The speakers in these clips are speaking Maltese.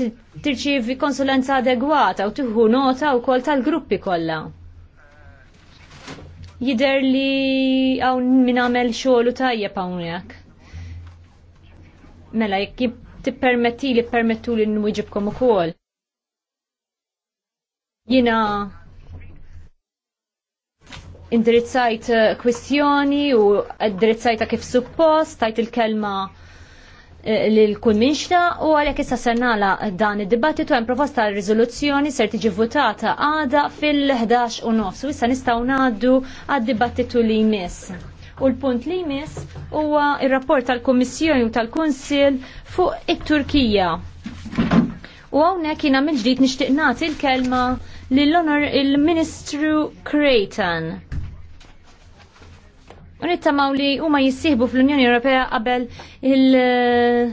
tirċievi konsulenza adegwata u tieħu nota wkoll tal-gruppi kollha. Jidher li għaw min għamel tajjeb hawnhekk. Mela jekk tippermetti li permettu li nwiġibkom ukoll. Jina indirizzajt eh, kwistjoni u indirizzajt kif suppost, tajt il-kelma li l-kun minxta u għalek issa sernala dan id-dibattitu għem proposta rizoluzzjoni ser tiġi votata għada fil-11 u nofs u issa nistaw naddu għad-dibattitu li jmiss. U l-punt li jmiss huwa il-rapport tal komissjoni u tal konsil fuq it-Turkija. U għawnek jina mill-ġdijt nishtiqnati l-kelma l-Honor il-Ministru Creighton. U nittamaw li huma jissieħbu fl-Unjoni Ewropea qabel il- eh,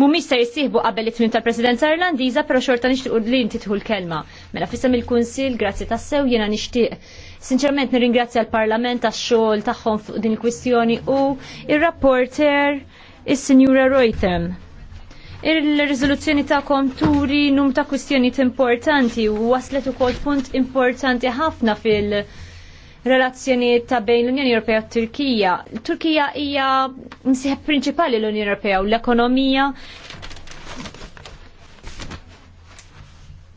Mumiex ser jissieħbu qabel it-tmim tal-Presidenza Irlandiża, però xorta nixtieq li intitħu l-kelma. Mela fissem il-Kunsil, grazzi tassew, jiena nixtieq. Sinċerment nirringrazzja l-Parlament għax-xogħol tagħhom fuq din il-kwistjoni u ir-rapporter is-Sinjura Reutem. Il-rizoluzzjoni ta' konturi num ta' kwistjonijiet importanti u waslet ukoll punt importanti ħafna fil- relazzjonijiet ta' bejn l-Unjoni Ewropea u Turkija. Turkija hija msieħ prinċipali l-Unjoni Ewropea u l-ekonomija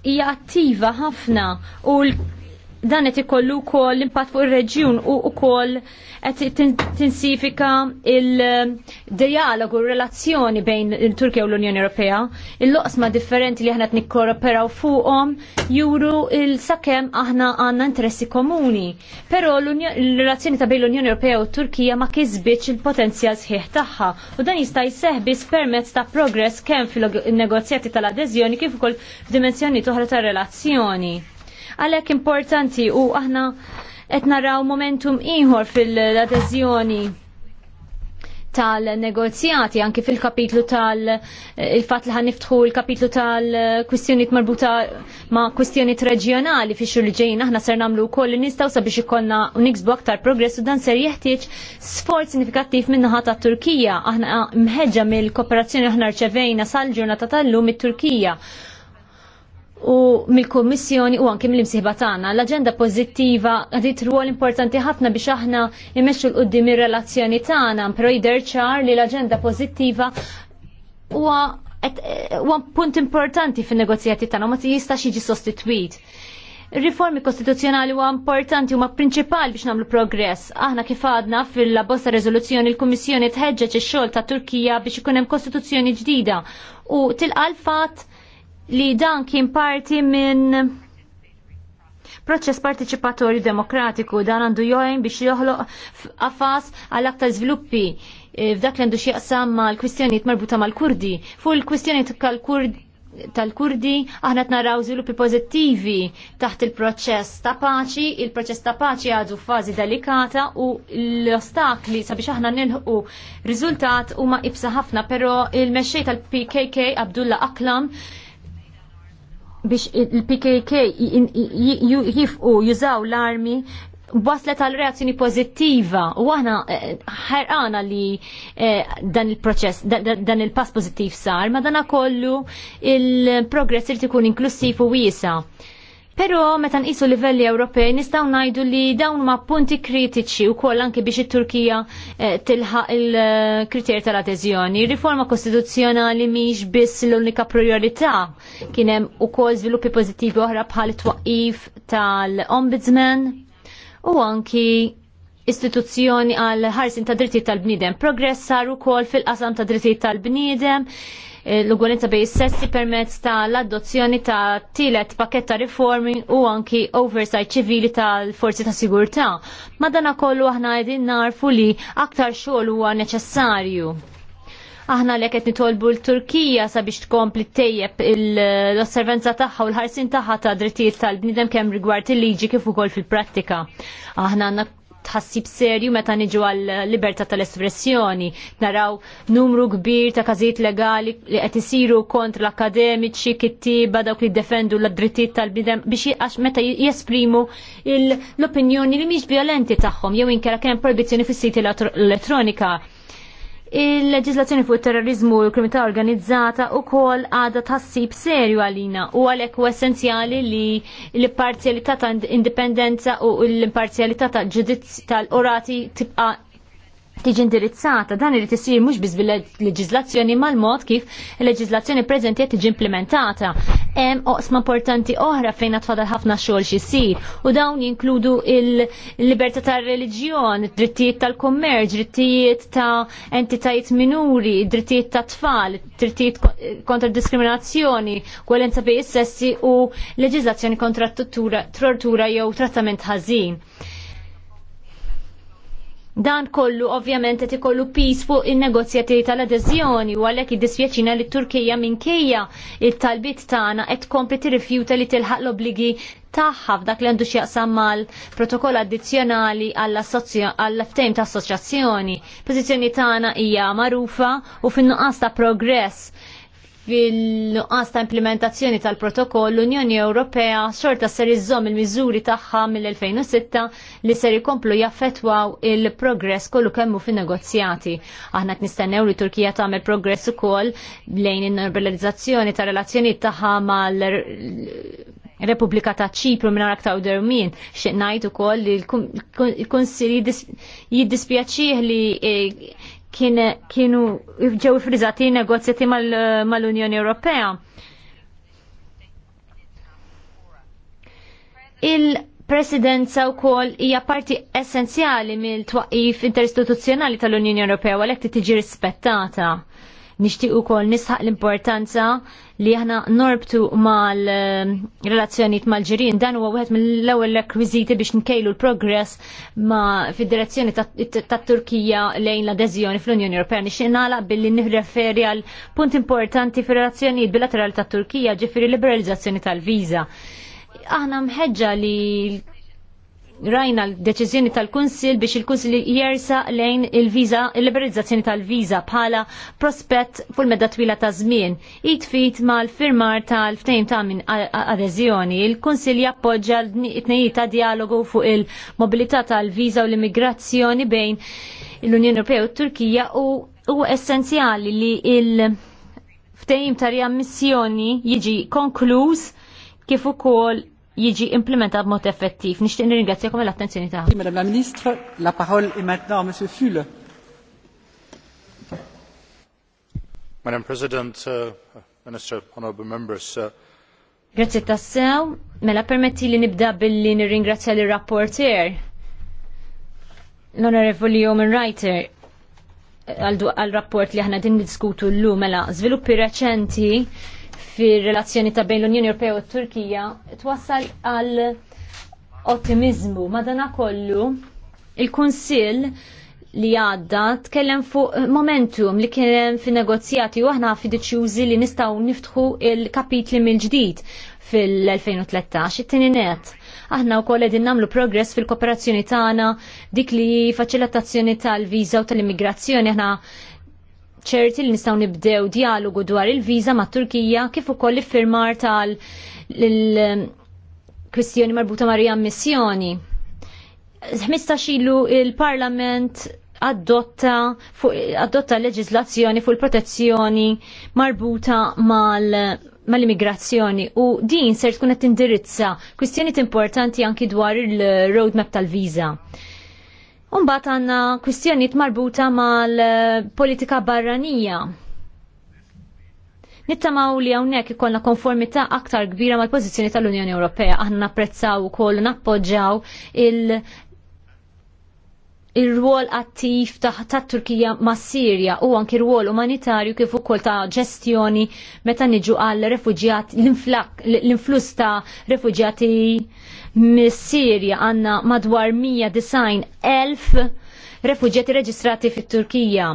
hija attiva ħafna u l dan qed ikollu wkoll l-impatt fuq ir-reġjun u wkoll qed tinsifika il-dialogu, relazzjoni bejn il-Turkija u l-Unjoni Ewropea. Il-loqsma differenti li aħna qed nikkoroperaw fuqhom juru il sakemm aħna għandna interessi komuni. Però l-relazzjoni ta' bejn l-Unjoni Ewropea u Turkija ma kisbitx il-potenzjal sħiħ tagħha u dan jista' jseħħ biss permezz ta' progress kemm fil-negozjati tal-adeżjoni kif ukoll f'dimensjoni oħra tar-relazzjoni Għalhekk importanti u aħna qed naraw momentum ieħor fil-adeżjoni tal-negozjati anki fil-kapitlu tal- il-fat li ħaniftħu il-kapitlu tal-kwistjoniet marbuta ma' kwistjoniet reġjonali fi xur li ġejjin aħna ser nagħmlu wkoll li nistgħu sabiex ikollna niksbu aktar progress u dan ser jeħtieġ sforz sinifikattiv min-naħa ta' Turkija aħna mħeġġa mill-kooperazzjoni aħna rċevejna sal-ġurnata tal-lum it-Turkija u mill-Kummissjoni u anki mill-imsieħba tagħna. L-aġenda pożittiva għadit rwol importanti ħafna biex aħna immexxu l-qudiem ir-relazzjoni tagħna, però jidher ċar li l-aġenda pożittiva huwa huwa punt importanti fin-negozjati tagħna ma jistax jiġi sostitwit. Riformi kostituzzjonali huwa importanti huma prinċipali biex nagħmlu progress. Aħna kif għadna fil-bosta riżoluzzjoni l-Kummissjoni tħeġġeġ ix-xogħol ta' Turkija biex ikun hemm kostituzzjoni ġdida u tilqa' fatt li dan kien parti minn proċess partiċipatorju demokratiku dan għandu jojn biex joħloq affas għal aktar żviluppi eh, f'dak li għandu xieqsam mal-kwistjonijiet marbuta mal-Kurdi. Fu l kwistjonijiet tal-Kurdi aħna t-naraw żviluppi pozittivi taħt il-proċess ta' paċi, il-proċess ta' paċi għadu fazi delikata u l-ostakli sabiex aħna nilħu riżultat huma ibsa ħafna, pero il-mexxej tal-PKK Abdullah Aklam biex il-PKK jifqu jużaw l-armi waslet għal reazzjoni pozittiva u għana eh, ħarqana li eh, dan il-proċess, dan il-pass pozittiv sar, ma dana kollu il-progress irti kun inklusiv u wisa. Pero meta nqisu livelli Ewropej nistgħu ngħidu li dawn ma punti kritiċi wkoll anke biex it-Turkija eh, tilħaq il-kriter tal-adeżjoni. Riforma kostituzzjonali mhix biss l-unika priorità. Kien hemm ukoll żviluppi pożittivi oħra bħal it-twaqqif tal-Ombudsman u anki istituzzjoni għal ħarsin ta' drittijiet tal-bniedem. Progress sar ukoll fil-qasam ta' drittijiet tal-bniedem Eh, l ugwalenza bej sessi permezz ta' l-adozzjoni ta' tielet pakket ta' riformi u anki oversight ċivili tal-forzi ta' sigurtà. Madana kollu aħna qegħdin narfu li aktar xogħol huwa neċessarju aħna li qed nitolbu l-Turkija sabiex tkompli tejjeb l-osservenza tagħha u l-ħarsin taħħa ta' drittijiet tal bnidem kemm rigward il-liġi kif ukoll fil-prattika. Aħna tħassib serju meta niġu għal libertà tal-espressjoni. Naraw numru kbir ta' każijiet legali li qed isiru kontra l-akademiċi, kittiba dawk li defendu l-drittijiet tal-bidem biex għax meta jesprimu l-opinjoni li mhix violenti tagħhom jew inkera kemm proibizzjoni fis-siti elettronika. Il-leġizlazzjoni fuq terrorizmu u kriminalità organizzata u kol għada tassib serju għalina u għalek u essenzjali li l-imparzjalità ta' indipendenza u l-imparzjalità ta' ġudizzja tal-orati tibqa' tiġi indirizzata dan irid isir mhux biss bil-leġiżlazzjoni mal-mod kif il-leġiżlazzjoni preżenti qed tiġi implementata. Hemm oqsma importanti oħra fejn tfadal ħafna xogħol xi jsir u dawn jinkludu il-libertà tar-reliġjon, drittijiet tal-kummerġ, drittijiet ta' entitajiet minuri, drittijiet ta' tfal, drittijiet kontra diskriminazzjoni, kwalenza bejn is-sessi u leġiżlazzjoni kontra tortura jew trattament ħażin. Dan kollu ovvjament qed ikollu pis fuq in-negozjati tal-adeżjoni u għalhekk iddispjaċina li Turkija minkejja it-talbiet tagħna qed tkompli tirrifjuta li tilħaq l-obligi tagħha f'dak li għandu x'jaqsam mal-protokoll addizzjonali għall-ftehim ta' assoċjazzjoni. Pożizzjoni tagħna hija magħrufa u fin-nuqqas ta' progress fil-nuqqas ta' implementazzjoni tal-protokoll l-Unjoni Ewropea xorta ser iżżomm il-miżuri tagħha mill-2006 li ser ikomplu jaffetwaw il-progress kollu kemmu fin negozjati Aħna qed nistennew li Turkija tagħmel progress ukoll lejn in-normalizzazzjoni ta' relazzjonijiet tagħha mal Repubblika ta' ċipru minn għarak ta' udermin, xeqnajt u koll li l-Konsil jiddispjaċieħ li kienu ġew frizati negozjati mal-Unjoni Ewropea. Il-presidenza u kol hija parti essenzjali mill-twaqif interistituzzjonali tal-Unjoni Ewropea għalhekk tiġi rispettata u ukoll nisħaq l-importanza li aħna norbtu mal-relazzjonijiet eh, mal-ġirien dan huwa wieħed mill-ewwel rekwiżiti biex nkejlu l-progress ma fid-direzzjoni tat-Turkija lejn l-adeżjoni fl-Unjoni Ewropea. Nixtieq nagħlaq billi nirreferi għal punt importanti fir-relazzjonijiet bilaterali tat-Turkija ġifieri liberalizzazzjoni tal-viża aħna mħeġġa li rajna l-deċiżjoni tal-Kunsil biex il-Kunsil jersa lejn il-viza, il-liberalizzazzjoni tal-viza bħala prospett fuq medda twila ta' żmien. Jitfit mal-firmar tal-ftejm ta' minn adeżjoni, il-Kunsil jappoġġa l-tnejji ta' dialogu fuq il-mobilità tal-viza u l-immigrazzjoni bejn l-Unjoni Ewropea u Turkija u essenzjali li il- ftehim ta' riammissjoni jiġi konkluż kif ukoll jiġi implementat mod effettiv. Nixtieq nirringrazzjakom l attenzjoni ta' Madame la Ministra. la parole est maintenant à Monsieur Fule. Madam President, uh, Minister, Honorable Members, uh, Grazzi tassew, mela permetti li nibda billi nirringrazzja li rapporter l-Onorevoli Human Writer għal rapport li aħna din diskutu l lu mela zviluppi reċenti fir relazzjoni ta' bejn l-Unjoni Ewropea u Turkija twassal għal ottimizmu. Madana kollu il-Kunsill li għadda tkellem fuq momentum li kien fi negozjati u aħna deċjużi li nistaw niftħu il-kapitli mill-ġdid fil-2013, it-tini net. Aħna u koll edin namlu progress fil-kooperazzjoni tagħna dik li faċilitazzjoni tal-viża u tal-immigrazzjoni aħna ċerti li nistgħu nibdew dialogu dwar il-viża mat Turkija kif ukoll iffirmar tal kwistjoni marbuta ma' ammissjoni 15 ilu il-Parlament adotta, fu, adotta leġizlazzjoni fuq il-protezzjoni marbuta mal mal-immigrazzjoni u din ser tkun qed tindirizza kwistjonijiet importanti anki dwar il-roadmap tal-viża. Umbat għanna kwistjoniet marbuta mal-politika barranija. Nittamaw li għawnek ikollna konformita aktar kbira mal-pozizjoni tal-Unjoni Ewropea. Aħna napprezzaw u koll nappoġġaw il- ir-rwol attiv ta' Turkija ma' Sirja u anki rwol umanitarju kif ukoll ta' ġestjoni meta niġu għal refuġjat l-influss ta' refuġjati mis Sirja għandna madwar 190 elf refuġjati reġistrati fit-Turkija.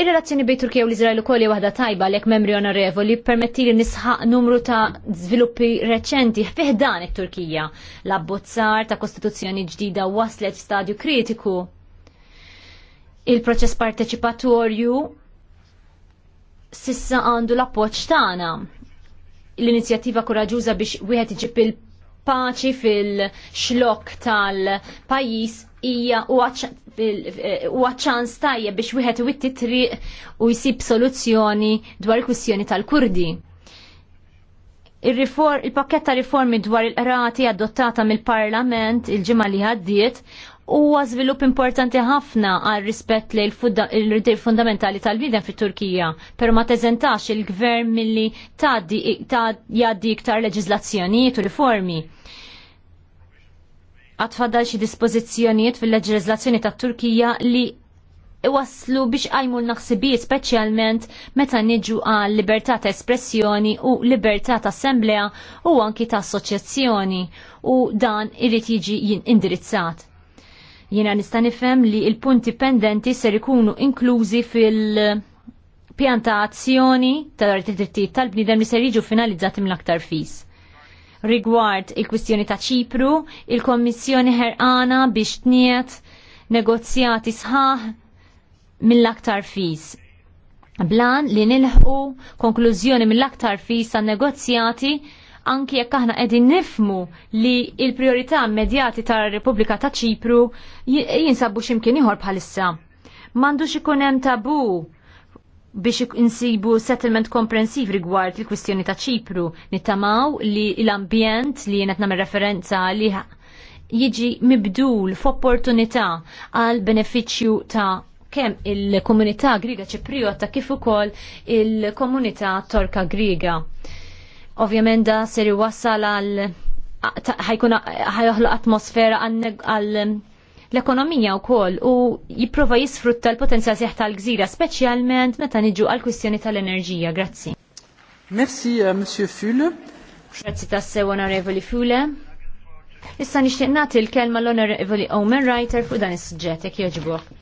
Ir-relazzjoni bejn Turkija u l-Iżrael ukoll hija waħda tajba għalhekk membri onorevoli permetti li nisħaq numru ta' żviluppi reċenti fih dan it-Turkija. L-abbozzar ta' kostituzzjoni ġdida waslet stadju kritiku. Il-proċess parteċipatorju sissa għandu l-appoġġ tagħna. L-inizjattiva kuraġuża biex wieħed iġib il-paċi fil-xlok tal-pajjiż hija huwa eh, ċans tajjeb biex wieħed iwitti triq u jsib soluzzjoni dwar il kwissjoni tal-Kurdi. Il-pakket ta' riformi dwar il-qrati adottata mill-Parlament il-ġimgħa li ħaddiet huwa żvilupp importanti ħafna għal rispett lejn il fundamentali tal-bidem fit-Turkija, però ma teżentax il-gvern milli tgħaddi jgħaddi iktar leġiżlazzjonijiet u riformi għatfadal xi dispożizzjonijiet fil-leġiżlazzjoni ta' Turkija li waslu biex għajmu l-naħsibi speċjalment meta niġu għal libertà ta' espressjoni u libertà ta' assemblea u anki ta' assoċjazzjoni u dan irrit jiġi indirizzat. Jiena nista' nifhem li l-punti pendenti ser ikunu inklużi fil- pjanta azzjoni tal-artitritti tal-bnidem li ser jiġu finalizzati mill-aktar fis rigward il-kwistjoni ta' ċipru, il-Kommissjoni ħerqana biex tniet negozjati sħaħ mill-aktar fis. Blan li nilħu konklużjoni mill-aktar fis ta' negozjati anki jekk aħna qegħdin nifmu li il-priorità immedjati tar-Repubblika ta' Ċipru jinsabu x'imkien ieħor bħalissa. M'għandux ikun hemm tabu biex insibu settlement komprensiv rigward il-kwistjoni ta' ċipru. Nittamaw li l-ambjent li jenet namer referenza li jiġi mibdul f'opportunità għal beneficju ta' kemm il-komunità griga ċipriota kif ukoll il-komunità torka griga. Ovvjament da ser iwassal għal ħajkun ħajoħloq atmosfera għal l-ekonomija wkoll u jipprova jisfrutta l-potenzjal seħ tal-gżira, speċjalment meta niġu għal-kwistjoni tal-enerġija. Grazzi. Merci, euh, Monsieur Fule. Grazzi tassew, Onorevoli Fule. Issa nixtieq nagħti l-kelma l-Onorevoli Omen Writer fuq dan is-suġġett jekk jogħġbok.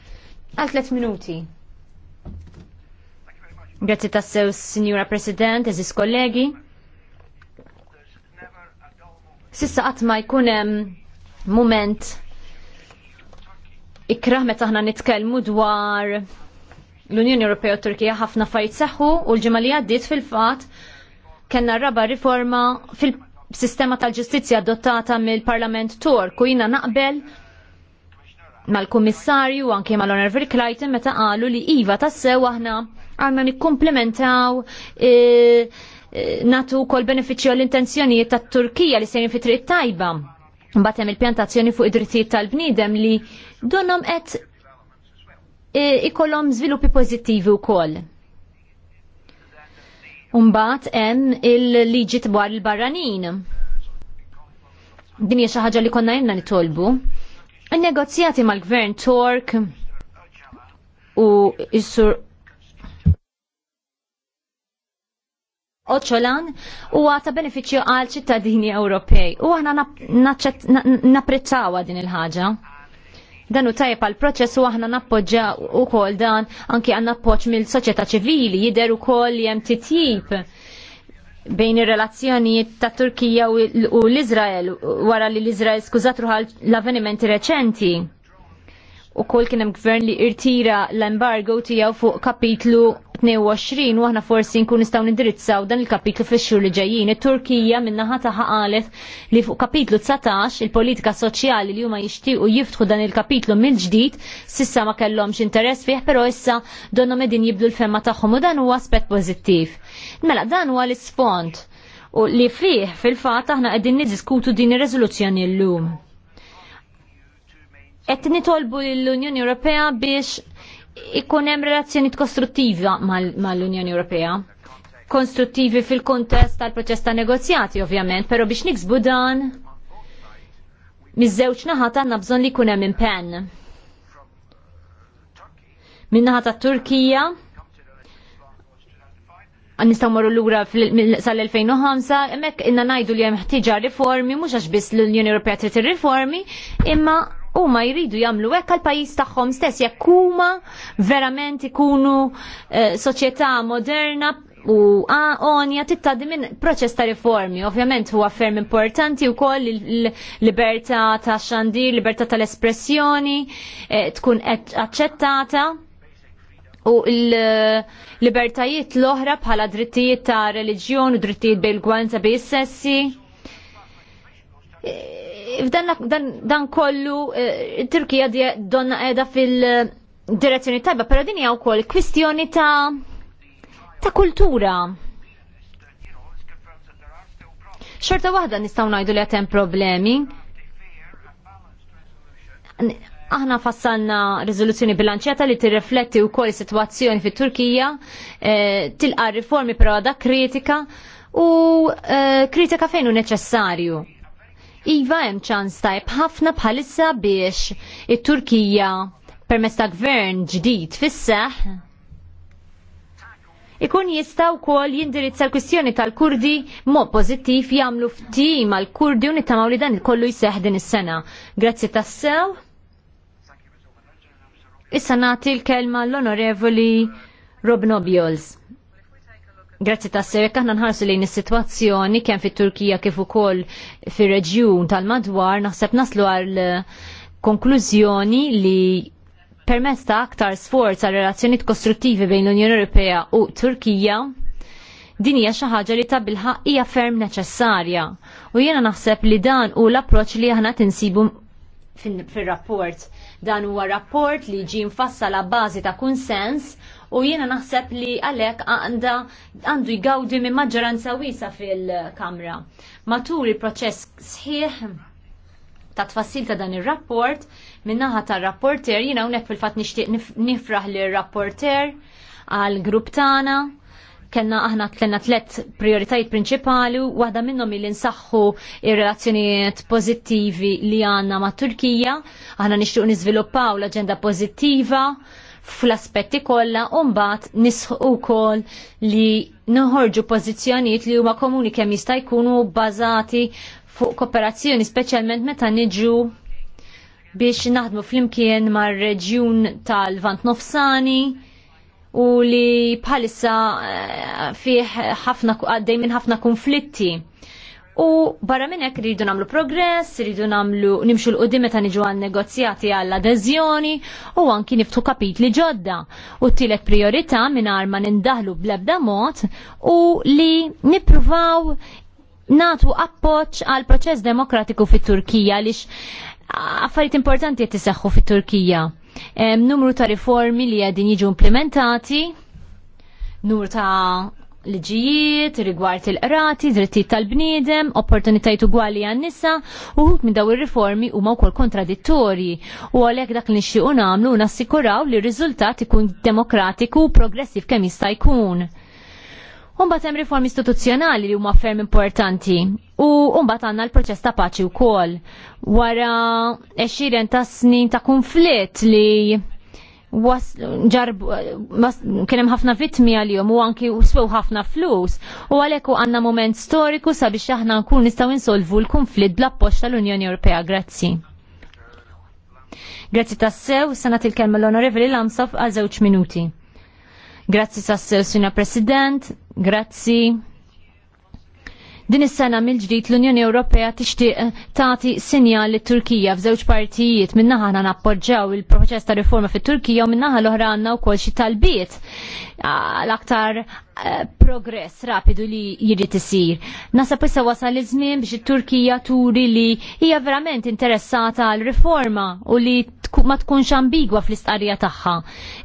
Għal tliet minuti. Grazzi tassew, Signora President, eżis kollegi. Sissa qatt ma jkun hemm moment ikra meta ħna nitkellmu dwar l-Unjoni Ewropea u Turkija ħafna fajt seħħu u l-ġimgħa li għaddiet fil-fatt kellna raba riforma fil-sistema tal-ġustizzja adottata mill-Parlament u jina naqbel mal-Kummissarju anke mal-Onorevoli Clayton meta qalu li iva tassew aħna għandna nikkumplementaw e, e, natu kol benefiċċju l-intenzjonijiet tat-Turkija li sejrin fi triq tajba. Mbagħad hemm il-pjantazzjoni fuq id-drittijiet tal-bniedem li et qed e, ikollhom żviluppi pożittivi wkoll. Umbat hemm il-liġi tbar il-barranin. Din hija xi ħaġa li konna jenna nitolbu. Il-negozjati mal-gvern Tork u s-sur Oċolan u għata beneficju għal ċittadini Ewropej. U għana naprezzawa din il-ħagġa. Dan u tajjeb għal proċess u aħna nappoġġa wkoll dan anke għan appoġġ mill-soċjetà ċivili jidher u li hemm titjib bejn ir-relazzjonijiet ta' Turkija u l izrael wara li l izrael skużat ruħal l-avvenimenti reċenti u kol kienem gvern li irtira l-embargo tijaw fuq kapitlu 22 waħna aħna forsi nkun nistgħu nindirizzaw dan il-kapitlu fix-xhur li ġejjin. It-Turkija min-naħa taħa qalet li fuq kapitlu 19 il-politika soċjali li huma jixtiequ jiftħu dan il-kapitlu mill-ġdid sissa ma kellhomx interess fih, però issa donhom qegħdin jibdu l-femma tagħhom u dan huwa aspett pożittiv. Mela dan huwa l-isfond u li fih fil-fatt aħna qegħdin niddiskutu din ir-reżoluzzjoni llum. Qed nitolbu lill-Unjoni Ewropea biex ikun hemm relazzjoni kostruttiva mal-Unjoni Ewropea. Konstruttivi fil-kontest tal-proċess ta' negozjati, ovvjament, però biex niksbu dan, miż-żewġ naħat għandna bżonn li jkun hemm impenn. Min-naħa tat-Turkija, nistaw morru l-ura sal-2005, emmek inna najdu li jem ħtiġa riformi, mux għax biss l-Unjoni Ewropea trid riformi, imma huma jridu jagħmlu hekk għal pajjiż tagħhom stess jekk huma verament ikunu eh, soċjetà moderna u għonja tittadi minn proċess ta' riformi. Ovvjament huwa ferm importanti u koll l-libertà ta' xandir, libertà tal-espressjoni, eh, tkun accettata u l-libertajiet eh, l-oħra bħala drittijiet ta' religjon u drittijiet bil-gwanza bi sessi eh, dan kollu eh, Turkija donna edha fil-direzzjoni tajba, pero din hija wkoll kwistjoni ta' ta' kultura. Xorta waħda nistgħu ngħidu li hemm problemi. Aħna fassalna riżoluzzjoni bilanċjata li tirrifletti wkoll is-sitwazzjoni fit-Turkija, eh, tilqa' riformi però għada kritika u eh, kritika fejn hu neċessarju Iva hemm ċans tajb ħafna bħalissa biex it-Turkija permezz ta' gvern ġdid fis-seħ ikun jistaw kol jindirizza l-kwistjoni tal-Kurdi mo pozittiv jamlu ftim għal kurdi u nittamaw li dan kollu jiseħ din is-sena. Grazzi tassew. Issa nagħti l-kelma l-Onorevoli Rob Nobjols. Grazzi ta' serek aħna nħarsu lejn is-sitwazzjoni kemm fit-Turkija kif ukoll fir-reġjun tal-madwar naħseb naslu għal eh, konklużjoni li permezz ta' aktar sforz għal relazzjonijiet kostruttivi bejn l-Unjoni Ewropea u Turkija din hija xi ħaġa li ta' bilħaq hija ferm neċessarja u jiena naħseb li dan u l-approċċ li aħna tinsibu fir rapport Dan huwa rapport li ġie mfassal bażi ta' kunsens u jiena naħseb li għalhekk għanda għandu jgawdi minn maġġoranza wiesa fil-Kamra. Matul il-proċess sħiħ ta' tfassil ta' dan ir-rapport minnaħa ta' rapporter jiena hawnhekk fil-fatt nixtieq nifraħ li rapporter għal grupp tagħna kellna aħna tlenna tlet prioritajiet prinċipali waħda minnhom il nsaħħu ir-relazzjonijiet pożittivi li għandna mat Turkija, aħna nixtieq niżviluppaw l-aġenda pożittiva fl-aspetti kollha u mbagħad nisħu wkoll li nħorġu pożizzjonijiet li huma komuni kemm jista' jkunu bbażati fuq kooperazzjoni speċjalment meta niġu biex naħdmu flimkien mar-reġjun tal-Vant Nofsani u li bħalissa eh, fih ħafna għaddej minn ħafna konflitti. U barra minn hekk rridu nagħmlu progress, rridu nagħmlu nimxu l-qudiem meta niġu għal negozjati għall adeżjoni u anki niftu kapitli ġodda. U tielet priorità mingħajr ma nindaħlu bl-ebda mod u li nippruvaw natu appoġġ għal proċess demokratiku fit-Turkija għaliex affarijiet importanti qed iseħħu fit-Turkija. Numru ta' riformi li qegħdin jiġu implementati, numru ta' liġijiet, rigward il-qrati, drittijiet tal-bniedem, opportunitajiet ugwali għan-nisa, uħut minn daw ir-riformi huma wkoll kontradittorji u għalhekk dak li nixtiequ nagħmlu nassikuraw li r-riżultat ikun demokratiku u progressiv kemm jista' jkun. Umbat hemm riformi istituzzjonali li huma ferm importanti u umbat għandna l-proċess ta' paċi wkoll wara 20 ta' snin ta' konflitt li kienem ħafna vittmi għal-jom u anki uswew ħafna flus u għalek u għanna moment storiku sabiex aħna nkun nistaw insolvu l-konflitt bl appoġġ tal-Unjoni Ewropea. Grazzi. Grazzi tassew, sanat il-kelma l-onorevoli Lamsaf għal żewġ minuti. Grazzi tassew, Sina President, grazzi. Din is-sena mill-ġdid l-Unjoni Ewropea tixtieq eh, tagħti sinjal lit Turkija f'żewġ partijiet min naħa nappoġġjaw il-proċess ta' riforma fit-Turkija u min-naħa l-oħra għandna wkoll xi talbiet l-aktar eh, progress rapidu li jirid isir. Nasa pissa wasal iż-żmien biex it-Turkija turi li hija verament interessata għal riforma u li ma tkunx ambigwa fl-istqarrija tagħha.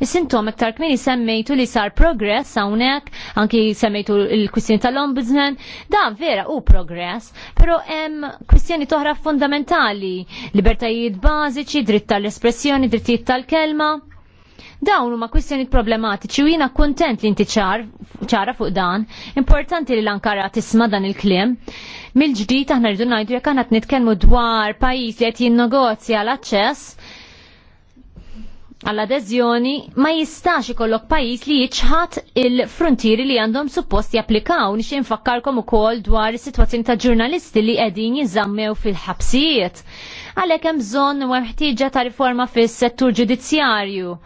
Is-sintom iktar kmini semmejtu li sar progress hawnhekk, anki semmejtu l-kwistjoni tal-ombudsman, da vera u progress, però hemm kwistjoni toħra fundamentali, libertajiet bażiċi, dritt tal-espressjoni, drittijiet tal-kelma Dawn huma kwistjoni problematiċi u jiena kuntent li inti ċara fuq dan. Importanti li l-Ankara tisma' dan il-kliem. mil ġdid aħna rridu ngħidu jekk aħna nitkellmu dwar pajjiż li qed jinnegozja l-aċċess għall-adeżjoni ma jistax ikollok pajjiż li jiċħat il-frontieri li għandhom suppost japplikaw nix u ukoll dwar is-sitwazzjoni ta' ġurnalisti li qegħdin jizammew fil-ħabsijiet. Għalhekk hemm bżonn u ta' riforma fis-settur ġudizzjarju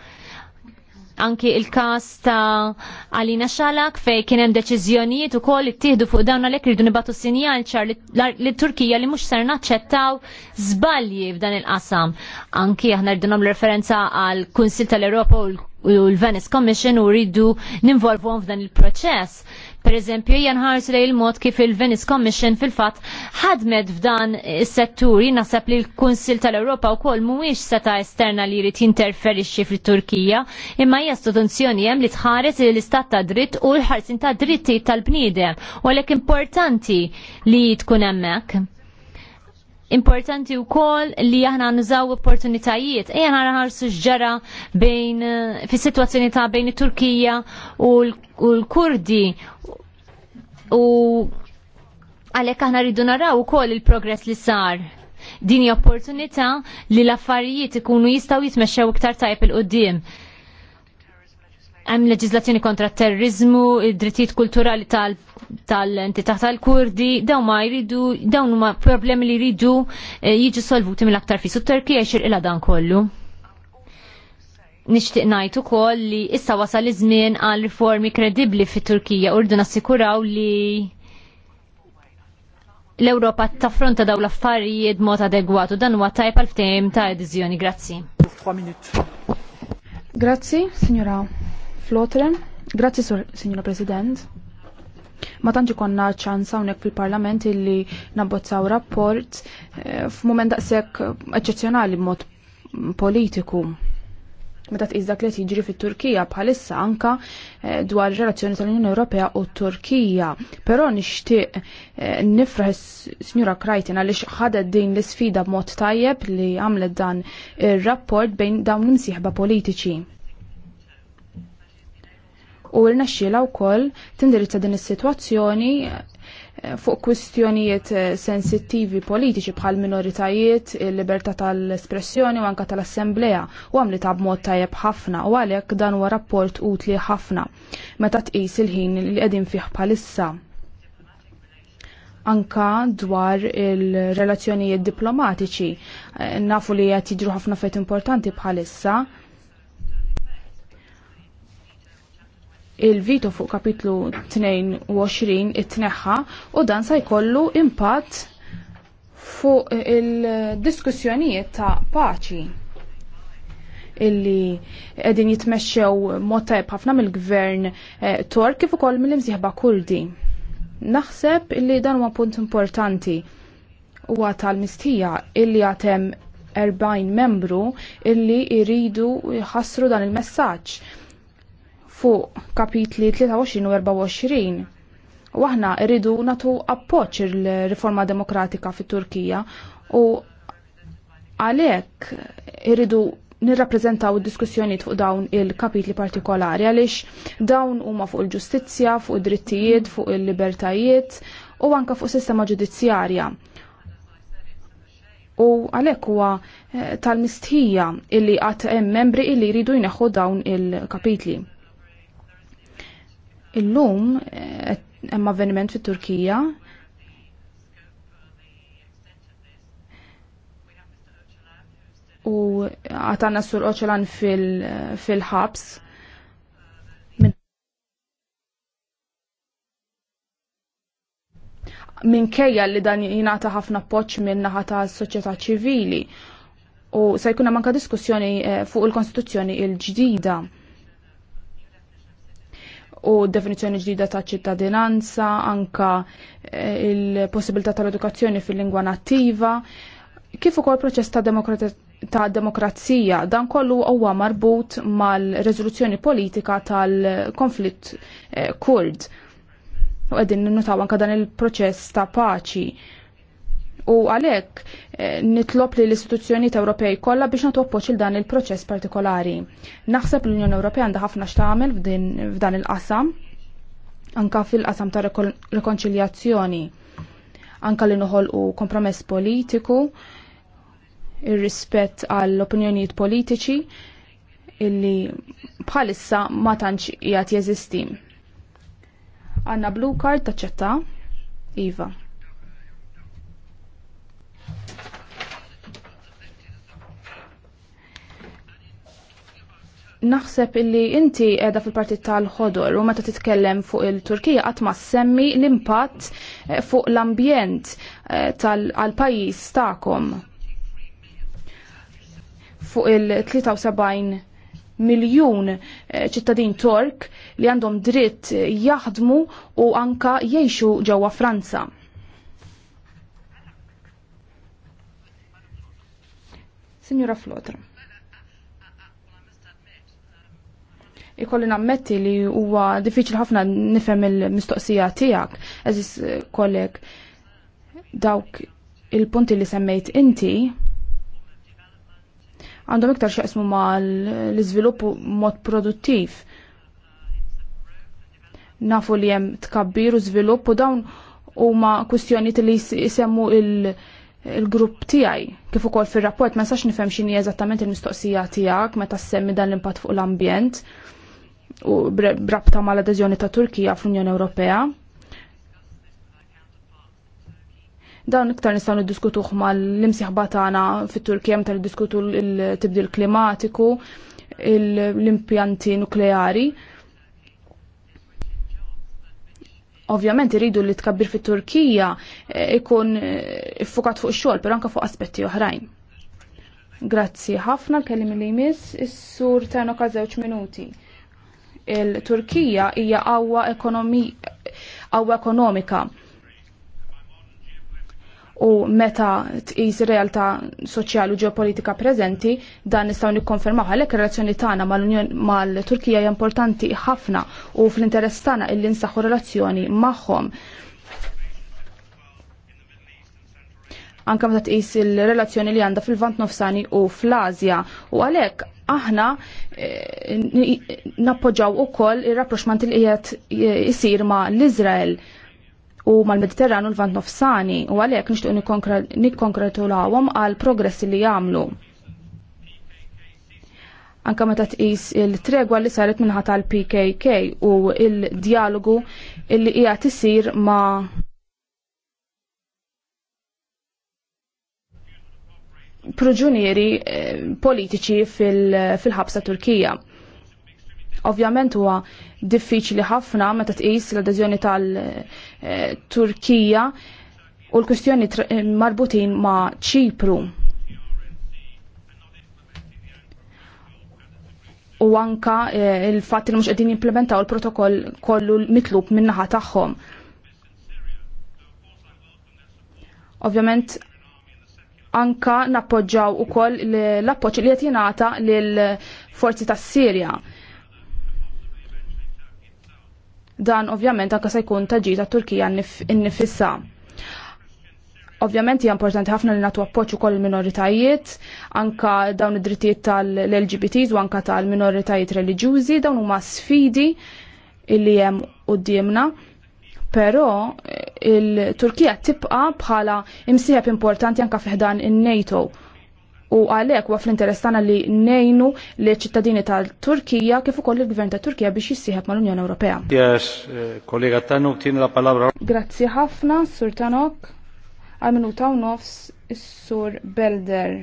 anki il-kas ta' Alina Xalak fej kien hemm deċiżjonijiet ukoll ittieħdu fuq dawn għalhekk irridu nibatu sinjal ċar li Turkija li mhux ser naċċettaw żbalji f'dan il-qasam. Anki aħna rridu nagħmlu referenza għal Kunsil tal-Ewropa u l-Venice Commission u rridu ninvolvu f'dan il-proċess Per eżempju, jenħarsu lej il-mod kif il-Venice Commission fil-fat ħadmet f'dan is-settur naħseb li l-Kunsil tal-Ewropa wkoll mhuwiex seta esterna li jrid jinterferixxi fit-Turkija, imma hija stutunzjoni hemm li tħares l-istat ta' dritt u l-ħarsin ta' dritti tal-bniedem, u għalhekk importanti li tkun hemmhekk importanti u kol li aħna nużaw opportunitajiet. Ejja aħna ħarsu ġara bejn, eh, fi situazzjoni ta' bejn turkija u l-Kurdi. U għalek aħna rridu naraw u kol il-progress li sar. Dini opportunità li l-affarijiet ikunu jistaw jitmexxew iktar tajb il-qoddim. Hemm leġizlazzjoni kontra t terrorizmu, id-drittijiet kulturali tal-entità tal-Kurdi, dawn ma jridu, dawn huma problemi li jridu eh, jiġu solvuti mill-aktar fisu. Turkija jxirqilha dan kollu. Nixtieq ngħid ukoll li issa wasal iż-żmien għal riformi kredibbli fit-Turkija u rridu nassikuraw li l-Europa taffronta daw l-affarijiet mod adegwatu dan huwa tajb għal ftehim ta' edizzjoni. Grazzi. Grazzi, signora Flotre, grazzi signora President. Ma tantx konna ċans hawnhekk fil-Parlament illi nabbozzaw rapport eh, f'mument daqshekk eċċezzjonali b'mod politiku. Meta tqis dak li tiġri fit-Turkija bħalissa anka eh, dwar relazzjoni tal-Unjoni Ewropea u Turkija. Però nixtieq eh, nifraħ Sinjura Krajtin għaliex ħadet din l-isfida b'mod tajjeb li għamlet dan ir-rapport bejn dawn l-imsieħba politiċi u l-naxxila wkoll tindirizza din is-sitwazzjoni eh, fuq kwistjonijiet eh, sensittivi politiċi bħal minoritajiet, il-libertà tal-espressjoni u anka tal-assembleja u għamlita b'mod tajjeb ħafna u għalhekk dan huwa rapport utli ħafna meta tqis il-ħin li qegħdin fih bħalissa. Anka dwar il-relazzjonijiet diplomatiċi, eh, nafu li qed jiġru ħafna fejt importanti bħalissa, il-vito fuq kapitlu 22 it-tneħħa u dan sa jkollu impatt fuq il-diskussjonijiet ta' paċi illi edin jitmexxew motajb ħafna mill-gvern eh, tor kif ukoll mill-imsieħba Kurdi. Naħseb illi dan huwa punt importanti huwa tal-mistija illi għatem 40 membru illi jridu jħassru dan il-messaġġ fuq kapitli 23 u 24. U aħna rridu natu appoċ il-riforma demokratika fit turkija u għalek irridu nirrappreżentaw diskussjoni fuq dawn il-kapitli partikolari għaliex dawn huma fuq il-ġustizzja, fuq id-drittijiet, fuq il-libertajiet u anka fuq sistema ġudizzjarja. U għalhekk huwa eh, tal-mistħija illi għat hemm membri illi jridu jneħħu dawn il-kapitli. Illum eh, hemm avveniment fit-Turkija u għatanna sur oċelan fil-ħabs. Fil minn kejja li dan jinata ħafna poċ minn naħa ta' soċjetà ċivili u se jkun hemm anke diskussjoni eh, fuq il-Kostituzzjoni il-ġdida. il kostituzzjoni il ġdida il il ġdida u definizjoni ġdida ta' ċittadinanza, anka eh, il-possibilità tal-edukazzjoni fil-lingwa nattiva, kif ukoll proċess ta' demokratizzazzjoni ta' demokrazija dan kollu huwa marbut mal-rezoluzzjoni politika tal-konflitt eh, kurd. U għedin ninnotaw anka dan il-proċess ta' paċi u għalhekk eh, nitlob li l-istituzzjoni Ewropej kollha biex nagħtu il dan il-proċess partikolari. Naħseb l-Unjoni Ewropea għandha ħafna x'tagħmel f'dan il-qasam anka fil-qasam ta' rekonċiljazzjoni, anka li noħolqu kompromess politiku, ir-rispett għall opinjonijiet politiċi illi bħalissa ma tantx qiegħed jeżisti. Għandna blue card taċċetta, Iva. naħseb illi inti edha fil-partit tal-ħodor u meta titkellem fuq il-Turkija qatt ma semmi l-impatt eh, fuq l-ambjent eh, tal-pajjiż tagħkom. Fuq il-73 miljun eh, ċittadin Tork li għandhom dritt jaħdmu u anka jgħixu ġewwa Franza. Signora Flotra. ikolli nammetti li huwa diffiċli ħafna nifhem il-mistoqsija tiegħek, eżis eh, kollek dawk il-punti li semmejt inti għandhom iktar xaqsmu ma l iżvilupp mod produttiv. Nafu li hemm tkabbir u żvilupp u dawn huma kwistjonijiet li jisemmu il- il-grupp tiegħi kif ukoll fir-rapport ma nistax nifhem x'inhi eżattament il-mistoqsija tiegħek meta semmi dan l-impatt fuq l-ambjent u brabta mal adeżjoni ta' Turkija fl-Unjoni Ewropea. Dan iktar nistgħu niddiskutuh mal-imsieħba tagħna fit-Turkija meta niddiskutu l-tibdil klimatiku, l-impjanti nukleari. Ovvjament iridu li tkabbir fit-Turkija eh, ikun eh, iffukat fuq ix-xogħol, però anke fuq aspetti oħrajn. Grazzi ħafna l-kellim li jmiss, is-sur tagħna ka' żewġ minuti il-Turkija hija qawwa qawwa ekonomika. U meta tqis realtà soċjali u ġeopolitika preżenti, dan nistgħu nikkonfermaw għalhekk ir-relazzjoni tagħna mal-Turkija hija importanti ħafna u fl-interess tagħna illi nsaħħu relazzjoni magħhom. anka meta tqis il-relazzjoni li għandha fil-Vant Nofsani u fl azja U għalhekk aħna eh, nappoġġaw ukoll ir rapproċman til qiegħed isir ma' l-Iżrael u mal-Mediterran u l-Vant Nofsani u għalhekk nixtieq lawom għal progressi li jamlu. Anka meta tqis il-tregwa li saret minħata tal-PKK u il-dialogu li qiegħed isir ma' proġunieri eh, politiċi fil-ħabsa Turkija. Ovvjament huwa diffiċli ħafna meta tqis l-adeżjoni tal-Turkija eh, u l-kwistjoni eh, marbutin ma' ċipru. U anka il-fatt li mhux qegħdin jimplementaw il-protokoll kollu mitlub min-naħa tagħhom. Ovvjament anka nappoġġaw ukoll l-appoġġ li qed jingħata lil forzi tas-Sirja. Dan ovvjament anka se jkun taġita Turkija nnifissa. Ovvjament hija importanti ħafna li nagħtu appoġġ ukoll il-minoritajiet, anka dawn id-drittijiet tal-LGBTs u anka tal-minoritajiet reliġjużi, dawn huma sfidi illi hemm qudiemna. Però eh, il-Turkija tibqa' bħala imsieħeb importanti anka fiħdan in-NATO. U għalhekk huwa fl-interess tagħna li nejnu li ċittadini tal-Turkija kif ukoll il-Gvern ta' Turkija biex jissieħeb mal-Unjoni Ewropea. Yes, eh, kollega Tanok tieni la palabra. Grazzi ħafna, Sur Tanok. Għal minuta u nofs is-Sur Belder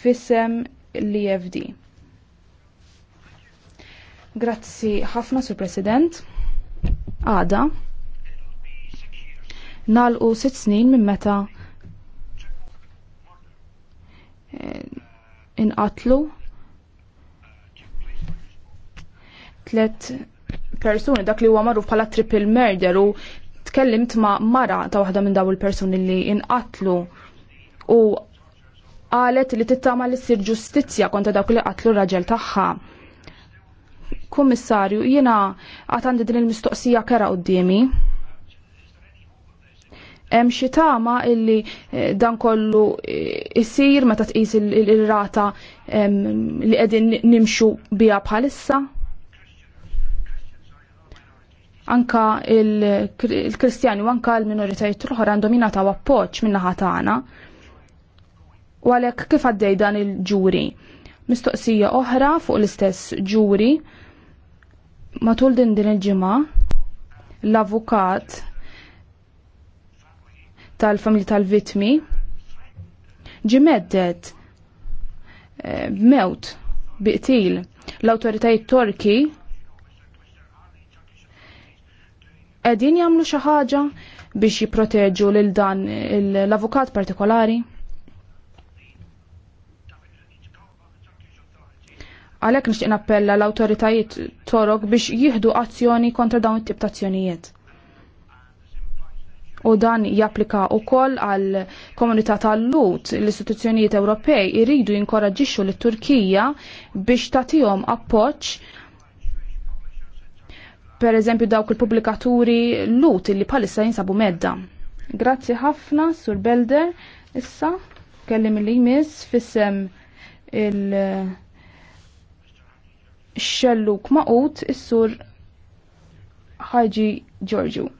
fisem l-EFD. Grazzi ħafna, Sur President. Ada nalqu sitt snin minn meta eh, inqatlu tlet persuni dak li huwa magħruf bħala triple murder u tkellimt ma' mara ta' waħda minn daw il-persuni li inqatlu u qalet li tittama li ssir ġustizzja konta dawk li qatlu raġel tagħha. Kummissarju, jiena għatandi din il-mistoqsija kera qudiemi hemm xi tama illi eh, dan kollu eh, isir meta tqis il-rata li qegħdin nimxu biha bħalissa. Anka il-Kristjani u anka l-minoritajiet l-oħra għandhom jingħata appoġġ min-naħa tagħna. U għalhekk kif għaddej dan il-ġuri? Mistoqsija oħra fuq l-istess ġuri matul din din il-ġimgħa l-avukat tal-familji tal-vitmi ġi meddet eh, b'mewt biqtil l-autoritajiet Torki qegħdin jagħmlu xi ħaġa biex jipproteġu lil dan l-avukat partikolari. Għalhekk nixtieq nappella l-awtoritajiet Torok biex jieħdu azzjoni kontra dawn it-tip ta' azzjonijiet u dan japplika wkoll għal komunità tal-lut l-istituzzjonijiet Ewropej irridu jinkoraġixxu lit turkija biex tagħtihom appoġġ per eżempju dawk il-publikaturi lut li palissa jinsabu medda. Grazzi ħafna, Sur Belder, issa kellim li jmiss fissem il- xelluk maqut is-sur Ħaġi Giorgio.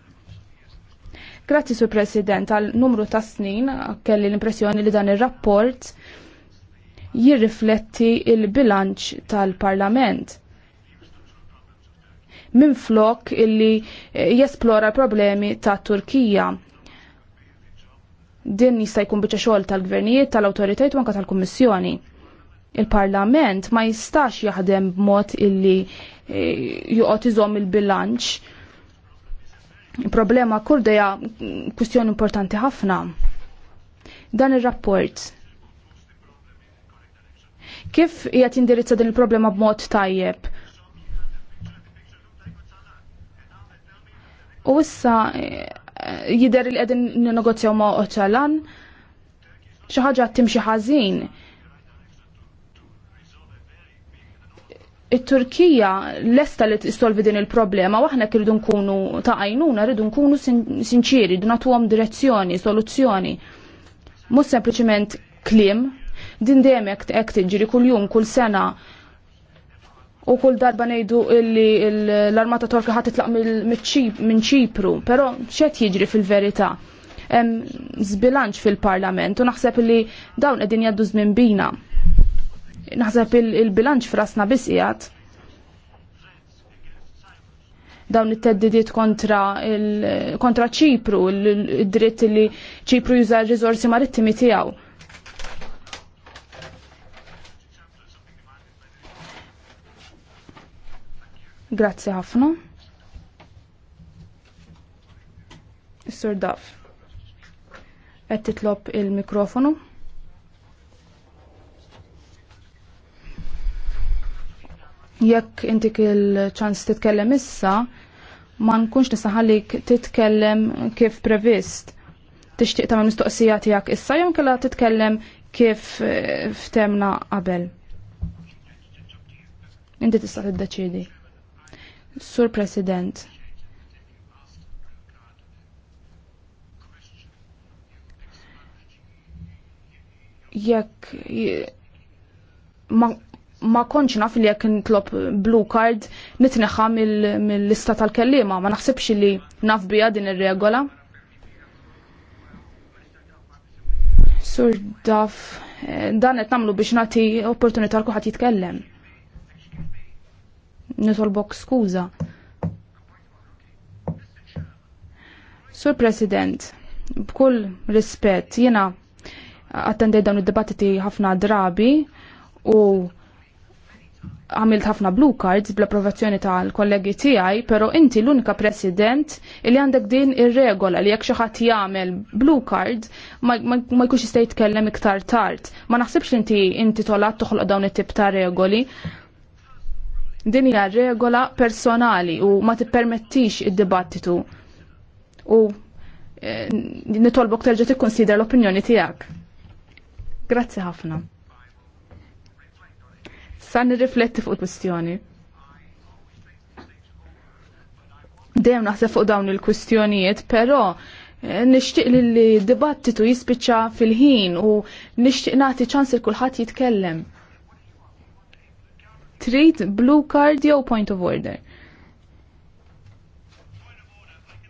Grazzi Sur President għal numru ta' snin kelli l-impressjoni li dan ir-rapport jirrifletti il-bilanċ tal-Parlament. Min flok illi jesplora problemi ta' Turkija. Din jista' jkun biċċa xogħol tal-gvernijiet, tal-awtoritajiet u anke tal-Kummissjoni. Il-Parlament ma jistax jaħdem b'mod illi eh, joqgħod iżomm il-bilanċ problema kurdeja kwistjoni importanti ħafna. Dan ir-rapport kif jgħat jindirizza din il-problema b'mod tajjeb? U issa eh, jider li qegħdin negozjaw ma' Oċalan xi ħaġa xi ħażin it-Turkija lesta li tissolvi din il-problema, waħna kirridu nkunu ta' għajnuna, rridu nkunu sinċiri, du natu għom direzzjoni, soluzzjoni. Mux sempliciment klim, din dejjem jekk ġiri kull jum, kull sena, u kull darba nejdu illi l-armata torka ħat titlaq minn ċipru, pero xet jiġri fil-verità. Zbilanċ fil-parlament u naħseb li dawn edin jaddu zmin bina. Naħseb il-bilanċ frasna bisqijat. Dawn it-teddidiet kontra, kontra ċipru, id-dritt li ċipru juża r-riżorsi marittimi tiegħu. Grazzi ħafna. Sir sur Daf. titlob il-mikrofonu. jekk intik il-ċans titkellem issa, ma nkunx nisaħalik titkellem kif previst. Tixtieq tagħmel mistoqsija tiegħek issa jew kellha titkellem kif eh, ftemna qabel. Inti tista' tiddeċiedi. Sur President, jekk ma ma konċ naf li jekk nitlob blue card nitneħa mill-lista tal-kellima, ma naħsibx li naf bija din ir-regola. Sur daf, eh, dan qed nagħmlu biex nagħti opportunità l kulħadd jitkellem. Nitolbok skuża. Sur President, b'kull rispett, jiena attendej dawn id-dibattiti ħafna drabi u għamilt ħafna blue cards bl-approvazzjoni tal-kollegi tiegħi, però inti l-unika president li għandek din ir-regola li jekk xi ħadd jagħmel blue card ma jkunx jista' jitkellem iktar tard. Ma naħsibx li inti inti tolat toħloq dawn it-tip ta' regoli. Din hija regola personali u ma tippermettix id-dibattitu. U eh, nitolbok terġa' tikkonsidra l-opinjoni tiegħek. Grazzi ħafna sar nirrifletti fuq il-kwistjoni. Dejjem naħseb fuq dawn il-kwistjonijiet, però eh, nixtieq li l-dibattitu jispiċċa fil-ħin u nixtieq nagħti ċans li kulħadd jitkellem. Trid blue card jew point of order?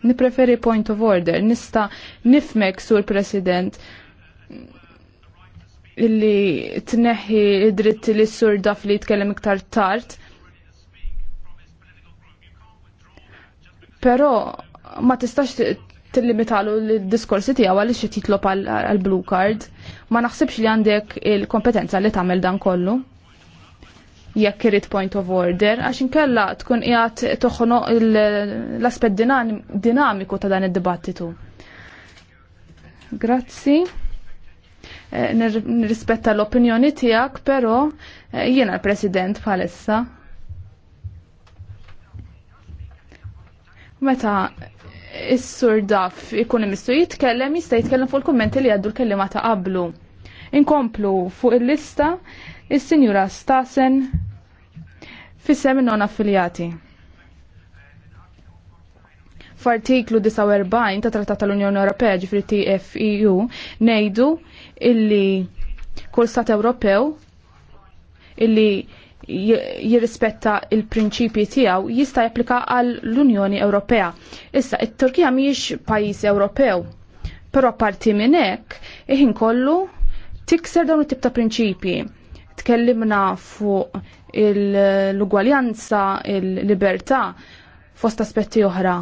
Nipreferi point of order, nista nifmek sur president illi tneħħi id-dritti li s-surda li jitkellem iktar tard. Pero ma tistax tillimitalu l-diskorsi tiegħu għaliex qed jitlob għall-blue card. Ma naħsibx li għandek il-kompetenza li tagħmel dan kollu jekk irid point of order għax inkella tkun qiegħed toħnoq l-aspett dinamiku ta' dan id-dibattitu. Grazzi. Eh, nirrispetta l-opinjoni tiegħek, però eh, jiena l-President bħalissa. Meta is-sur daf ikun imistu jitkellem, jista' jitkellem fuq il-kummenti li għaddu l kellimata ta' qablu. Inkomplu fuq il-lista is-Sinjura Stasen fis-sem non affiljati. F'artiklu 49 ta' Trattat tal-Unjoni Ewropea ġifri TFEU ngħidu illi kull stat Ewropew illi jirrispetta il-prinċipji tiegħu jista' japplika għal l-Unjoni Ewropea. Issa it-Turkija mhijiex pajjiż Ewropew, però parti minn hekk iħin kollu tikser dawn it-tip ta' prinċipji. Tkellimna fuq l-ugwaljanza, il-libertà, fost aspetti oħra.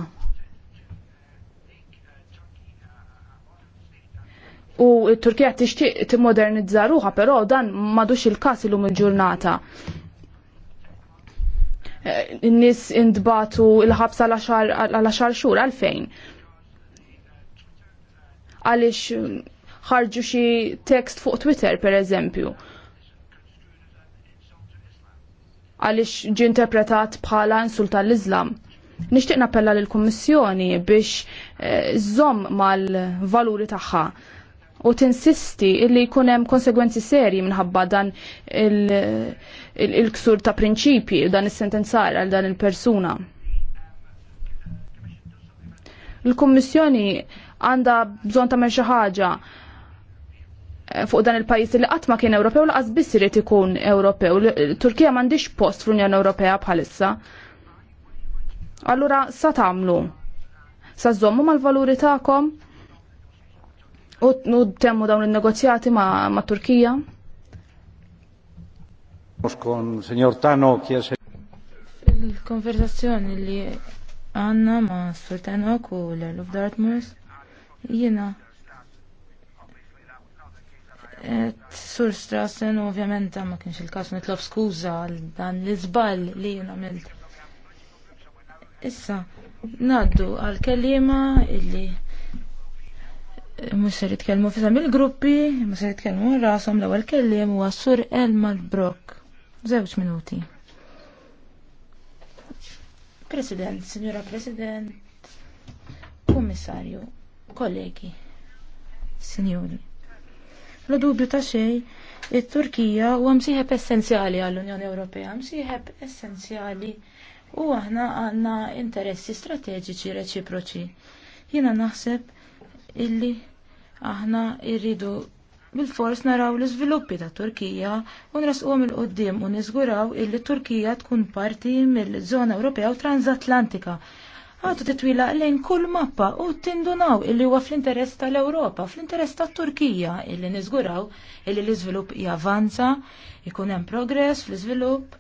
U Turkija tixtieq timmodernizza ruha, però dan madux il-każ illum il-ġurnata. Eh, Nis indbatu il-ħabsa għal-axar xhur għalfejn. Għaliex mm, ħarġu xi tekst fuq Twitter, per eżempju. Għaliex ġi interpretat bħala insulta l iżlam Nixtieq nappella lill-Kummissjoni biex eh, żomm mal-valuri tagħha u tinsisti illi jkun hemm konsegwenzi serji minħabba dan il-ksur ta' prinċipji dan is-sentenzar għal dan il-persuna. Il-Kummissjoni għandha bżonn ta' xi ħaġa eh, fuq dan il-pajis li qatt ma kien Ewropew laqas biss irid ikun Ewropew. Turkija m'għandix post fl-Unjoni Ewropea bħalissa. Allura sa tagħmlu? Sa żommu mal-valuri tagħkom? U temmu dawn il-negozjati ma, ma Turkija? Kon signor Tano, chiese. Il-konversazzjoni li għanna ma Sur Tanok u l-Luf Dartmouth, jina. Et Sur Strassen ovvjament ma kienx il-kas nitlob skuża għal dan l iżball li jina għamilt. Issa, naddu għal kelima illi mux ser jitkellmu fisam mill gruppi mux ser jitkellmu rasom l ewwel kellim u għassur Elmar Brock. Zewċ minuti. President, signora President, kommissarju, kollegi, signori. Lo dubju ta' xej, il turkija u għamsiħeb essenzjali għall-Unjoni Ewropea, għamsiħeb essenzjali u aħna għanna interessi strateġiċi reċiproċi. Jina naħseb illi Aħna irridu bil-fors naraw l-iżviluppi ta' Turkija u nrasquhom il-qoddim u niżguraw illi Turkija tkun parti mill-żona Ewropea u Transatlantika għadu titwila lejn kull mappa u tindunaw illi huwa fl-interess tal-Ewropa, fl-interess tat-Turkija illi niżguraw illi l izvilupp javanza, ikun hemm progress fl-iżvilupp.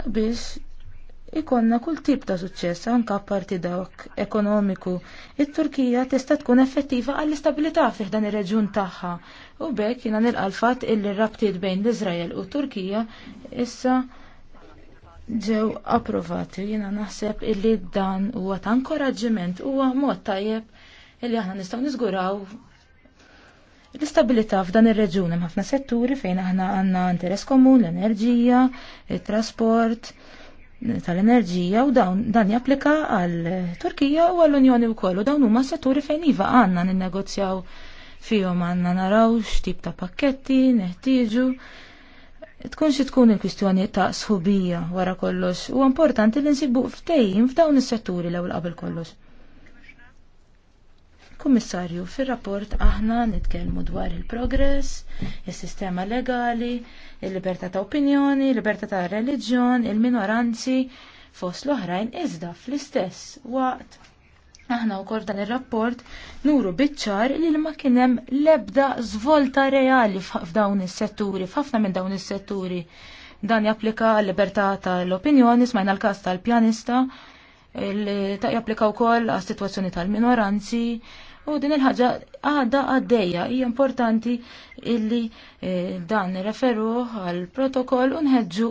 Sabiex ikonna kull tip ta' suċċess anka parti dawk ekonomiku. It-Turkija tista' tkun effettiva għall-istabilità fih dan ir-reġjun tagħha. U bekk jiena nilqa' l-fatt illi rabtiet bejn l-Iżrael u Turkija issa ġew approvati. Jiena naħseb illi dan huwa ta' inkoraġġiment huwa mod tajjeb illi aħna nistgħu niżguraw L-istabilità f'dan ir-reġjun hemm ħafna setturi fejn aħna għandna interess komun, l-enerġija, it-trasport, il tal-enerġija u dawn dan japplika għal Turkija u għall unjoni wkoll u dawn huma setturi fejn iva għandna ninnegozjaw fihom għandna naraw x'tip ta' pakketti neħtieġu. Tkun xi tkun il-kwistjoni ta' sħubija wara kollox u importanti li nsibu ftejjin f'dawn is-setturi l-ewwel qabel kollox. Kummissarju, fil-rapport aħna nitkellmu dwar il-progress, il-sistema legali, il-libertà ta' opinjoni, il-libertà ta' reliġjon, il-minoranzi, fost l-oħrajn iżda fl-istess waqt. Aħna u dan il-rapport nuru bitċar li ma kienem lebda zvolta reali f'dawn is-setturi, f'ħafna minn dawn is-setturi. Dan japplika l-libertà tal-opinjoni, smajna l-kas tal-pjanista, ta' japplika u għas situazzjoni tal-minoranzi, U din il-ħaġa għada għaddejja hija importanti illi eh, dan referu għal protokoll u nħeġġu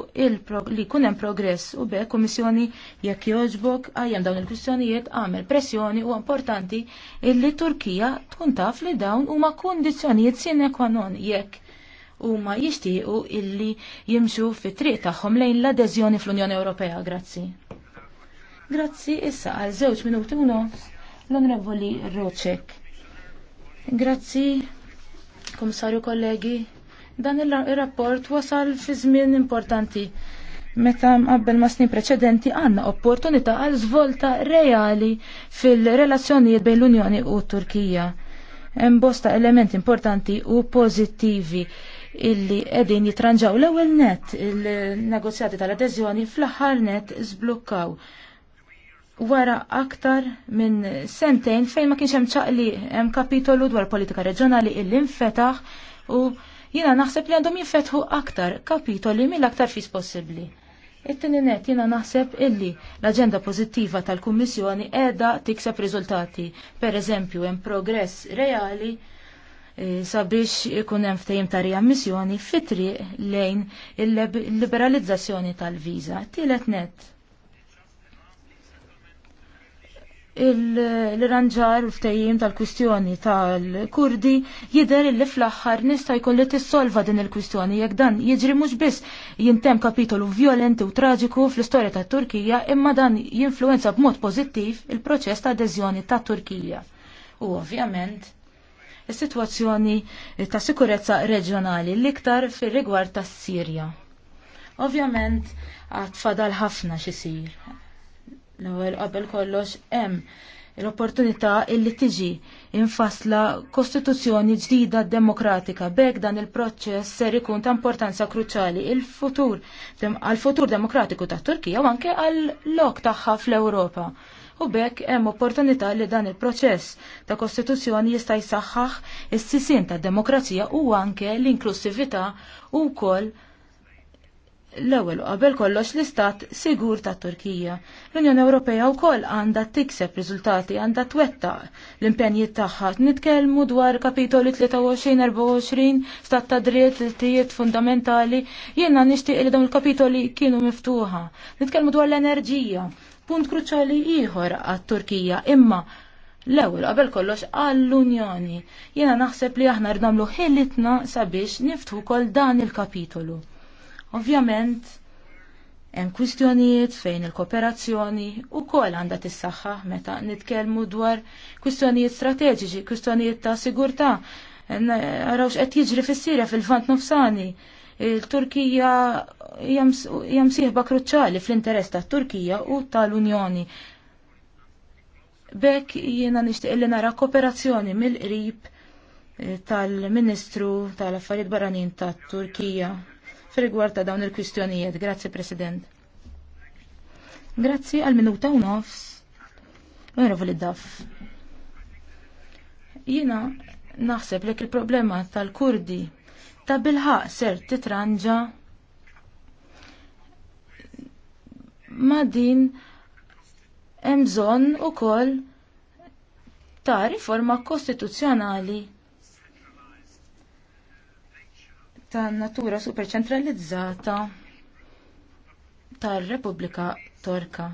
li kunem hemm progress u be komissjoni jekk jogħġbok għajjem dawn il-kwistjonijiet għamel pressjoni u importanti illi Turkija tkun taf li dawn huma kundizzjonijiet sine qua non jekk huma jixtiequ illi jimxu fit-triq tagħhom lejn l-adeżjoni fl-Unjoni Ewropea. Grazzi. Grazzi issa għal żewġ minuti u nofs l-Onorevoli Roċek. Grazzi, komissarju kollegi. Dan il-rapport wasal fi żmien importanti. Meta qabel ma snin preċedenti għandna opportunità għal svolta reali fil-relazzjonijiet bejn l-Unjoni u Turkija. Hemm bosta elementi importanti u pożittivi illi qegħdin jitranġaw l-ewwel net il-negozjati tal-adeżjoni fl-aħħar net żblukkaw wara aktar minn sentejn fejn ma kienx hemm ċaqli hemm kapitolu dwar politika reġjonali illi infetaħ u jiena naħseb li għandhom jinfetħu aktar kapitoli mill-aktar fis possibbli. It-tieni net jiena naħseb illi l-aġenda pożittiva tal-Kummissjoni qiegħda tikseb riżultati. Per eżempju hemm progress reali eh, sabiex ikun hemm ftehim ta' riammissjoni fitri lejn il-liberalizzazzjoni tal-viża. Tielet net l-ranġar u tal-kwistjoni tal-Kurdi jider li fl aħħar nista' jkolli tissolva din il-kwistjoni jekk dan jiġri mhux biss jintem kapitolu violenti u traġiku fl-istorja tat-Turkija imma dan jinfluenza b'mod pożittiv il-proċess ta' adeżjoni tat-Turkija. U ovvjament is-sitwazzjoni ta' sikurezza reġjonali l-iktar fir-rigward tas-Sirja. Ovvjament għad fadal ħafna xisir L-ewwel qabel kollox hemm l-opportunità illi tiġi infasla kostituzzjoni ġdida demokratika. Bek dan il-proċess ser ikun ta' importanza kruċali il-futur għal-futur demokratiku ta' Turkija u anke għal-lok tagħha fl-Ewropa. U bekk hemm opportunità li dan il-proċess ta' kostituzzjoni jista' jsaħħaħ is-sisin ta' demokrazija u anke l-inklusività u wkoll L-ewwel qabel kollox l-istat sigur ta' Turkija. L-Unjoni Ewropea wkoll għandha tikseb riżultati, għandha twettaq l impenjiet tagħha. Nitkellmu dwar kapitoli 23-24, stat ta' dritt, drittijiet fundamentali, jiena nixtieq li dawn il-kapitoli kienu miftuħa. Nitkellmu dwar l-enerġija, punt kruċali ieħor għat-Turkija, imma L-ewwel qabel kollox għall-Unjoni. Jiena naħseb li aħna rnamlu ħilitna sabiex niftħu kol dan il-kapitolu. Ovvjament, hemm kwistjonijiet fejn il-kooperazzjoni u kol għandha tissaħħa meta nitkellmu dwar kwistjonijiet strateġiċi, kwistjonijiet ta' sigurtà. Arawx qed jiġri fis-Sirja fil fant Nofsani. Il-Turkija hija msieħba kruċjali fl-interess tat-Turkija u tal-Unjoni. Bekk jiena nixtieq li nara kooperazzjoni mill-qrib eh, tal-Ministru tal-Affarijiet Barranin tat-Turkija fir-rigward ta' dawn il-kwistjonijiet. Grazzi, President. Grazzi għal minuta u nofs. Onorevoli Daff. Jina naħseb li il-problema tal-Kurdi ta' bilħaq ser titranġa ma' din hemm bżonn ukoll ta' riforma kostituzzjonali ta' natura superċentralizzata tar-Repubblika Torka.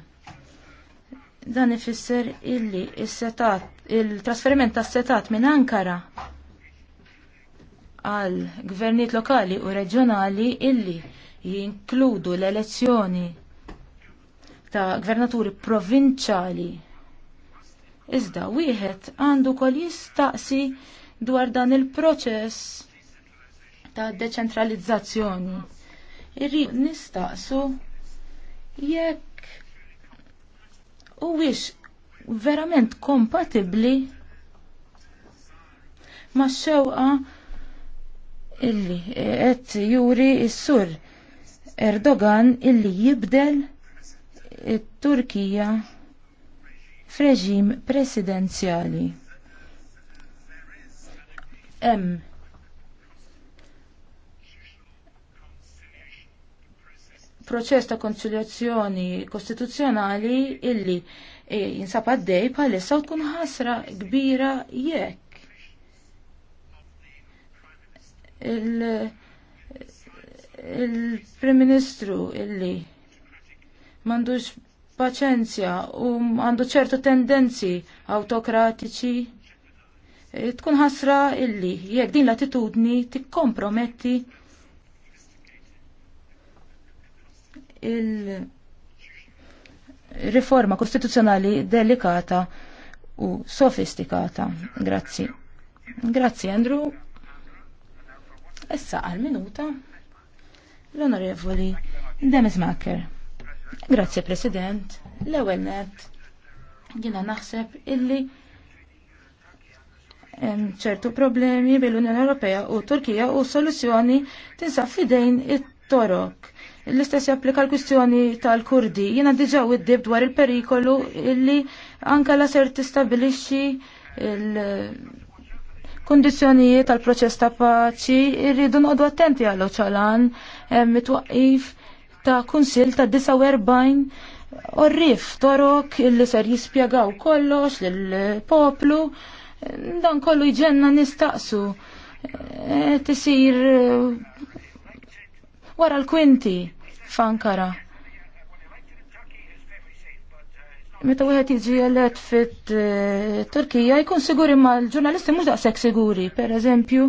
Dan ifisser illi il-setat, il-trasferiment ta' setat minn Ankara għal gvernijiet lokali u reġjonali illi jinkludu l-elezzjoni ta' gvernaturi provinċali. Iżda wieħed għandu kol jistaqsi dwar dan il-proċess ta' deċentralizzazzjoni. Irrid nistaqsu jekk huwiex verament kompatibbli ma' xewqa illi qed juri s-sur Erdogan illi jibdel it-Turkija f'reġim presidenzjali. Hemm proċess ta' konsiljazzjoni kostituzzjonali illi e, jinsab għaddej bħalissa u tkun ħasra kbira jekk. Il-Prim Ministru illi mandux paċenzja u għandu ċertu tendenzi autokratiċi e, tkun ħasra illi jekk din l-attitudni tikkomprometti il-riforma kostituzzjonali delikata u sofistikata. Grazzi. Grazzi, Andrew. Issa għal-minuta l-onorevoli Demis Macker. Grazzi, President. L-ewel net, jina naħseb illi ċertu problemi bil-Unjoni Ewropea u Turkija u soluzzjoni tinsab fidejn it-torok L-istess japplika l-kwistjoni tal-Kurdi. Jiena diġà id dwar il-perikolu illi anka la ser tistabilixxi il-kondizjonijiet tal-proċess ta' paċi irridu noqogħdu attenti għal oċalan mitwaqqif ta' kunsil ta' 49 orrif torok illi ser jispjegaw kollox lill-poplu dan kollu jġenna nistaqsu e, tisir e, wara l-kwinti f'Ankara. Meta wieħed jiġi elett fit-Turkija jkun siguri ma l-ġurnalisti mhux daqshekk siguri. Pereżempju,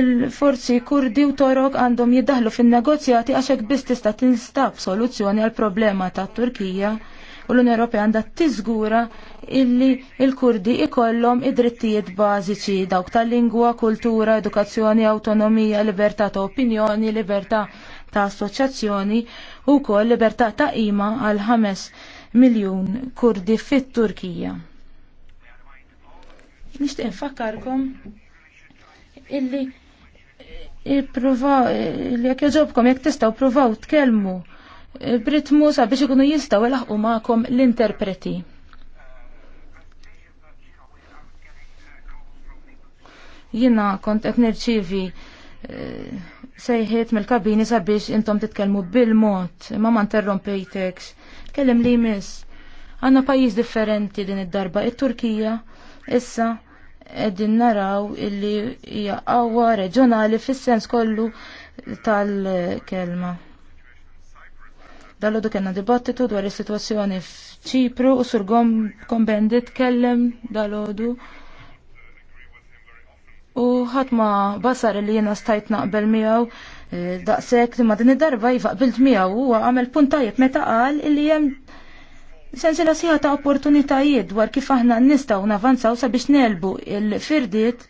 il-forzi kurdi u torok għandhom jiddaħlu fin-negozjati għax hekk biss tista' tinstab soluzzjoni għal problema tat-Turkija u l-Unjoni Ewropea għandha tiżgura illi il-Kurdi ikollhom id-drittijiet bażiċi dawk tal-lingwa, kultura, edukazzjoni, awtonomija, libertà ta' opinjoni, libertà ta' assoċjazzjoni u wkoll libertà ta' qima għal 5 miljun kurdi fit-Turkija. Nixtieq infakkarkom illi eh, ipprovaw eh, jekk jogħġobkom jekk tistgħu provaw tkellmu eh, b'ritmu sabiex ikunu jistgħu ilaħqu magħkom l-interpreti. Jiena kont qed nirċievi sejħiet mill-kabini sabiex intom titkellmu bil-mod, imma ma interrompejtekx. Kellem li jmiss. Għanna pajjiż differenti din id-darba, it-Turkija, issa qegħdin naraw illi hija qawwa reġjonali fis-sens kollu tal-kelma. Dallu kellna dibattitu dwar is-sitwazzjoni f'Ċipru u sur kombendit kellem dalodu u ħadd ma basar li jiena stajt naqbel miegħu e, daqshekk li ma din id-darba jiva qbilt miegħu huwa għamel punt tajjeb meta qal li hemm sensila sieħa ta' opportunitajiet dwar kif aħna nistgħu navanzaw sabiex nelbu il-firdiet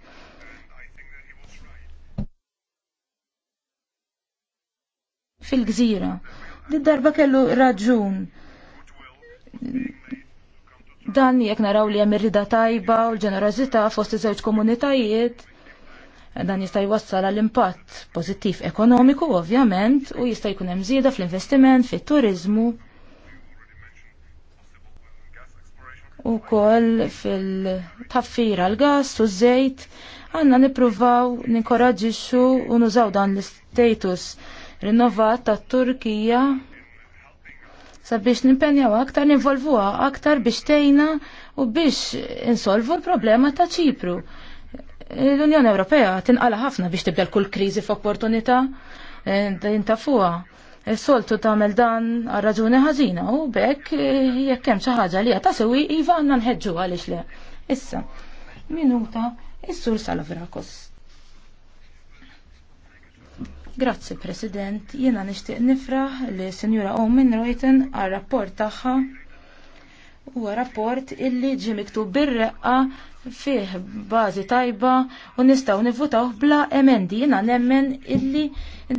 fil-gżira. Did-darba kellu raġun dan jekk naraw li hemm irrida tajba u l ġenerazita fost iż-żewġ komunitajiet dan jista' jwassal għal impatt pożittiv ekonomiku ovvjament u jista' jkun hemm żieda fl-investiment, fit-turiżmu u koll fil-taffira l-gas u żejt għanna nipruvaw ninkoraġixxu u nużaw dan l-status rinnovat ta' Turkija sabiex nimpenjaw aktar, nivolvuha aktar biex tejna u biex insolvu l-problema ta' Ċipru L-Unjoni Ewropea tinqala ħafna biex tibdel kull kriżi f'opportunità eh, intafuha. Soltu tagħmel dan għal raġuni ħażina u bekk eh, jekk hemm xi ħaġa li ta' sewi iva għandna nħeġġu għaliex le. Issa, minuta is-sur Salavrakos. Grazzi President, jiena nixtieq nifraħ li Sinjura Omen Reuten għar rapport tagħha huwa rapport illi ġie miktub bir-reqqa fih bażi tajba u nistgħu nivvutaw bla emendi jiena nemmen illi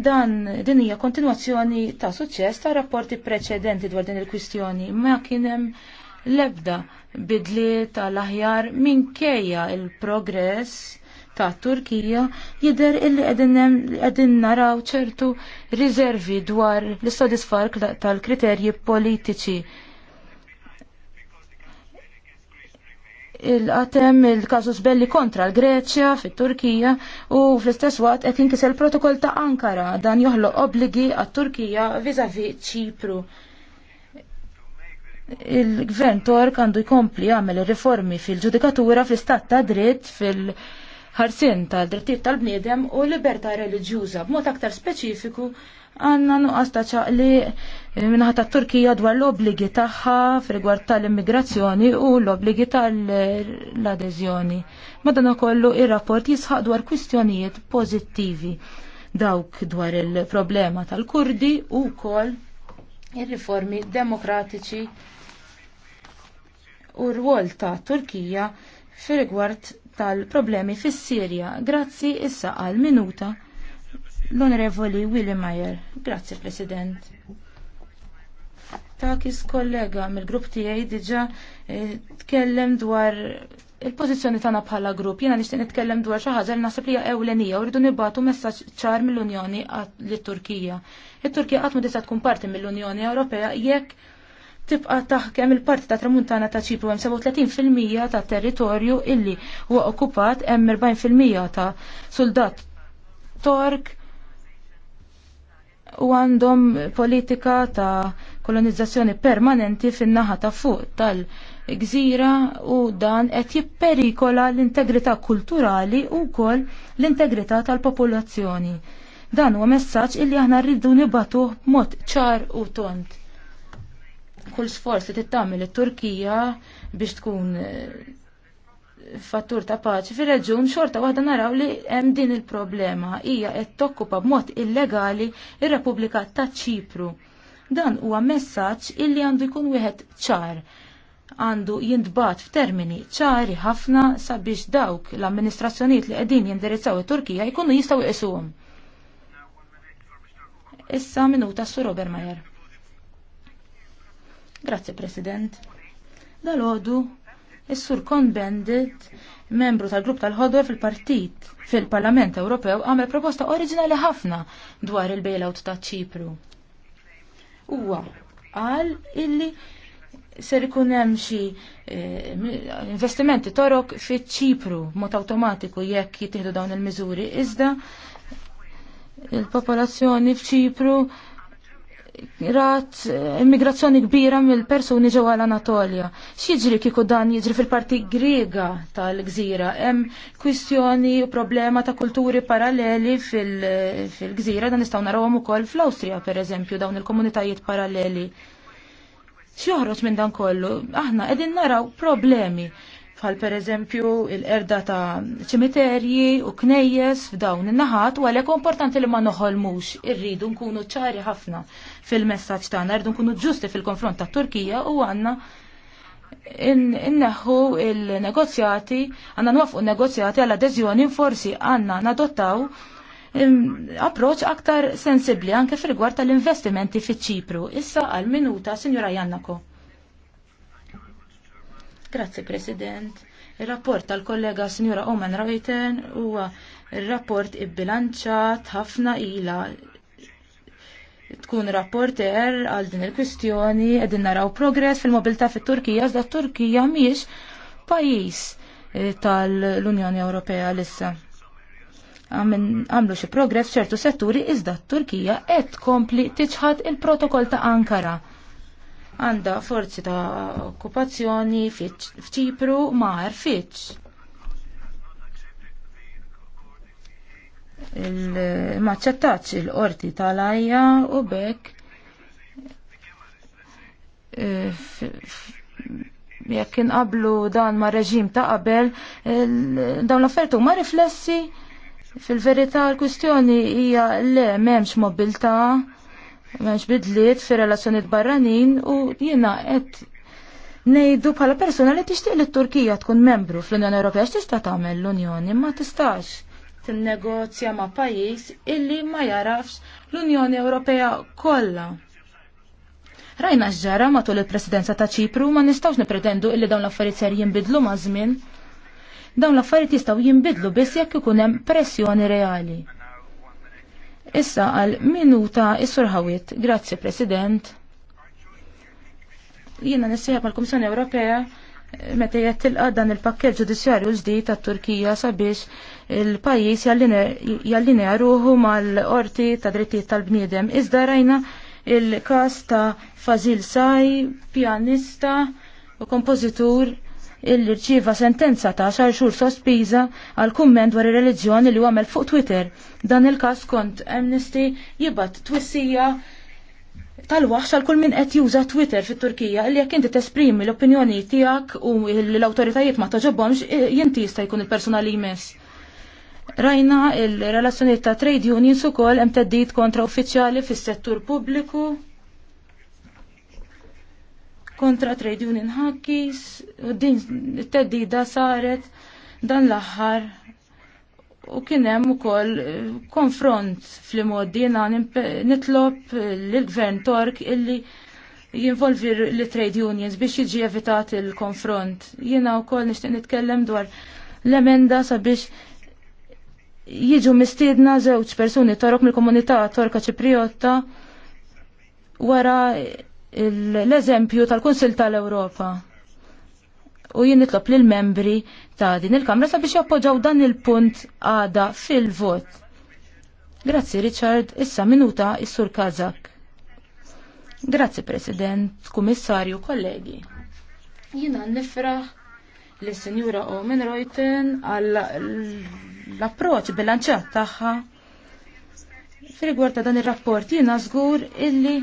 dan din hija kontinwazzjoni ta' suċċess ta' rapporti preċedenti dwar din il-kwistjoni ma kien hemm l-ebda laħjar minn aħjar minkejja il-progress ta' Turkija jider illi qegħdin naraw ċertu riservi dwar l-istodisfar tal-kriterji politiċi il-qatem il kasus belli kontra l-Greċja, fit-Turkija u fl-istess waqt qed jinkisel protokoll ta' Ankara dan joħloq obbligi għat-Turkija viżavi ċipru. Il-gvern Tork għandu jkompli jagħmel riformi fil-ġudikatura fl-istat ta' dritt fil- ħarsien tal-drittijiet tal-bniedem u l libertà reliġjuża b'mod aktar speċifiku għanna nuqqas ċaqli eh, minnaħat Turkija dwar l-obligi tagħha f'rigward tal-immigrazzjoni u l-obligi tal adezjoni Madonna kollu il rapport jisħaq dwar kwistjonijiet pożittivi dawk dwar il-problema tal-Kurdi u kol ir-riformi demokratiċi u r-wol ta' Turkija f'rigward tal-problemi fis-Sirja. Grazzi issa għal minuta L-Onorevoli Willy Mayer, Grazie, President. Takis kollega mill-grupp tiegħi diġa eh, tkellem dwar il-pożizzjoni tagħna bħala grupp. Jiena nixtieq nitkellem dwar xi ħaġa li naħseb li hija ewlenija u rridu nibagħtu messaġġ ċar mill-Unjoni lit-Turkija. It-Turkija qatt ma tista' tkun parti mill-Unjoni Ewropea jekk tibqa taħkem il-parti ta' tramuntana ta' ċipru hemm 37% ta' territorju illi huwa okkupat hemm 40% ta' soldat Tork u għandhom politika ta' kolonizzazzjoni permanenti fin-naħa ta' fuq tal-gżira u dan qed jipperikola l-integrità kulturali u wkoll l-integrità tal-popolazzjoni. Dan huwa messaġġ illi aħna rridu nibatuh mod ċar u tont. Kull sforz li tittamil it-Turkija biex tkun eh, fattur ta' paċi fir-reġun xorta waħda naraw li hemm din il-problema hija qed tokkupa b'mod illegali ir-Repubblika ta' Ċipru. Dan huwa messaġġ illi għandu jkun wieħed ċar għandu jintbat f'termini ċari ħafna sabiex dawk l-amministrazzjonijiet li qegħdin jindirizzaw it-Turkija jkunu jistgħu jqisuhom. Issa minuta su Robert Majer. Grazzi President. Dal-għodu Is-Sur Convendit, membru tal-grupp tal ħodwa fil-partit fil-Parlament Ewropew, għamel proposta oriġinali ħafna dwar il-bailout ta' Ċipru. Huwa qal illi ser ikun hemm xi eh, investimenti torok fi ċipru mod awtomatiku jekk jittieħdu dawn il-miżuri iżda il-popolazzjoni f'Ċipru rat immigrazzjoni kbira mill-persuni ġewwa l-Anatolja. X'jiġri kieku dan jiġri fil-parti Griega tal-gżira? Hemm kwistjoni u problema ta' kulturi paralleli fil-gżira dan nistgħu narawhom ukoll fl-Awstrija pereżempju dawn il-komunitajiet paralleli. X'joħroġ minn dan kollu? Aħna qegħdin naraw problemi bħal per eżempju il-erda ta' ċimiterji u knejjes f'dawn in-naħat u għalhekk importanti li ma noħolmux irridu nkunu ċari ħafna fil-messaġġ tagħna rridu nkunu ġusti fil-konfront tat-Turkija u għandna inneħħu il-negozjati, għandna nwafqu negozjati għal adeżjoni forsi għandna nadottaw approċ aktar sensibli anke fil-gwar tal-investimenti fi ċipru. Issa għal minuta, Sinjura Jannako. Grazie, President. Il-rapport tal-kollega Sinjura Oman Reuten huwa il-rapport ibbilanċat ħafna ila tkun rapporter għal din il-kwistjoni, edin naraw progress fil-mobilta fit-Turkija, zda Turkija miex pajis eh, tal-Unjoni Ewropea lissa. Għamlu xi progress ċertu setturi iżda Turkija qed kompli tiċħad il-protokoll ta' Ankara. Għanda forzi ta' okkupazzjoni f'Ċipru ma' arfiċ maċċettaċ il-qorti tal-ajja u bekk eh, jekk inqablu dan ma' reġim ta' qabel, dawn l-offertu ma' riflessi fil-verità l-kwistjoni hija le m'hemmx mobilità, m'hemmx bidliet fir relazzjonijiet barranin u jiena et ngħidu bħala persuna li tixtieq li t-Turkija tkun membru fl-Unjoni Ewropea x'tista' tagħmel l-Unjoni ma tistax tinnegozja ma' pajjiż illi ma jarafx l-Unjoni Ewropea kollha. Rajna x'ġara matul il-Presidenza ta' Ċipru ma nistgħux nipretendu illi dawn l-affarijiet ser jinbidlu ma' żmien. Dawn l-affarijiet jistgħu jinbidlu biss jekk ikun hemm pressjoni reali. Issa għal minuta is-Sur Ħawit. Grazzi President. Jiena nissieħab mal-Kummissjoni Ewropea meta jgħid tilqa' dan il-pakkett ġudizzjarju ġdid tat-Turkija sabiex il-pajis jallinea ruħu mal-orti ta' drittijiet tal-bniedem. Iżda rajna il-kas ta' Fazil Saj, pjanista u kompozitur il rċiva sentenza ta' xar xur sospiża għal kumment dwar ir-reliġjoni li għamel fuq Twitter. Dan il-kas kont Amnesty jibat twissija tal-waħx għal kull min qed juża Twitter fit-Turkija li jekk inti tesprimi l-opinjoni tiegħek u l-awtoritajiet ma toġobhomx jinti jista' jkun il personali li Rajna il-relazzjoniet ta' trade unions ukoll hemm emtaddit kontra uffiċjali fis-settur pubbliku kontra trade union hackies, u din t teddida saret dan l-aħħar u kien hemm ukoll eh, konfront fl-imoddi nitlob lill-gvern Tork illi jinvolvi l-trade unions biex jiġi evitat il-konfront. Jiena wkoll nixtieq nitkellem dwar l-emenda sabiex jiġu mistiedna żewġ persuni torok mill-komunità torka ċipriotta wara l-eżempju tal-Kunsil tal-Ewropa. U jien nitlob lil membri ta' din il-Kamra sabiex jappoġġaw dan il-punt għada fil-vot. Grazzi Richard, issa minuta is-Sur Kazak. Grazzi President, Kummissarju, kollegi. Jina nifraħ l-Senjura Omen Reuten għall l-approċ bilanċat tagħha fil gwarta dan ir-rapport jiena żgur illi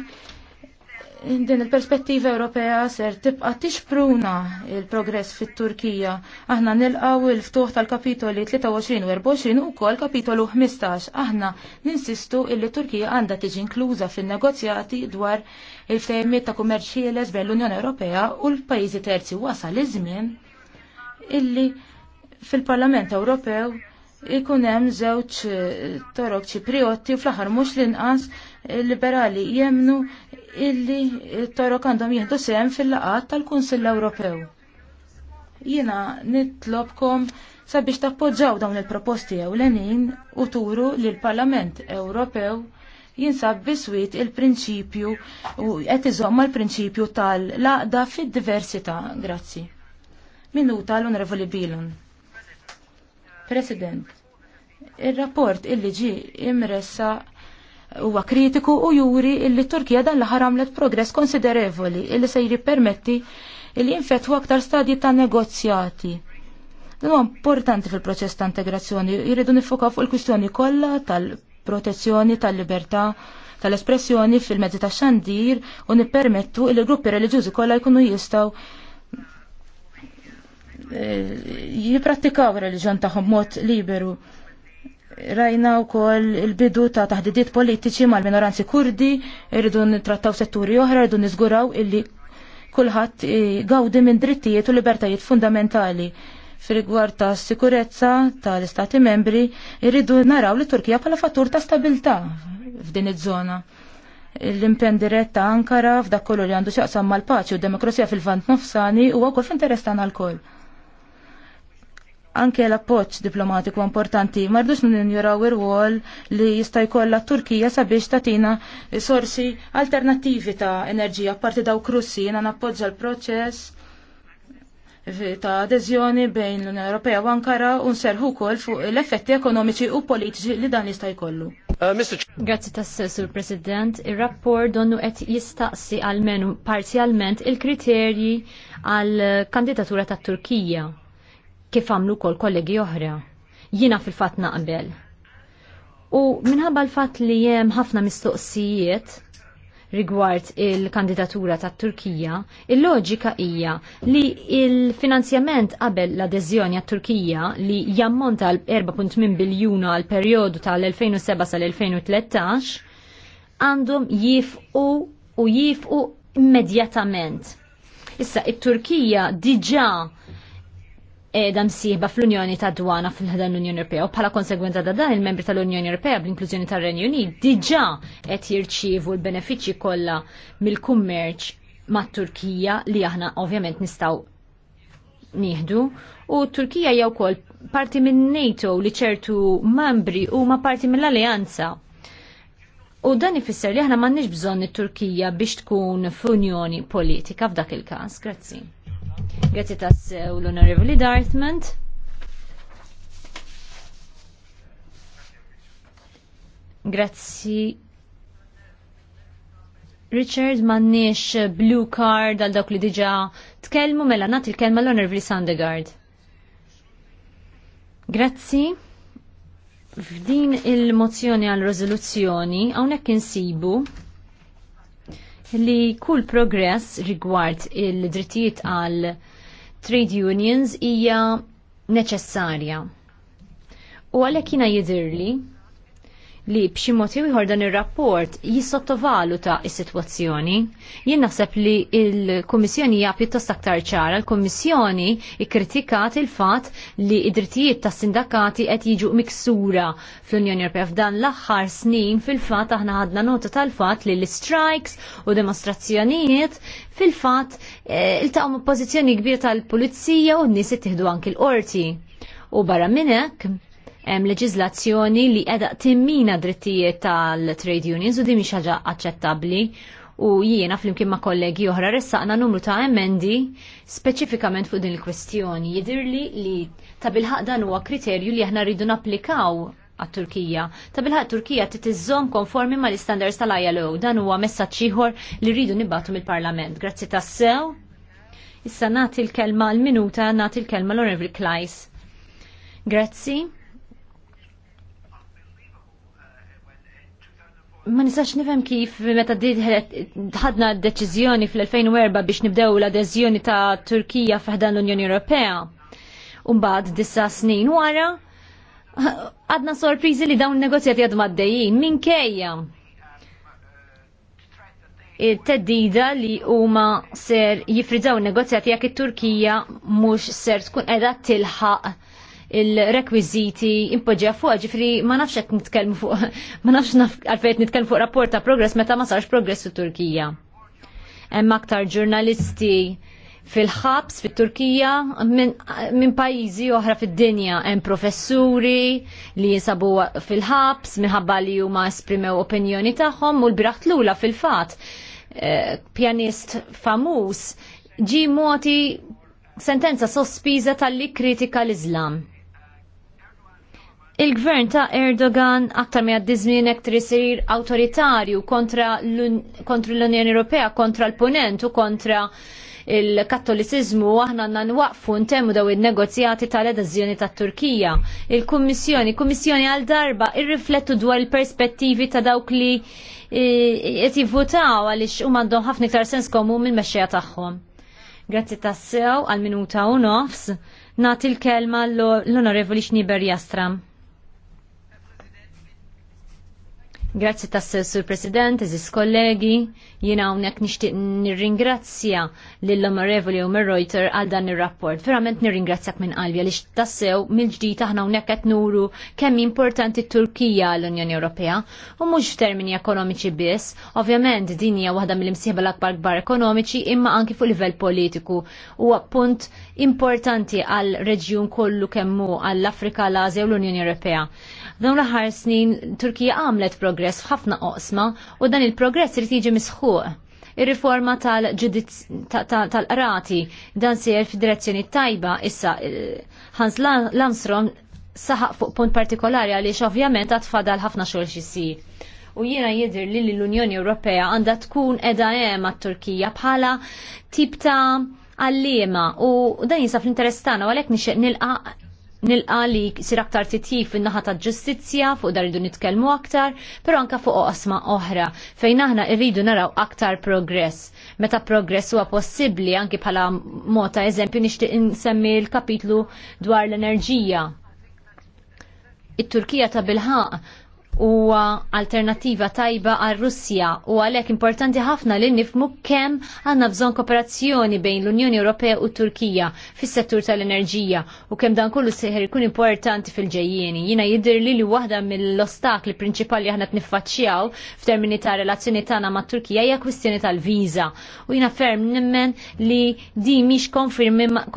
din il-perspettiva Ewropea ser tibqa' tixpruna il-progress fit-Turkija. Aħna nilqaw il-ftuħ tal-kapitoli 23 u 24 ukoll kapitolu 15. Aħna ninsistu illi Turkija għandha tiġi inkluża fin-negozjati dwar il-fejmiet ta' kummerċi bejn l-Unjoni Ewropea u l-pajjiżi terzi wasal iż-żmien illi fil-Parlament Ewropew ikun hemm żewġ eh, torok priotti u fl-aħħar mhux l-inqas eh, liberali jemnu illi torok għandhom jieħdu sehem fil-laqat tal-Kunsill Ewropew. Jiena nitlobkom sabiex tappoġġaw dawn il-proposti ewlenin u turu li l-Parlament Ewropew jinsab biswit il-prinċipju u qed iżomma l-prinċipju tal-laqda fid-diversità. Grazzi. Minuta l-Onorevoli Bilon. President, il-rapport illi ġi imressa huwa kritiku u juri illi Turkija dan l għamlet progress konsiderevoli illi se jippermetti illi jinfetħu aktar stadji ta' negozjati. Dan huwa importanti fil-proċess ta' integrazzjoni, jridu nifokaw fuq il-kwistjoni kollha tal-protezzjoni tal-libertà tal-espressjoni fil-mezzi ta' xandir u nippermettu il gruppi reliġjużi kollha jkunu jistgħu Eh, jiprattikaw il tagħhom mod liberu. Rajna u koll il-bidu ta' taħdidiet politiċi mal-minoranzi kurdi, irridu nittrattaw setturi oħra, irridu nizguraw illi kulħadd gawdi minn drittijiet u libertajiet fundamentali fil ta' sikurezza tal-istati membri irridu naraw li Turkija bħala fattur ta' stabilta f'din iż-żona. L-impen diretta Ankara f'dak kollu li għandu xaqsam mal-paċi u demokrazija fil-vant nofsani u għakol f'interess tagħna l-koll anke l-appoċ diplomatiku importanti. Mardux ninjoraw ir-wol li jista' jkollha Turkija sabiex tatina sorsi alternattivi ta' enerġija apparti dawk Russi jiena nappoġġa l-proċess ta' adeżjoni bejn l-Unjoni Ewropea u Ankara u nserħu wkoll fuq l-effetti ekonomiċi u politiċi li dan jista' jkollu. Uh, Grazzi tas-Sur President, ir-rapport donnu qed jistaqsi għal menu parzjalment il-kriterji għal kandidatura tat-Turkija kif għamlu kol kollegi oħra. Jina fil-fat naqbel. U minħabba l-fat li jem ħafna mistoqsijiet rigward il-kandidatura ta' Turkija, il-loġika hija li il-finanzjament qabel l-adeżjoni għat Turkija li jammonta l-4.8 biljuna għal periodu tal-2007 sal-2013 għandhom jifqu u jifqu immedjatament. Issa, it-Turkija diġa edha msieba fl-Unjoni ta' Dwana fil-ħdan l-Unjoni Ewropea u bħala konsegwenza ta' dan il-membri tal-Unjoni Ewropea bl-inklużjoni tar renju Unit diġà qed jirċievu l-benefiċċji kollha mill-kummerċ mat-Turkija li aħna ovvjament nistgħu nieħdu u Turkija hija wkoll parti minn NATO li ċertu membri huma parti mill-Alleanza. U dan ifisser li aħna m'għandniex bżonn it-Turkija biex tkun f'unjoni politika f'dak il-każ. Grazzi. Grazzi tassew l-Onorevoli Dartmouth. Grazzi. Richard, mannix blue card għal dawk li diġa tkellmu mela nat il-kelma l-Onorevoli Sandegard. Grazzi. F'din il-mozzjoni għal rezoluzzjoni hawnhekk insibu li kull progress rigward il-drittijiet għal trade unions hija neċessarja. U għalhekk jiena jidhirli li b'xi mod ieħor dan ir-rapport jissottovaluta s-sitwazzjoni. Jien naħseb li l-Kummissjoni hija pjuttost aktar ċara, l-Kummissjoni ikkritikat il-fatt li id-drittijiet tas-sindakati qed jiġu miksura fl-Unjoni Ewropea f'dan l-aħħar snin fil-fatt aħna ħadna nota tal-fatt li l-strikes u demostrazzjonijiet fil-fatt eh, iltaqgħu pożizzjoni kbira tal-pulizija u n-nies ittieħdu anki l-qorti. U barra minn hekk hemm leġiżlazzjoni li qiegħda timmina drittijiet tal-trade unions u din xaġa ħaġa aċċettabbli u jiena flimkien ma' kollegi oħra ressaqna numru ta' emendi speċifikament fuq din il-kwestjoni. Jidirli li ta' bilħaq dan huwa kriterju li aħna rridu napplikaw għat-Turkija. Ta' bilħaq Turkija titizzom konformi ma' l-standards tal-ILO. Dan huwa messaġġ ieħor li rridu nibatu mill-Parlament. Grazzi tassew. Issa nagħti l-kelma l-minuta nagħti l-kelma l-Onorevoli Klajs. Grazzi. ma nistax nifhem kif meta ħadna d-deċiżjoni fl-2004 biex nibdew l-adeżjoni ta' Turkija f'ħdan l-Unjoni Ewropea. mbagħad disa snin wara għadna sorpriżi li dawn negozjati għad min minkejja teddida li huma ser jifridaw negozjati jekk it-Turkija mhux ser tkun qiegħda tilħaq il-rekwiziti impoġġja fuq, ġifri ma nafx hekk nitkellmu fuq, ma nafx naf għalfejt nitkellmu fuq rapport ta' progress meta ma sarx progress fit Turkija. Hemm aktar ġurnalisti fil-ħabs fit-Turkija minn pajjiżi oħra fid-dinja hemm professuri li jinsabu fil-ħabs minħabba li huma esprimew opinjoni tagħhom u l-biraħt lula fil-fatt. Eh, pjanist famuż ġi moti sentenza sospiża tal-li kritika l-Islam. Il-gvern ta' Erdogan aktar me għaddizmin ektar jisir autoritarju kontra l-Unjoni Ewropea, kontra l-Ponent u kontra il-Kattolisizmu aħna għanna nwaqfu ntemmu daw il-negozjati tal-edazzjoni ta' Turkija. Il-Kummissjoni, Kummissjoni għal darba irriflettu dwar il-perspettivi ta' dawk li e, qed jivvutaw għaliex huma għandhom ħafna iktar sens komun mill-mexxejja tagħhom. Grazzi tassew għal minuta u nofs. Nagħti l-kelma l-Onorevoli Xniber Jastram. Grazzi tassel sur President, eżis kollegi, jina hawnhekk nishtiq nirringrazzja l-Onorevoli Omer Reuter għal dan il-rapport. Verament nirringrazzjak minn qalbi li tassew mill-ġdijt aħna hawnhekk qed nuru kemm importanti Turkija l-Unjoni Ewropea u mhux f'termini ekonomiċi biss. Ovvjament din hija waħda mill-imsieħba l-akbar kbar ekonomiċi imma anki fuq livell politiku u punt importanti għal reġjun kollu kemmu għall-Afrika, l-Azja u l-Unjoni Ewropea. Dawn l-aħħar snin Turkija għamlet program progress f'ħafna oqsma u dan il-progress irid jiġi misħuq. Ir-riforma tal-qrati dan sejjer f'direzzjoni tajba issa eh, Hans Lamstrom saħaq fuq punt partikolari għaliex ovvjament għatfadal ħafna xogħol xisir. U jiena jidher li l-Unjoni Ewropea għandha tkun edha hemm għat-Turkija bħala tip ta' għallima u dan jinsab l-interess tagħna għalhekk nixtieq nilqa' nilqa li sir aktar titjif fin naħa ta' ġustizzja fuq dar idu nitkellmu aktar, pero anka fuq oqsma oħra fejn aħna rridu naraw aktar progress. Meta progress huwa possibbli anki bħala mod ta' eżempju nixtieq insemmi l-kapitlu dwar l-enerġija. It-Turkija ta' bilħaq huwa alternativa tajba għal Russja u għalhekk importanti ħafna li nifmu kemm għandna bżonn kooperazzjoni bejn l-Unjoni Ewropea u Turkija fis-settur tal-enerġija u kemm dan kollu seħer ikun importanti fil ġejjeni Jiena jidher li li waħda mill-ostakli prinċipali aħna tniffaċċjaw f'termini ta' relazzjoni tagħna mat Turkija hija kwistjoni tal-viża. U jiena ferm nimmen li di mhix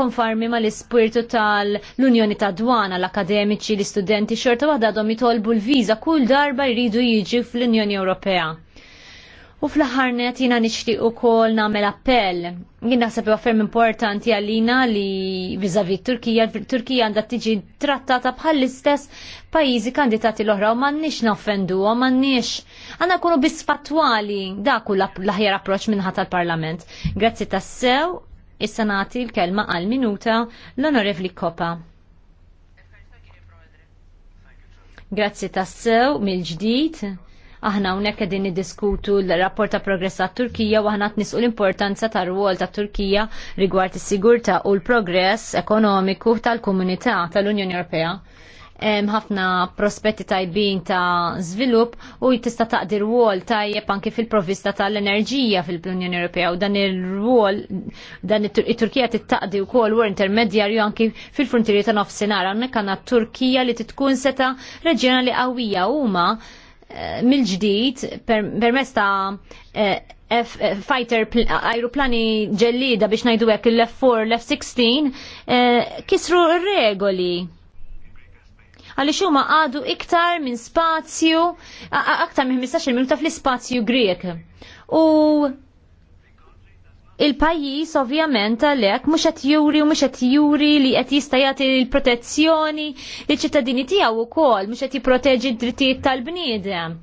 konfarmi mal-ispirtu tal-Unjoni tad Dwana l-akademiċi, l-istudenti xorta waħda għadhom jitolbu l-viża kull darba jridu jiġi fl-Unjoni Ewropea. U fl-aħħar jina nixtieq ukoll nagħmel appell. Jien naħseb huwa ferm importanti għalina li t Turkija, Turkija għandha tiġi trattata bħall l-istess pajjiżi kandidati l-oħra u m'għandniex u m'għandniex għandna nkunu bisfatwali dak l-aħjar approċċ minħat tal-Parlament. Grazzi tassew, is-senati l-kelma għal minuta l-Onorevli Kopa. Grazzi tassew mill-ġdid. Aħna hawnhekk qegħdin niddiskutu l-rapport ta' progress ta' Turkija u aħna tnisqu l-importanza ta' rwol ta' Turkija rigward is-sigurtà u l-progress ekonomiku tal-komunità tal-Unjoni Ewropea ħafna prospetti tajbin ta' żvilupp u tista' taqdir wol tajjeb anke fil-provvista tal-enerġija fil-Unjoni Ewropea u dan ir wol dan it-Turkija tittaqdi wkoll war intermedjarju anke fil-frontieri ta' nofsinhar hawnhekk għandna Turkija li titkun seta' reġjonali qawwija huma eh, mill-ġdid permess ta' eh, eh, fighter aeroplani ġellida biex ngħidu hekk l-F4, l-F16 kisru r-regoli għaliex huma għadu iktar minn spazju, aktar minn 15 minuta fl-ispazju Grek. U il-pajjiż ovvjament għalhekk mhux qed juri u mhux qed juri li qed jista' jagħti l-protezzjoni liċ-ċittadini tiegħu wkoll mhux qed jipproteġi d-drittijiet tal-bniedem.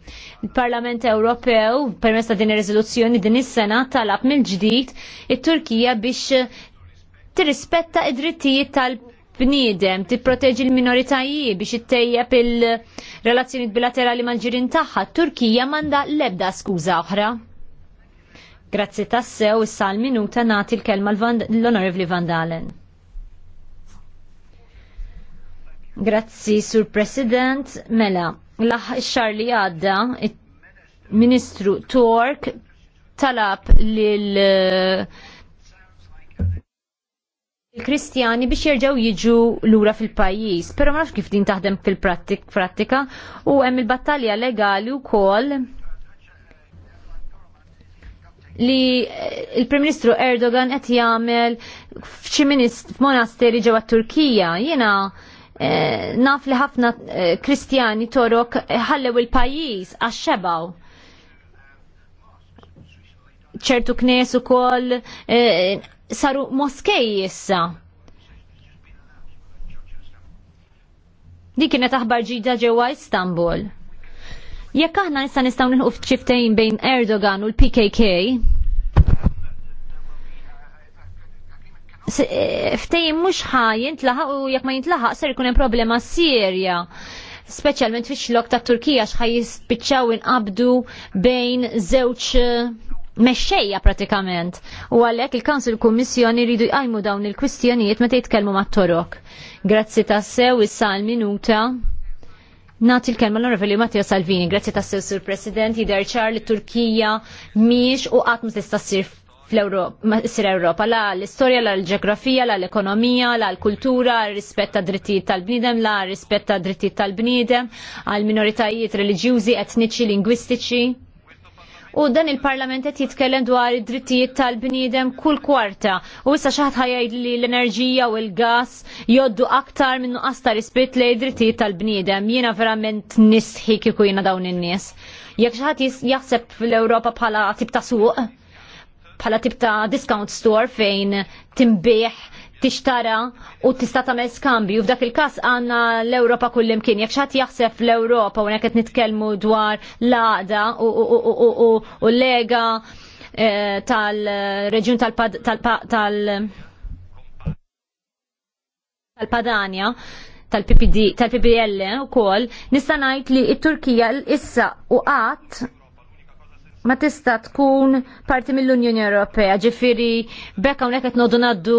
Il-Parlament Ewropew permezz ta' din ir-riżoluzzjoni din is-sena talab mill-ġdid it-Turkija biex tirrispetta id-drittijiet tal-bniedem bniedem, tipproteġi l minoritaji biex ittejjeb il-relazzjoni bilaterali mal-ġirin tagħha, Turkija manda lebda skuża oħra. Grazzi tassew issa l-minuta nagħti l-kelma l-Onorevli Van Dalen. Grazzi, Sur President. Mela, l-xar li għadda, Ministru Tork talab lil il-Kristjani biex jerġgħu jiġu lura fil-pajjiż, però ma nafx kif din taħdem fil-prattika u hemm il-battalja legali wkoll li eh, il-Prim Ministru Erdogan qed jagħmel f'xi f'monasteri ġewwa Turkija. Jiena eh, naf li ħafna eh, Kristjani torok ħallew il-pajjiż għax xebgħu ċertu knes ukoll eh, saru moskej issa. Dik kienet aħbar ġida ġewwa Istanbul. Jekk aħna nista' nistgħu nilħu ċiftejn bejn Erdogan u l-PKK, e, ftejn mhux ħa jintlaħaq u jekk ma jintlaħaq ser ikun hemm problema serja speċjalment fix-xlok tat Turkija x'ħaj jispiċċaw inqabdu bejn żewġ mexxejja pratikament u għalhekk il-Kansil Kummissjoni jridu jqajmu dawn il-kwistjonijiet meta jitkellmu mat-torok. Grazzi tassew issa l-minuta. Nati l-kelma l-onorevoli Matteo Salvini, grazzi tassew sur President, jider ċar li Turkija miex u għatmu tista' sir fl Europa, la l-istoria, la l-ġeografija, la l-ekonomija, la l-kultura, rispett ta' drittijiet tal-bnidem, la rispetta ta' drittijiet tal-bnidem, għal minoritajiet reliġjużi, etniċi, lingwistiċi u dan il-parlament qed jitkellem dwar id-drittijiet tal-bniedem kull kwarta u issa xi ħadd ħajgħid li l-enerġija u l-gas joddu aktar minn nuqqas ta' rispett lejn id-drittijiet tal-bniedem. Jiena verament nisħi kieku jiena dawn in-nies. Jekk xi ħadd jaħseb fl-Ewropa bħala tip ta' suq, bħala tip ta' discount store fejn timbieħ tixtara u tista' tagħmel skambju. F'dak il-każ għandna l-Ewropa kullimkien. Jekk xatt jaħseb l-Ewropa u qed nitkellmu dwar l-għada u l-lega eh, tal-reġjun tal-Padania tal-PPD, tal-PPL u kol, nistanajt li il-Turkija issa u għat ma tista tkun parti mill-Unjoni Ewropea, ġifiri bekka unek qed noddu naddu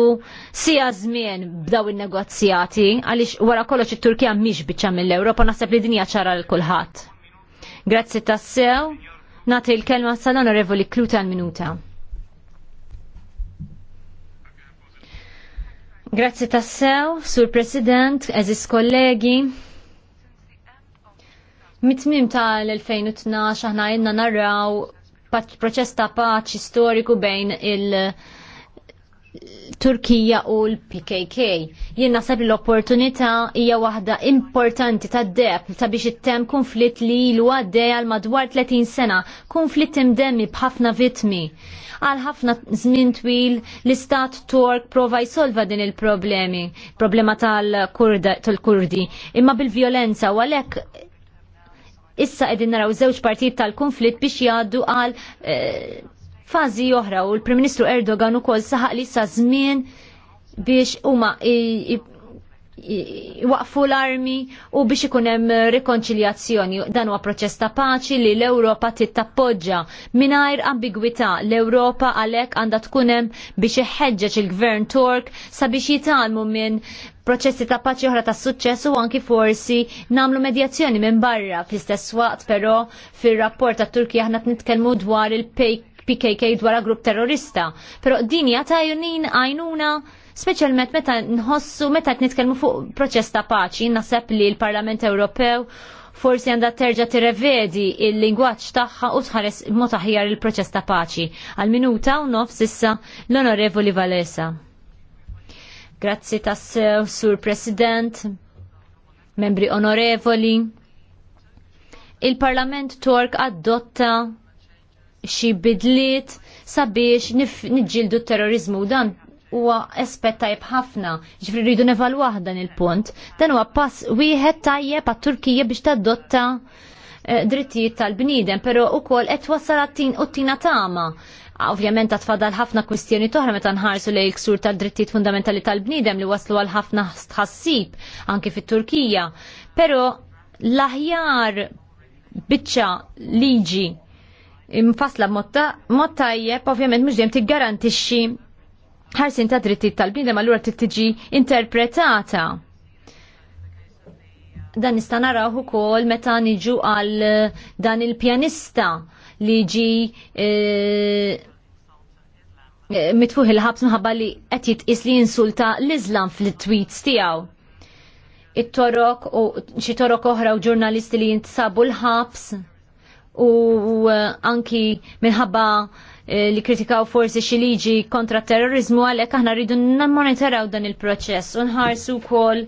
sija żmien b'daw in-negozjati għaliex wara kollox it-Turkija mhix biċċa mill-Ewropa naħseb li dinja ċara l kulħadd. Grazzi tassew, nagħti l-kelma sal-Onorevoli Kluta minuta Grazzi tassew, Sur President, eżis kollegi, Mitmim tal-2012 aħna jenna narraw proċess ta' paċi storiku bejn il- Turkija u l-PKK. Jien naħseb l-opportunità hija waħda importanti ta' deb ta' biex it-tem konflitt li ilu għal madwar 30 sena, konflitt imdemmi b'ħafna vitmi. Għal ħafna żmien twil l-istat Tork prova jsolva din il-problemi, problema tal-Kurdi, imma bil-vjolenza u għalhekk Issa qegħdin naraw żewġ partit tal-konflitt biex jgħaddu għal eh, fażi oħra u l-Prim Ministru Erdogan ukoll saħaq li sa żmien biex huma waqfu l-armi u biex ikun hemm rikonċiljazzjoni. Dan huwa proċess ta' paċi li l-Ewropa tittappoġġa mingħajr ambigwità. L-Ewropa għalhekk għandha tkun hemm biex iħeġġeġ il-Gvern Tork sabiex jitalmu minn proċessi ta' paċi oħra ta' suċċess u anki forsi namlu medjazzjoni minn barra fl-istess waqt però fir-rapport ta' Turkija aħna nitkellmu dwar il-PKK dwar grupp terrorista. Però din jata junin għajnuna speċjalment meta nħossu meta qed nitkellmu fuq proċess ta' paċi, naħseb li l-Parlament Ewropew forsi għandha terġa tirrevedi il-lingwaġġ tagħha u tħares mod aħjar il-proċess ta' paċi. Għal minuta u nofs issa l-Onorevoli Valesa. Grazzi tassew, Sur President, membri onorevoli. Il-Parlament Tork adotta xi bidliet sabiex niġġieldu t-terrorizmu dan huwa aspett tajb ħafna, ġifri rridu nevalwaħ dan il-punt. Dan huwa pass wieħed tajjeb għat-Turkija biex tadotta eh, drittijiet tal-bniedem, però ukoll qed wassal għattin u tina tama. Ovvjament għat fadal ħafna kwistjoni toħra meta nħarsu lej ksur tal-drittijiet fundamentali tal-bniedem li waslu għal ħafna tħassib anke fit-Turkija. Però l-aħjar biċċa liġi mfasla mod tajjeb, ovvjament mhux dejjem tiggarantixxi ħarsin ta' drittijiet tal-bniedem allura trid tiġi interpretata. Dan nista' naraw ukoll meta niġu għal eh, dan il-pjanista li ġi eh, eh, mitfuħ il-ħabs minħabba li qed jitqis li insulta l-Iżlam fil-tweets tiegħu. It-torok u xi torok oħra u ġurnalisti li jintsabu l-ħabs u anki minħabba Eh, li kritikaw forsi xi liġi kontra terrorizmu għalhekk aħna rridu nammoniteraw dan il-proċess u nħarsu wkoll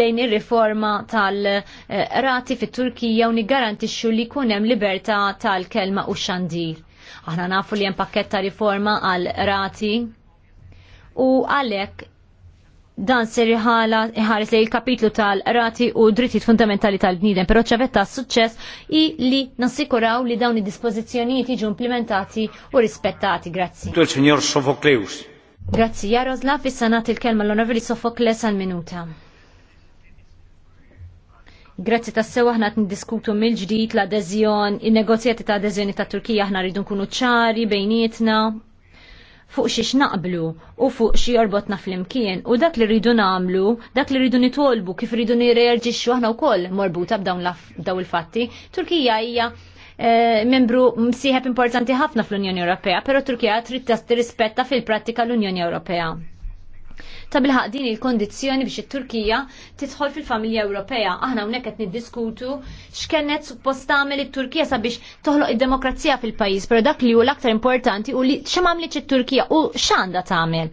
lejn ir-riforma tal-rati fit-Turkija u niggarantixxu li jkun hemm libertà tal-kelma u xandir. Aħna nafu li hemm pakkett ta' riforma għal rati u għalhekk dan ser iħala iħares li l-kapitlu tal-rati u drittijiet fundamentali tal-bniedem, però ċavetta s-suċċess i li nasikuraw li dawn id-dispożizzjonijiet jiġu implementati u rispettati. Grazzi. il senjor Sofokleus. Grazzi, Jaroslav, issa nagħti il-kelma l-Onorevoli Sofokles għal-minuta. Grazzi ta' sewa ħna niddiskutu mill-ġdid l-adeżjon, il-negozjati ta' adeżjoni ta' Turkija ħna rridu nkunu ċari bejnietna fuq xiex naqblu u fuq xi jorbotna fl-imkien u dak li rridu namlu, dak li rridu nitolbu, kif rridu nirreġixxu aħna wkoll morbuta b'dawn daw il-fatti. Turkija hija eh, membru msieħeb importanti ħafna fl-Unjoni Ewropea, però Turkija trid tirrispetta fil-prattika l-Unjoni Ewropea. Ta' bilħaq din il-kondizjoni biex it-Turkija tidħol fil-familja Ewropea. Aħna hawnhekk qed niddiskutu x'kennet suppost tagħmel it-Turkija sabiex toħloq id-demokrazija fil-pajjiż, però dak li hu l-aktar importanti u li x'għamlitx it-Turkija u x'għandha tagħmel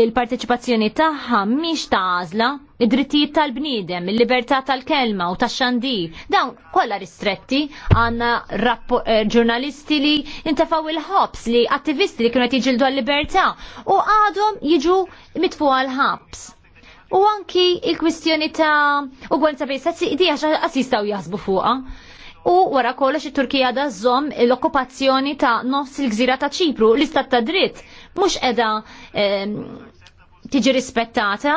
il-parteċipazzjoni tagħha mhix ta' għażla id-drittijiet tal-bniedem, il-libertà tal-kelma u tax xandi Dawn kollha ristretti għandna eh, ġurnalisti li intefaw il ħobs li attivisti li kienu qed jiġildu għall-libertà u għadhom jiġu mitfu għall-ħabs. U anki il-kwistjoni ta' u ugwanza bejn sassi di għax jistaw jaħsbu fuqha U wara kollox it-Turkija da żomm l-okkupazzjoni ta' nofs il-gżira ta' Ċipru, l-istat ta' dritt, mhux qiegħda ehm, tiġi rispettata.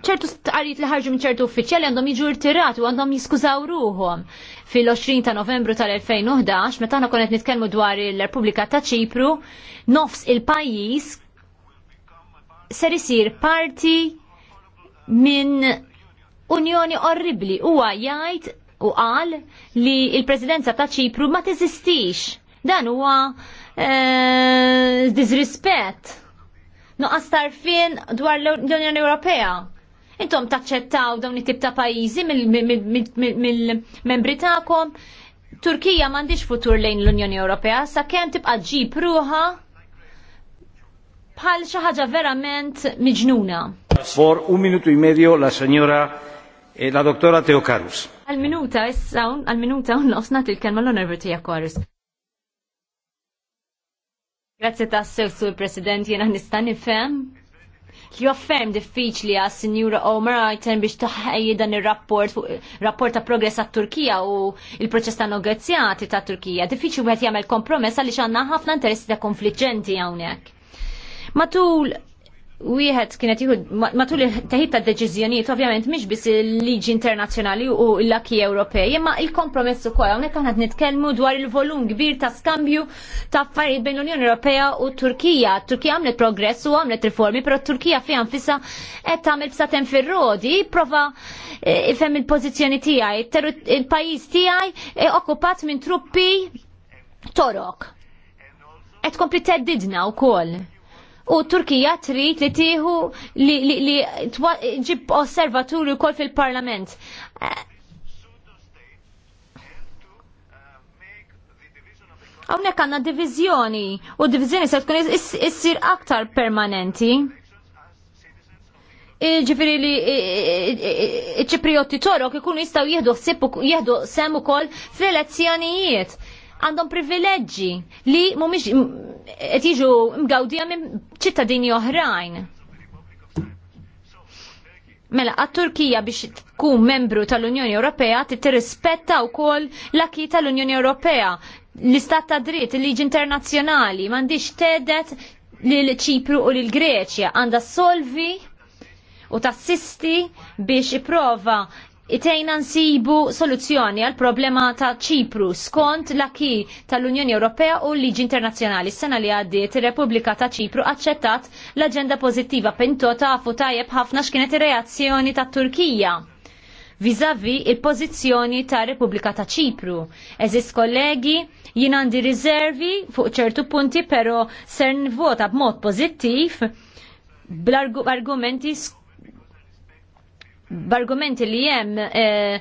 ċertu stqarijiet li ħarġu minn ċertu uffiċjali għandhom jiġu irtirati u għandhom jiskużaw ruhom. Fil-20 ta' Novembru tal-2011, meta aħna konet nitkellmu dwar il-Repubblika ta' Ċipru, nofs il-pajjiż ser isir parti minn Unjoni orribli huwa jgħid u qal li il-Presidenza ta' Ċipru ma teżistix. Dan huwa e, disrispett. għastar fin dwar l-Unjoni Ewropea. Intom taċċettaw dawn it-tip ta' pajjiżi mill-membri tagħkom. Turkija m'għandix futur lejn l-Unjoni Ewropea sa kemm tibqa' ġib ruha bħal xi ħaġa verament miġnuna. For un minutu i e medio la senjora E la doktora Teokarus. al minuta issa, għal-minuta, un osnat il-kelma l-onervur tijakorus. Grazie ta' s il President, jena nistan nifem. Li diffiċ diffiċli għas Signora Omar għajten biex taħħej dan il-rapport, rapport ta' progress għat Turkija u il-proċess ta' negozjati ta' Turkija. Diffiċli għet jgħamil kompromess għalli xanna ħafna interessi ta' konfliġenti għawnek. Matul wieħed kienet jieħu matul teħid ta' deċiżjonijiet ovvjament mhix biss il-liġi internazzjonali u l-laki Ewropej, imma il-kompromess ukoll hawnhekk aħna nitkellmu dwar il-volum kbir ta' skambju ta' affarijiet bejn l-Unjoni Ewropea u Turkija. Turkija għamlet progress u għamlet riformi, però Turkija fiha nfisha qed tagħmel b'satem fir-rodi, prova eh, ifhem il-pożizzjoni tiegħi. Il-pajjiż tiegħi eh, okkupat minn truppi torok. Et kompli teddidna wkoll u Turkija trid li tieħu li, ġib osservaturi wkoll fil-Parlament. Hawnhekk għandna diviżjoni u diviżjoni se tkun issir aktar permanenti. Ġifiri li ċiprioti torok ikunu jistgħu jieħdu ħsieb jieħdu sem ukoll fl-elezzjonijiet għandhom privileġġi li mhumiex qed jiġu mgawdija minn ċittadini oħrajn. Mela, għat-Turkija biex tkun membru tal-Unjoni Ewropea tirrispetta wkoll l-akki tal-Unjoni Ewropea, l-istat ta' dritt, il-liġi internazzjonali, m'għandix tedet lil ċipru u lil Greċja, għandha solvi u tassisti biex iprova itejna nsibu soluzzjoni għal problema ta' ċipru skont l-aki tal-Unjoni Ewropea u l-Liġi Internazzjonali. Sena li għaddiet ir-Repubblika ta' ċipru aċċettat l-aġenda pożittiva pinto ta' fu tajjeb ħafna x'kienet ir-reazzjoni ta' Turkija vizavi il-pozizjoni ta' Repubblika ta' ċipru. Eżis kollegi, jien għandi riservi fuq ċertu punti, pero ser nvota b'mod pozittiv bl-argumenti -arg b'argumenti li jem eh,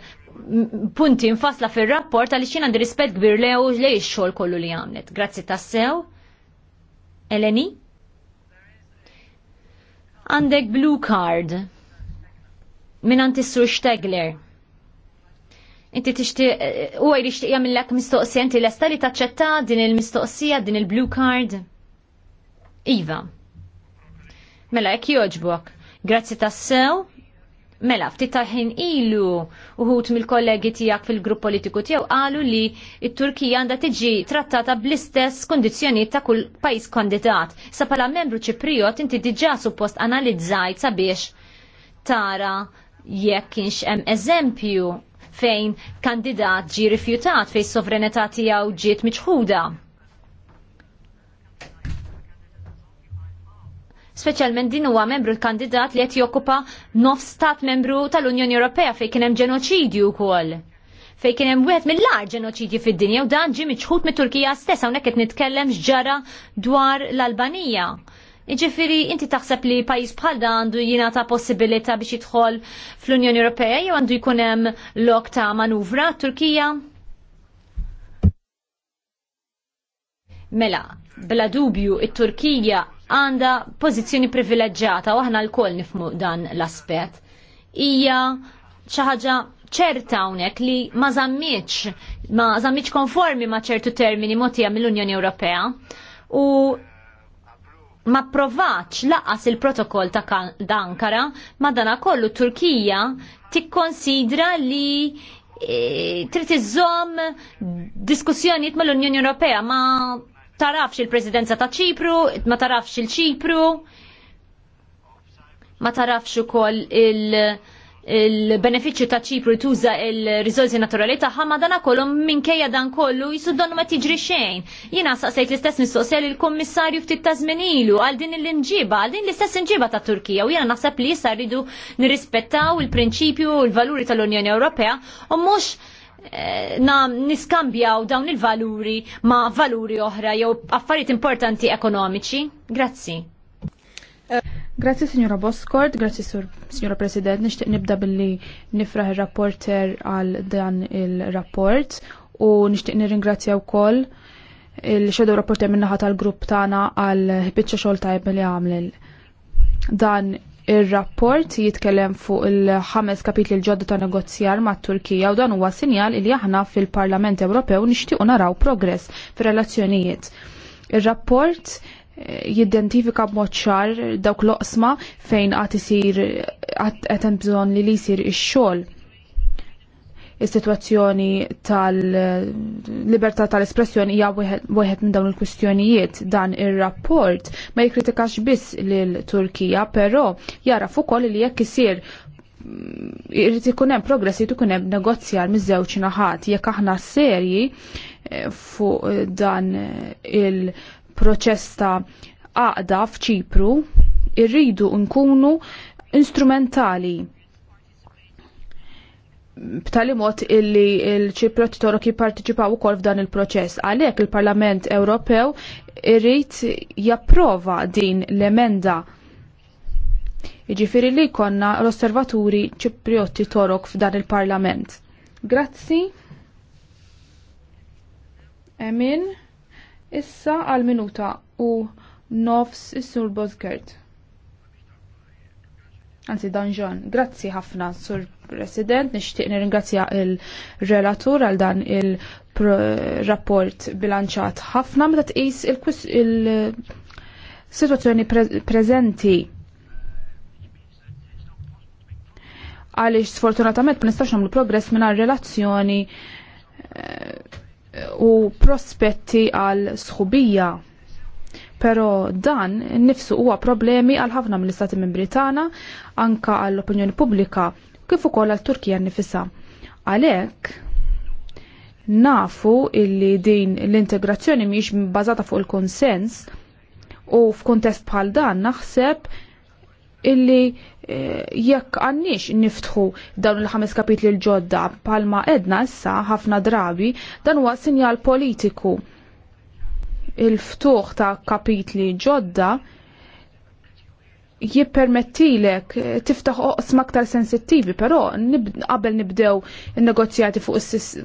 punti infasla fil-rapport għalli xina għandi rispet kbir lew lej xol kollu li għamlet. Grazzi tassew. Eleni? Għandek blue card Min għanti sur Stegler. Inti tixti, eh, u għaj rixti jgħamillak mistoqsija, inti l estali li taċċetta din il-mistoqsija, din il-blue card? Iva. Mela, ek joġbuk. Grazzi tassew, Mela, ftit taħin ilu uħut mill-kollegi tijak fil-grupp politiku tijaw għalu li il-Turkija għanda tiġi trattata bl-istess kondizjoni ta' kull pajis kandidat. Sa pala membru ċipriot inti diġa suppost analizzajt sabiex tara jekk kienx hemm eżempju fejn kandidat ġi rifjutat fej sovranità tiegħu ġiet miċħuda. speċjalment din huwa membru l-kandidat li qed jokkupa nofs stat membru tal-Unjoni Ewropea fejn kien hemm ġenoċidju wkoll. Fejn kien hemm wieħed mill-ar ġenoċidju fid-dinja u dan ġie miċħut mit-Turkija stessa hawnhekk qed nitkellem x'ġara dwar l-Albanija. Iġifiri, inti taħseb li pajis bħal da għandu jina ta' possibilita biex jidħol fl-Unjoni Ewropea jew għandu jkun hemm lok ta' manuvra Turkija? Mela, bla dubju, it-Turkija għanda pozizjoni privileġġata u aħna l-koll nifmu dan l-aspet. Ija ċaħġa ċerta unek li ma zammieċ, ma zammieċ konformi ma ċertu termini motija mill-Unjoni Ewropea u ma provaċ laqas il-protokoll ta' Dankara ma dana kollu Turkija tikkonsidra li eh, trid iżżomm diskussjonijiet mal-Unjoni Ewropea ma' tarafx il-presidenza ta' ċipru, ma tarafx il-ċipru, ma tarafx ukoll il- il-beneficju ta' ċipru tuża il-rizorsi naturali tagħha ħama dana kollu minkejja dan kollu jisuddonu ma tiġri xejn. Jiena saqsejt l-istess mistoqsija lill kummissarju ftit ta' żminilu għal din l-inġiba, għal din l-istess inġiba ta' Turkija u jiena naħseb li issa rridu nirrispettaw il-prinċipju u l-valuri tal-Unjoni Ewropea u mhux Eh, na niskambjaw dawn il-valuri ma' valuri oħra jew affarijiet importanti ekonomiċi. Grazzi. Grazzi signora Boskort, grazzi signora President, Nixtieq nibda billi nifraħ ir rapporter għal dan il-rapport u nixtieq nirringrazzja wkoll il xedow rapporter minnaħa tal-grupp tagħna għal ħbiċċa xogħol tajb li għamlil. Dan Ir-rapport jitkellem fuq il-ħames kapitli l-ġodda ta' negozjar ma' Turkija u dan huwa sinjal li aħna fil-Parlament Ewropew nixtiequ naraw progress fir-relazzjonijiet. Ir-rapport eh, jidentifika b'mod ċar dawk l-oqsma fejn qatt isir qed bżonn li li jsir ix-xogħol is-sitwazzjoni tal-libertà tal-espressjoni hija wieħed minn dawn il-kwistjonijiet. Dan ir-rapport ma jikkritikax biss lil Turkija, però jaraf ukoll li jekk isir irrid ikun hemm progress jrid ikun hemm negozjar miż-żewġ naħat jekk aħna serji eh, fuq dan il proċesta għaqda f'Ċipru irridu nkunu instrumentali b'tali mod illi l-ċiproti torok jipparteċipaw ukoll f'dan il-proċess. Għalhekk il-Parlament Ewropew irrid japprova din l-emenda. Jiġifieri li jkollna l-osservaturi ċiprioti torok f'dan il-Parlament. Grazzi. Emin. Issa għal minuta u nofs is-sur Bozkert. Anzi, danġon, grazzi ħafna, sur President, nixtieq nirringrazzja il-relatur għal dan il-rapport bilanċat ħafna meta tqis il-sitwazzjoni preżenti. Għaliex sfortunatament ma nistax nagħmlu progress mingħajr relazzjoni eh, u prospetti għal sħubija. Pero dan nifsu huwa problemi għal ħafna mill-istati membri tagħna anka għall opinjoni pubblika kif ukoll għal Turkija nifisa. Għalhekk nafu illi din l-integrazzjoni miex bbażata fuq il-konsens u f'kuntest bħal dan naħseb illi eh, jekk għanniex niftħu dawn il-ħames kapitli l-ġodda palma edna issa ħafna drabi dan huwa sinjal politiku il-ftuħ ta' kapitli ġodda jippermettilek eh, tiftaħ oqs maktar sensittivi, però qabel nibdew negozjati fuq,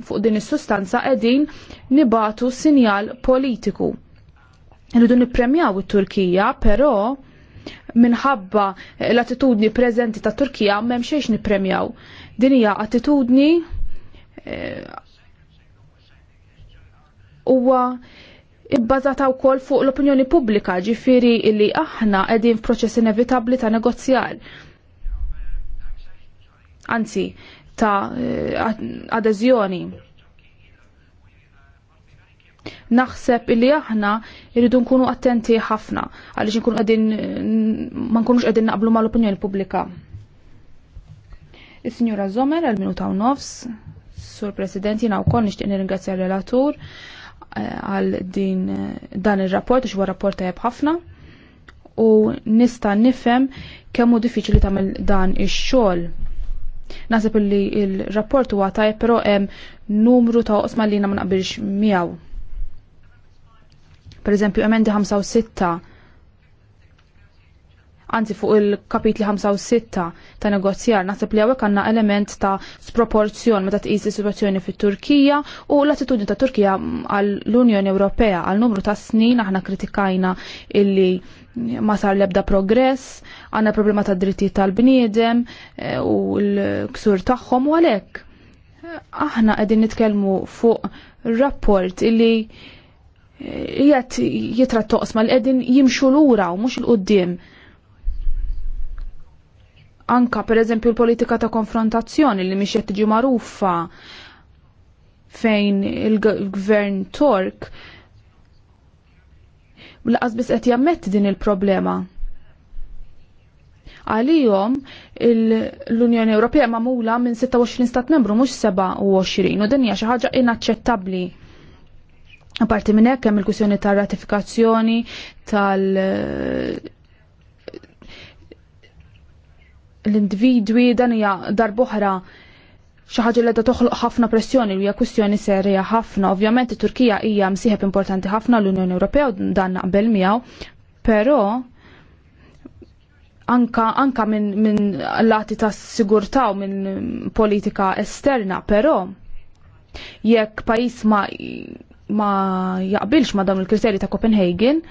fuq din is-sustanza qegħdin nibatu sinjal politiku. Irridu nippremjaw it-Turkija, però minħabba l-attitudni preżenti ta' Turkija m'hemm xejn nippremjaw. Din hija attitudni eh, huwa e, ibbażata wkoll fuq l-opinjoni pubblika ġifiri illi aħna qegħdin f'proċess inevitabbli ta' negozjar. Anzi, ta' eh, adeżjoni. Naħseb illi aħna irridu nkunu attenti ħafna għaliex nkunu qegħdin ma nkunux qegħdin naqblu mal-opinjoni pubblika. Is-Sinjura Zomer għal minuta u nofs, Sur President, jiena wkoll nixtieq nirringrazzja l-relatur għal din dan ir-rapport xwa rapport tajjeb ħafna u nista' nifhem kemm hu diffiċli tagħmel dan ix-xogħol. Nasib li il-rapport huwa tajb però hemm numru ta' oqsma li jiena ma naqbilx miegħu. Per eżempju, emendi anzi fuq il-kapitli 56 ta' negozjar naħseb li hawnhekk għandna element ta' sproporzjon meta tqis is-sitwazzjoni fit-Turkija u l-attitudni ta' Turkija għall-Unjoni Ewropea għal numru ta' snin aħna kritikajna illi ma sar lebda progress, għanna problema ta' dritti tal-bniedem eh, u l-ksur tagħhom u għalhekk. Aħna qegħdin nitkellmu fuq rapport illi eh, jgħat jitrat toqsma li qegħdin jimxu lura u mhux il-qoddim anka per eżempju l-politika ta' konfrontazzjoni li mhix qed tiġi magħrufa fejn il-gvern Tork laqas biss qed jammett din il-problema. Għalijom l-Unjoni Ewropea magħmula minn 26 stat membru mhux 27 u din hija xi ħaġa inaċċettabbli. parti minn hekk hemm il-kwissjoni tar-ratifikazzjoni tal- l-individwi dan hija darboħra xi ħaġa li toħloq ħafna pressjoni hija kwistjoni serja ħafna. Ovvjament it-Turkija hija msieħeb importanti ħafna l-Unjoni Ewropea u dan naqbel miegħu, però anka, anka minn min lati ta' sigurtà u minn politika esterna, però jekk pajjiż ma, ma jaqbilx ma dawn il-kriterji ta' Copenhagen,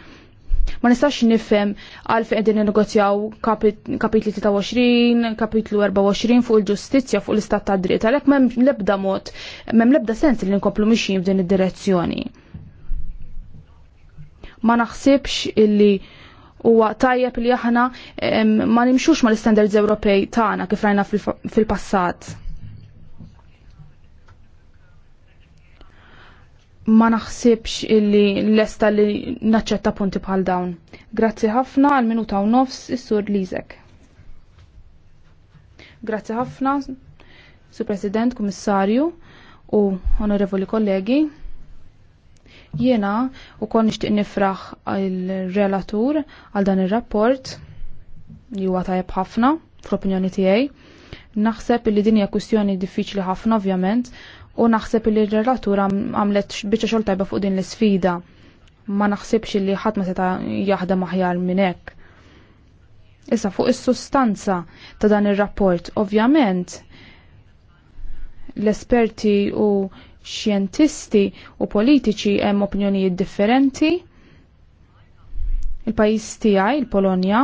Ma nistax nifhem għal fejn qegħdin negozjaw kapitli 23, kapitlu 24 fuq il-ġustizzja fuq l-istat ta' dritt, għalhekk m'hemm l-ebda mod, m'hemm l-ebda sens li nkomplu mixjin f'din id-direzzjoni. Ma naħsibx illi huwa tajjeb li aħna ma nimxux mal-standards Ewropej tagħna kif rajna fil-passat. Fil ma naħsibx illi l lesta li naċċetta punti bħal dawn. Grazzi ħafna għal minuta u nofs is-sur Lizek. Grazzi ħafna, Sur President, Kummissarju u onorevoli kollegi. Jiena u kon nixtieq nifraħ il-relatur għal dan ir-rapport li huwa tajjeb ħafna fl-opinjoni tiegħi. Naħseb li din hija kwistjoni diffiċli ħafna ovvjament u naħseb li r-relatura għamlet biċċa xogħol tajba fuq din l-isfida. Ma naħsibx li ħadd ma seta' jaħdem aħjar minn hekk. Issa fuq is-sustanza ta' dan ir-rapport, ovvjament l-esperti u xjentisti u politiċi hemm opinjonijiet differenti. Il-pajjiż tiegħi, il-Polonja,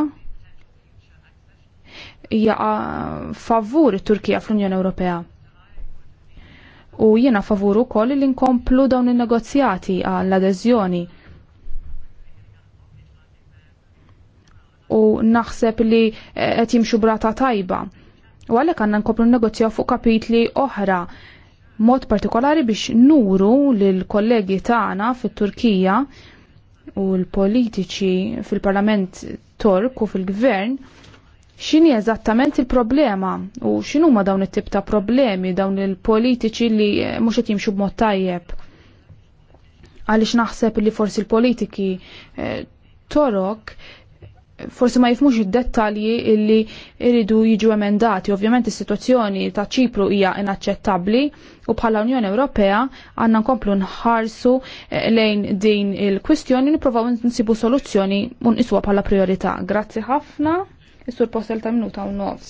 hija favur it-Turkija fl-Unjoni Ewropea u jiena favuru koll li nkomplu dawn il-negozjati għall-adeżjoni. U naħseb li eh, qed jimxu brata tajba. U għalhekk għandna nkomplu negozjaw fuq kapitli oħra mod partikolari biex nuru lil kollegi tagħna fit-Turkija u l-politiċi fil-Parlament Tork u fil-Gvern x'inhi eżattament il-problema u x'inhuma dawn it-tip ta' problemi dawn il-politiċi li eh, mhux qed jimxu b'mod tajjeb. Għaliex naħseb li forsi l-politiki eh, torok forsi ma jifmux id-dettalji illi iridu jiġu emendati. Ovvjament is-sitwazzjoni ta' ċipru hija inaċċettabbli u bħala Unjoni Ewropea għandna nkomplu nħarsu eh, lejn din il-kwistjoni nipprovaw nsibu soluzzjoni un iswa bħala priorità. Grazzi ħafna. Is-sur postel ta' minuta u nofs.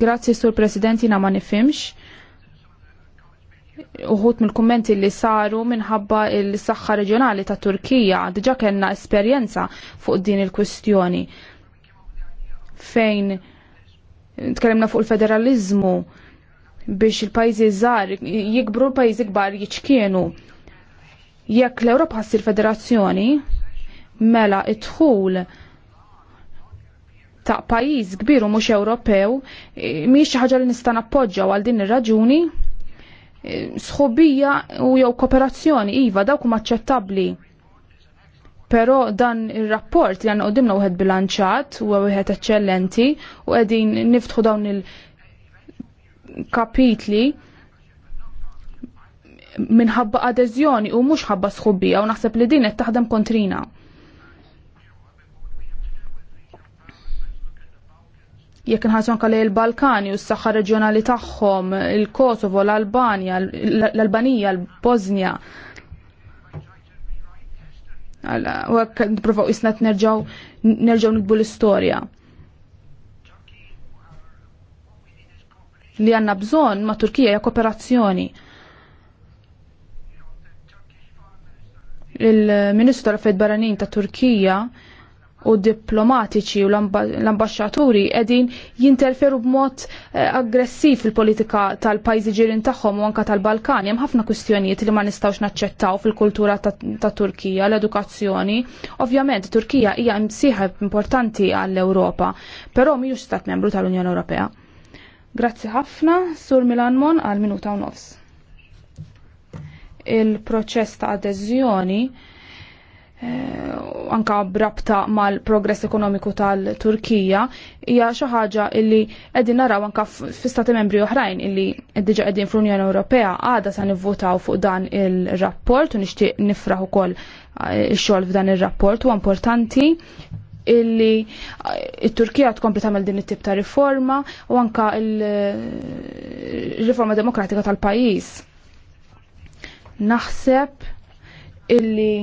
Grazzi sur President jina ma nifimx. Uħut mill-kummenti li saru minħabba il-saxħa reġjonali ta' Turkija diġa kellna esperjenza fuq din il-kwistjoni. Fejn tkellimna fuq il-federalizmu biex il-pajzi żgħar jikbru l-pajzi kbar jiċkienu. Jekk l-Ewropa ħassir federazzjoni, mela idħul ta' pajjiż kbir u mhux Ewropew e, mhix xi ħaġa li nista' nappoġġja għal din ir-raġuni e, sħobija u jew kooperazzjoni iva dawk huma aċċettabbli. Però dan ir-rapport li għandna qudimna wieħed bilanċat u wieħed eċċellenti u qegħdin niftħu dawn il-kapitli minħabba adeżjoni u mhux ħabba sħubija u naħseb li din qed taħdem kontrina. Jekk nħarsu kalli il-Balkani u s-saħħa reġjonali tagħhom, il-Kosovo, l-Albanja, l-Albanija, l-Bosnia. U hekk nipprovaw isna nerġgħu nerġgħu nikbu l-istorja. Li għandna bżonn ma' Turkija hija kooperazzjoni. Il-Ministru tal-Affarijiet Barranin ta' Turkija u diplomatiċi u l-ambasċaturi edin jinterferu b'mod eh, aggressiv fil-politika tal-pajzi ġirin tagħhom u anka tal-Balkani. Hemm ħafna kwistjonijiet li ma nistgħux naċċettaw fil-kultura ta' Turkija, l-edukazzjoni. Ovvjament Turkija hija msieħeb importanti għall-Ewropa, però mhijiex stat membru tal-Unjoni Ewropea. Grazzi ħafna, Sur Milanmon għal minuta u nofs. Il-proċess ta' adeżjoni Eh, anka brabta mal-progress ekonomiku tal-Turkija hija xi ħaġa illi qegħdin naraw anka f'istati membri oħrajn illi diġà qegħdin fl-Unjoni Ewropea għada sa nivvotaw fuq dan il-rapport u nixtieq nifraħ ukoll eh, ix-xogħol f'dan ir-rapport huwa importanti illi eh, it-Turkija tkompli tagħmel din it-tip ta' riforma u anka il-riforma demokratika tal-pajjiż. Naħseb illi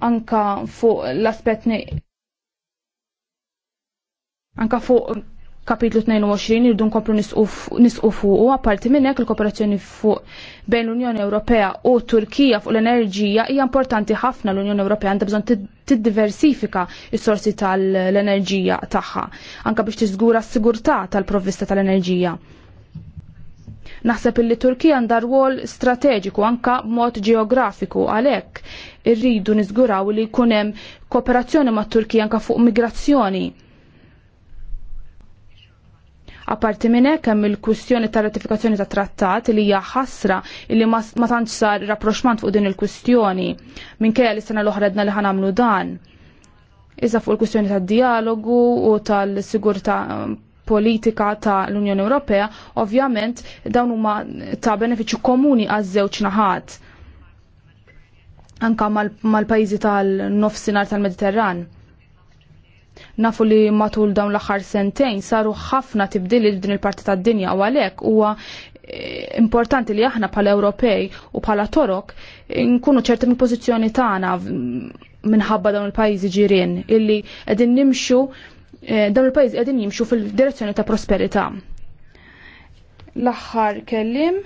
anka fuq l-aspetni anka fuq kapitlu 22 irdu nkomplu nisqu fuq apparti minn hekk il-kooperazzjoni fuq bejn l-Unjoni Ewropea u Turkija fuq l-enerġija hija importanti ħafna l-Unjoni Ewropea għandha bżonn tiddiversifika s-sorsi tal-enerġija tagħha anka biex tiżgura s-sigurtà tal-provvista tal-enerġija. Naħseb illi Turkija għandha rwol strateġiku anka mod ġeografiku għalhekk irridu niżguraw li jkun hemm kooperazzjoni mat Turkija anka fuq migrazzjoni. Aparti minn hekk hemm il kustjoni ta' ratifikazzjoni ta' trattat li hija ħasra li ma tantx sar rapproxmant fuq din il-kwistjoni minkejja li sena l-oħra li ħanamlu dan. Iżda fuq il-kwistjoni tad-dialogu u tal sigurta politika ta' l-Unjoni Ewropea, ovvjament dawn huma ta' benefiċċju komuni għaż-żewġ naħat anka mal-pajjiżi mal tal-nofsinhar tal-Mediterran. Nafu li matul dawn l-aħħar sentejn saru ħafna tibdili din il-parti tad-dinja u għalhekk huwa eh, importanti li aħna bħala Ewropej u bħala Torok nkunu ċerti minn pożizzjoni tagħna minħabba dawn il-pajjiżi ġirien illi qegħdin nimxu Eh, dawn il-pajjiż qegħdin jimxu fil-direzzjoni ta' prosperità. L-aħħar kellim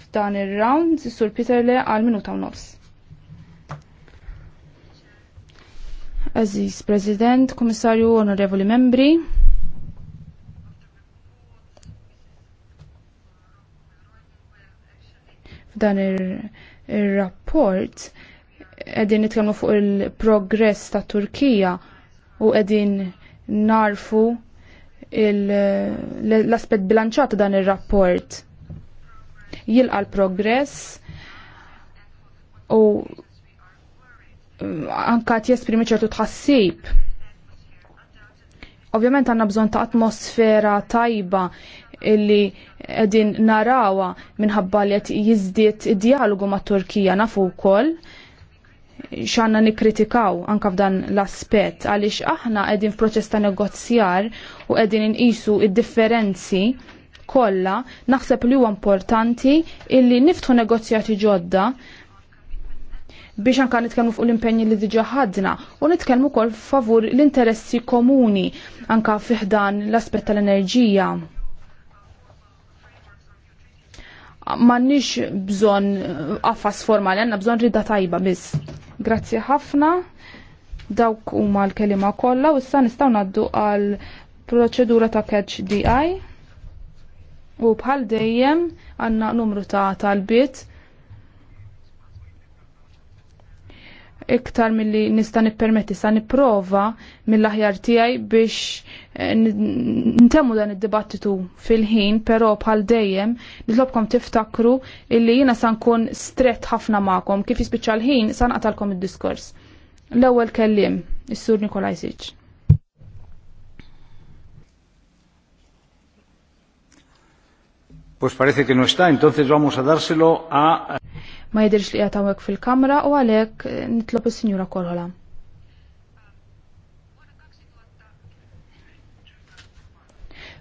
f'dan ir-round sur Peter Le għal minuta u nofs. Aziz President, Komissarju, Onorevoli Membri, f'dan ir-rapport qegħdin nitkellmu fuq il-progress ta' Turkija u qegħdin narfu l-aspet bilanċat dan il-rapport. Jilqa l-progress u eh, anka t-jesprimi ċertu tħassib. Ovvjament għanna bżon ta' atmosfera tajba illi edin narawa minħabba li jizdiet dialogu ma' Turkija nafu kol xanna nikritikaw anka f'dan l-aspet għaliex aħna qegħdin f'proċess ta' negozjar u qegħdin inqisu id-differenzi kollha naħseb li huwa importanti illi niftħu negozjati ġodda biex anka nitkellmu fuq l-impenji li diġa ħadna u nitkellmu wkoll favur l-interessi komuni anka fiħdan l-aspett tal-enerġija. M'għandniex bżonn eh, qafas formali, għandna bżonn rida tajba biss. Grazzi ħafna. Dawk huma l-kelima kollha u issa nistgħu ngħaddu għal proċedura ta' catch DI. U bħal dejjem għandna numru ta' talbiet. iktar milli nista' nippermetti sa nipprova mill-aħjar tiegħi biex Eh, ntemmu dan id-dibattitu fil-ħin, però bħal dejjem nitlobkom tiftakru illi jiena san nkun stret ħafna magħkom kif jispiċċa l-ħin sa nqatalkom id-diskors. L-ewwel kellim, is-Sur Nikolaj Siċ. Pues parece que no está, entonces vamos a dárselo a... Ma jidirx li jatawek fil-kamra u għalek eh, nitlob il-Sinjura kolħola.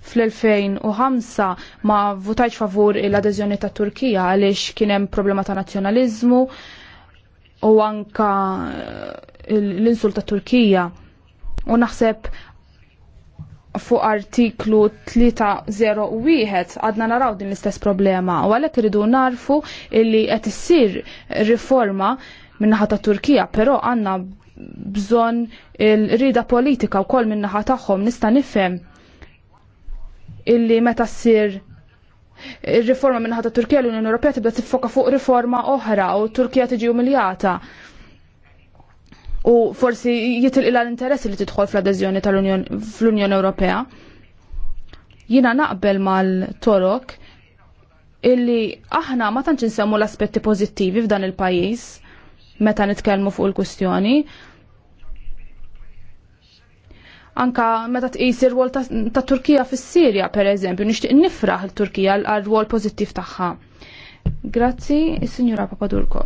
fl-2005 ma votajċ favur l adezjoni ta' Turkija għaliex kien hemm problema ta' nazzjonaliżmu u anka eh, l-insult ta' Turkija. U naħseb fuq artiklu 301 għadna naraw din l-istess problema u għalhekk iridu narfu illi qed issir riforma minnaħa ta' Turkija, però għandna bżonn il-rida politika wkoll minnaħa tagħhom nista' nifhem illi meta ssir ir-riforma minn ħadda Turkija l-Unjoni Ewropea tibda tiffoka fuq riforma oħra u Turkija tiġi umiljata. U forsi jitilqila l-interess li tidħol fl-adeżjoni tal-Unjoni Ewropea. Jina naqbel mal-Torok illi aħna ma tantx insemmu l-aspetti pożittivi f'dan il-pajjiż meta nitkellmu fuq il-kustjoni anka meta tqis ir-rwol ta' Turkija fis-Sirja pereżempju, nixtieq nifraħ il-Turkija għal-rwol pożittiv tagħha. Grazzi, is-Sinjura Papadurko.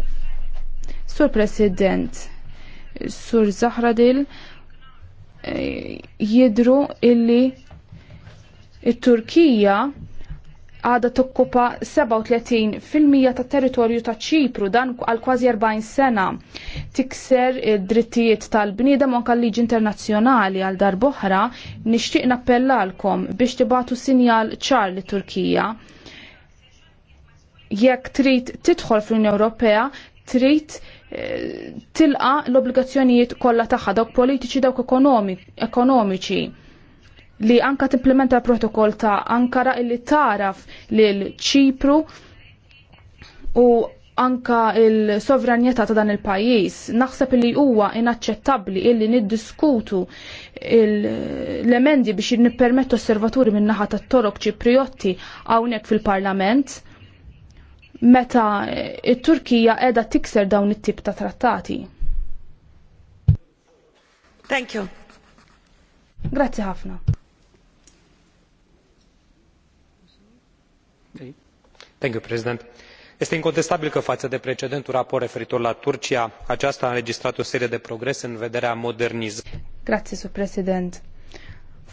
Sur President, Sur Zahradil, eh, jidru illi il turkija il għada tokkupa 37% ta' territorju ta' ċipru dan għal kważi 40 sena. Tikser id-drittijiet tal-bniedem anka liġi internazzjonali għal darboħra nixtieq nappellalkom biex tibatu sinjal ċar li Turkija. Jekk trid tidħol fl-Unjoni Ewropea, trid eh, tilqa l-obbligazzjonijiet kollha tagħha dawk politiċi dawk ekonomiċi li anka timplementa l-protokoll ta' Ankara illi taraf li l-ċipru u anka il-sovranjetà ta' dan il-pajjiż. Naħseb li huwa inaċċettabbli illi niddiskutu l-emendi biex nippermettu osservaturi minn naħa ta' torok ċipriotti hawnhekk fil-Parlament meta it-Turkija qiegħda tikser dawn it-tip ta' trattati. Thank you. Grazzi ħafna. este incontestabil că faă de precedentul raport referitor la turcia aceasta a înregistrat o serie de progrese în vederea modernizării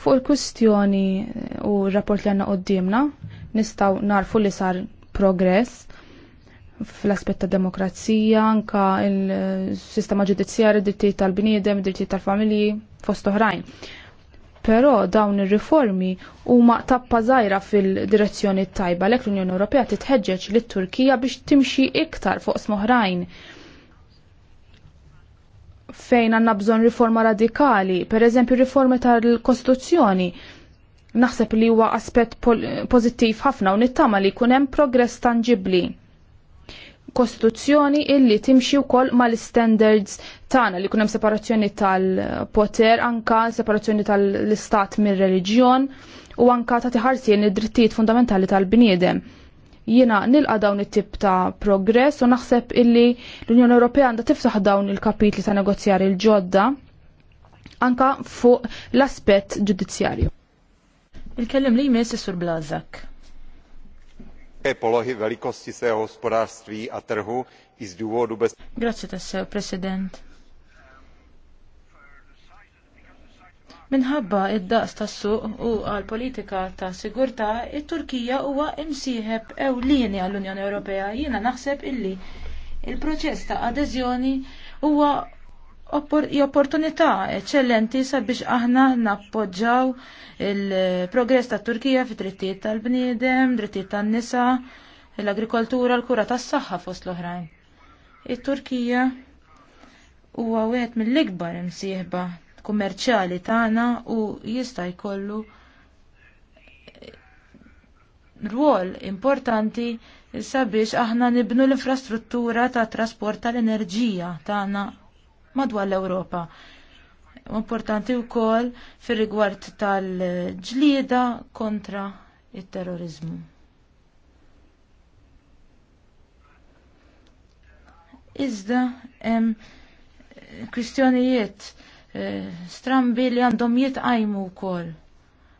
Fuq il-kustjoni eh, u r-rapport li għanna qoddimna, nistaw narfu li sar progress fl-aspet ta' demokrazija, anka il-sistema eh, ġudizzjarju, drittijiet tal-bniedem, drittijiet tal-familji, fost oħrajn. Però dawn ir-riformi huma tappa żgħira fil-direzzjoni tajba għalhekk l-Unjoni Ewropea titħeġġeġ lit turkija biex timxi iktar fuq smoħrajn fejn għandna bżonn riforma radikali, pereżempju riformi tal-Kostituzzjoni. Naħseb li huwa aspett pożittiv ħafna u nittama li jkun hemm progress tangibbli kostituzzjoni illi timxi wkoll mal-standards tagħna li hemm separazzjoni tal-poter, anka separazzjoni tal-istat mir-reliġjon u anka ta' tiħarsien id-drittijiet fundamentali tal-bniedem. Jiena nilqa dawn it-tip ta' progress u naħseb illi l-Unjoni Ewropea għandha tiftaħ dawn il-kapitli ta' negozjar il-ġodda anka fuq l-aspett ġudizzjarju. Il-kellim li jmiss is-Sur Blazak polohy velikosti svého hospodářství a trhu i z důvodu President. Minħabba id-daqs tas-suq u għal politika ta' sigurtà, it-Turkija huwa imsieħeb ewlieni għall-Unjoni Ewropea. Jiena naħseb illi il-proċess ta' adeżjoni huwa opportunità eċċellenti sabiex aħna nappoġġaw il-progress ta' Turkija fi drittijiet tal-bniedem, drittijiet tan-nisa, l-agrikoltura, l-kura tas-saħħa fost l-oħrajn. It-Turkija huwa wieħed mill-ikbar imsieħba kummerċjali tagħna u jista' jkollu rwol importanti sabiex aħna nibnu l-infrastruttura ta' trasport tal-enerġija tagħna madwar l-Ewropa. Importanti wkoll fir-rigward tal-ġlieda kontra it-terrorizmu. Iżda kwistjonijiet eh, strambi li għandhom jitqajmu wkoll.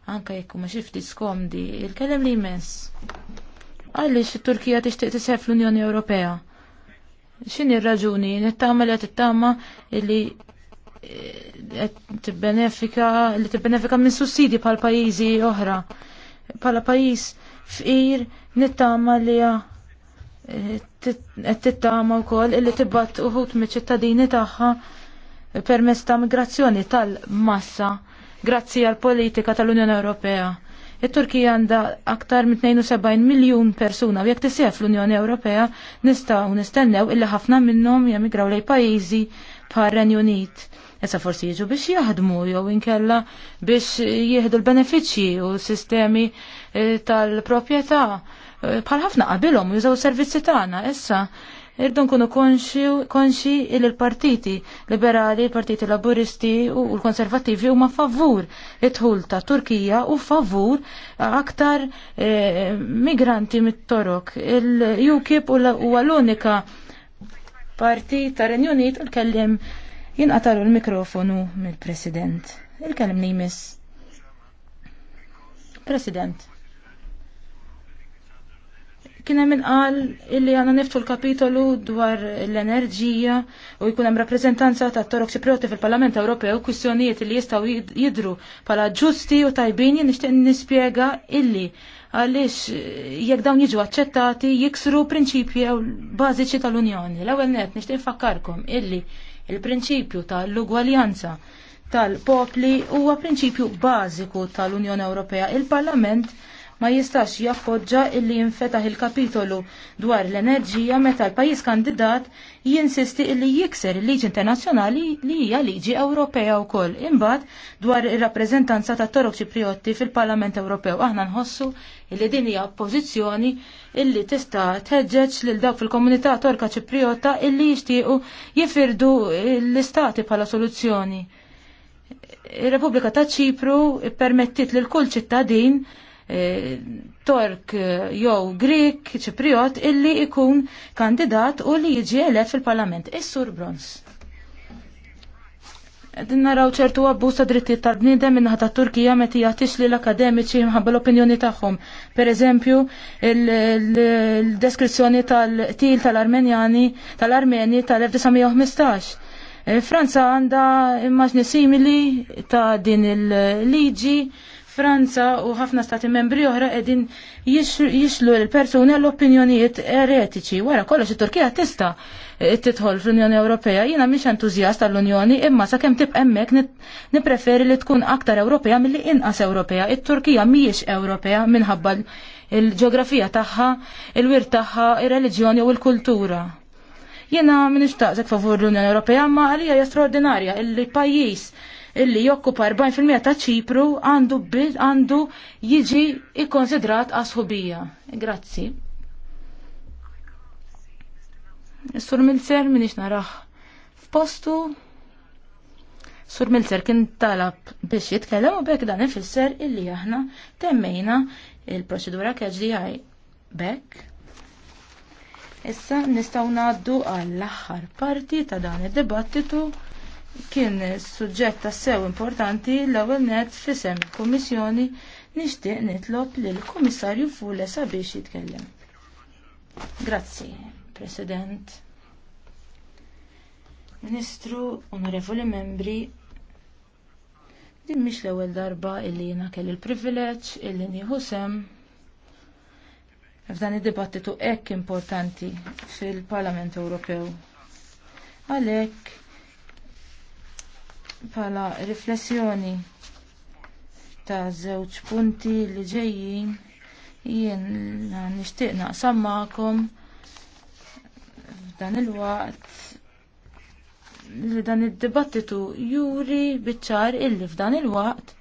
Anka jekk ma xifti skomdi, il-kelem li jmess. Għaliex it-Turkija tixtieq sef l-Unjoni Ewropea? X'inhi r-raġuni? Nittama li qed tittama li eh, qed tibbenefika li tibbenefika minn sussidi pal pajjiżi oħra. Bħala pajjiż fqir nittama li eh, qed tittama wkoll illi tibgħat uħud miċ-ċittadini tagħha permezz ta' migrazzjoni tal-massa grazzi għal politika tal-Unjoni Ewropea. Il-Turkija għandha aktar minn 72 miljun persuna u jekk tisef l-Unjoni Ewropea u nistennew illa ħafna minnhom jemigraw lejn pajjiżi bħal Renju Unit. Issa forsi jiġu biex jaħdmu jew inkella biex jieħdu l-benefiċċji u s-sistemi eh, tal-proprjetà eh, bħal ħafna qabilhom jużaw servizzi tagħna issa Irdu nkunu konxi il-partiti liberali, il-partiti laburisti u l-konservativi huma favur it ħul ta' Turkija u favur aktar eh, migranti mit-torok. Il-UKIP u l-unika partit ta' Renjunit il-kellim jinqatalu l-mikrofonu mill-President. Il-kellim nimis. President. Kien hemm inqal illi għandna niftu l-kapitolu dwar l-enerġija u jkun hemm rappreżentanza ta' torok Ciprioti fil-Parlament Ewropew kwistjonijiet li jistgħu jidru bħala ġusti u tajbin jien nixtieq nispjega illi għaliex eh, jekk dawn jiġu aċċettati jiksru prinċipji bażiċi tal-Unjoni. L-ewwel net nixtieq infakkarkom illi il-prinċipju tal-ugwaljanza tal-popli huwa prinċipju bażiku tal-Unjoni Ewropea. Il-Parlament ma jistax jappoġġa illi jinfetaħ il-kapitolu dwar l-enerġija meta l-pajjiż kandidat jinsisti illi jikser il-liġi internazzjonali li hija liġi Ewropea wkoll. Imbagħad dwar ir-rappreżentanza ta' torok Ċipriotti fil-Parlament Ewropew aħna nħossu illi din hija pożizzjoni illi tista' tħeġġeġ lil dawk fil-komunità torka Ċipriota illi jixtiequ jifirdu l-istati bħala soluzzjoni. Ir-Repubblika ta' Ċipru permettit lil kull ċittadin Eh, Tork eh, jew Grik Ċipriot illi ikun kandidat u li jiġi elett fil-Parlament. Is-Sur Brons. Din naraw ċertu abbuż ta' drittijiet tal-bniedem minnaħa ta' Turkija meta jagħtix lil akademiċi mħabba l-opinjoni tagħhom. Pereżempju, l deskrizzjoni tal til tal-Armenjani tal-Armeni tal-1915. Eh, Franza għandha immaġni simili ta' din il-liġi Franza u ħafna stati membri oħra qegħdin jislu l-persuni l-opinjonijiet eretiċi. Wara kollox it-Turkija tista' eh, tidħol fl-Unjoni Ewropea. Jiena mhix entuzjast tal-Unjoni imma sakemm tib hemmhekk nippreferi li tkun aktar Ewropea milli inqas Ewropea. It-Turkija mhijiex Ewropea minħabba il-ġeografija tagħha, il-wir tagħha, ir-reliġjoni u l-kultura. Jiena minix taqsek favur l-Unjoni Ewropea, ma għalija hija straordinarja illi pajjiż illi jokkupa 40% ta' ċipru għandu għandu jiġi ikkonsidrat għasħubija. Grazzi. Sur Milzer minix narax f'postu. Sur Milzer kien talab biex jitkellem u bekk dan ifisser illi aħna temmejna il-proċedura KHDI. Bekk. Issa nistaw naddu għall-aħħar parti ta' dan id-dibattitu kien suġġett tassew importanti l-ewwel net fisem il-Kummissjoni nixtieq nitlob lil kummissarju Fule sabiex jitkellem. Grazzi, President. Ministru, onorevoli membri, din mhix l-ewwel darba illi jiena kelli l-privileġġ illi nieħu sem f'dan id-dibattitu hekk importanti fil-Parlament Ewropew. Għalhekk pala riflessjoni ta' żewġ punti li ġejjin jien nixtieq naqsam magħkom f'dan il-waqt li dan id-dibattitu juri biċ-ċar illi f'dan il-waqt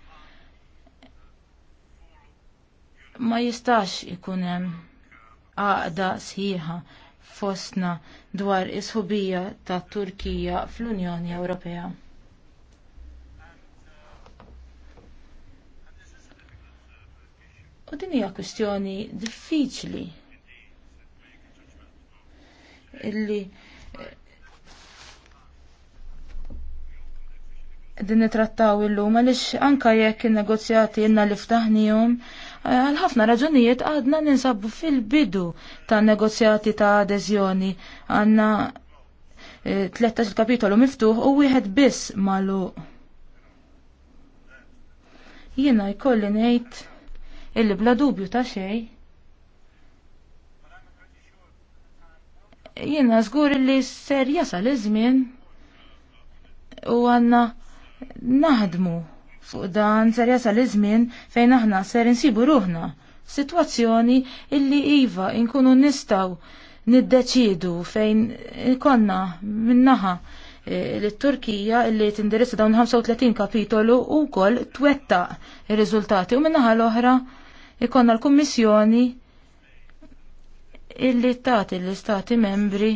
ma jistax ikun hemm għaqda sħiħa fostna dwar is-ħubija tat Turkija fl-Unjoni Ewropea. U din hija kwistjoni diffiċli illi eh, din nitrattaw illum għaliex anka jekk in-negozjati jenna li ftaħnihom eh, għal ħafna raġunijiet għadna ninsabu fil-bidu ta' negozjati ta' adeżjoni għanna 13 eh, kapitolu miftuħ u wieħed biss malu. Jiena jkolli ngħid illi bla dubju ta' xej. Jiena żgur illi ser jasal iż-żmien u għandna naħdmu fuq dan ser jasal iż-żmien fejn aħna ser insibu ruħna situazzjoni illi iva inkunu nistaw niddeċidu fejn konna minnaħa e, l-Turkija illi tindirissa dawn 35 kapitolu u kol twetta il-rizultati u minnaħa l-oħra ikonna l-Kummissjoni illi tagħti l-Istati membri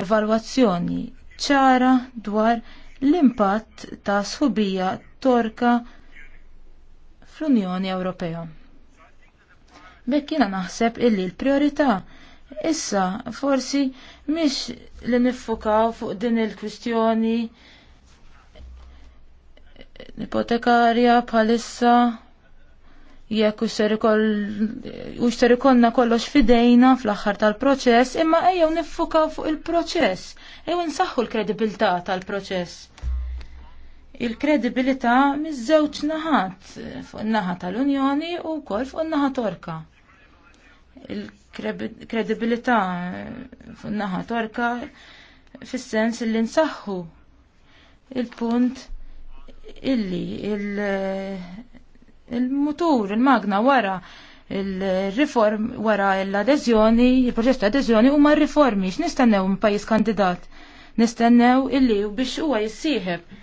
evalwazzjoni ċara dwar l-impatt ta' sħubija torka fl-Unjoni Ewropea. Bekk jiena naħseb illi l-priorità issa forsi mhix li niffukaw fuq din il-kwistjoni ipotekarja bħalissa jekk u xser ikollna kollox fidejna fl-aħħar tal-proċess, imma ejjew niffukaw fuq il-proċess, ejjew nsaħħu l-kredibilità tal-proċess. Il-kredibilità miż-żewġ naħat fuq naħa tal-Unjoni u wkoll fuq naħa Torka. Il-kredibilità fuq naħa Torka fis-sens li nsaħħu il-punt illi il-, il il-mutur, il-magna wara il reform wara l-adezjoni, il-proċess ta' adezjoni huma r-riformi x'nistennew minn pajjiż kandidat. Nistennew illi biex huwa jissieħeb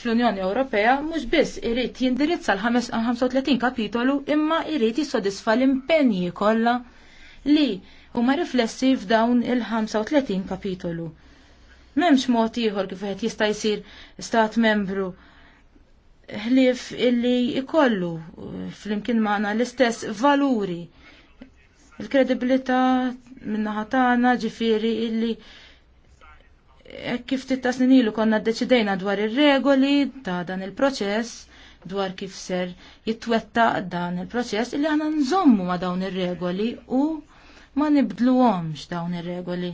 fl-Unjoni Ewropea mhux biss irid jindirizza l-35 kapitolu imma irid jissodisfa l-impenji kollha li huma riflessi f'dawn il-35 kapitolu. M'hemmx mod ieħor kif qed jista' jsir stat membru ħlief illi ikollu eh, fl-imkien maħna l-istess valuri. Il-kredibilità minnaħa tagħna ġifieri illi eh, kif titta snilu konna deċidejna dwar ir-regoli ta' dan il-proċess dwar kif ser jitwetta dan il-proċess illi aħna nżommu ma' dawn ir-regoli u ma nibdluhomx dawn ir-regoli.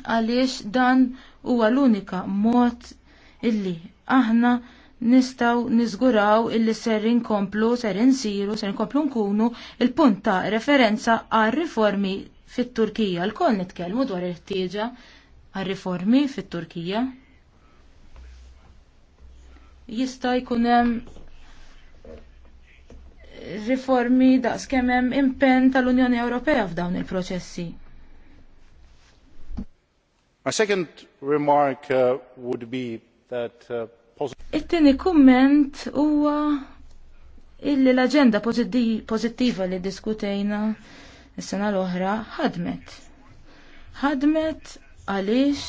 Għaliex dan huwa l-unika mod illi aħna nistaw nizguraw illi ser inkomplu, ser insiru, ser inkomplu nkunu il-punt ta' referenza għal riformi fit-Turkija. L-koll nitkellmu dwar il-ħtieġa għal riformi fit-Turkija. Jista' jkun hemm riformi daqskemm hemm impenn tal-Unjoni Ewropea f'dawn il-proċessi. My second remark uh, would be Uh, It-tieni kumment huwa illi l-aġenda pozittiva li diskutejna is-sena l-oħra ħadmet. Ħadmet għalix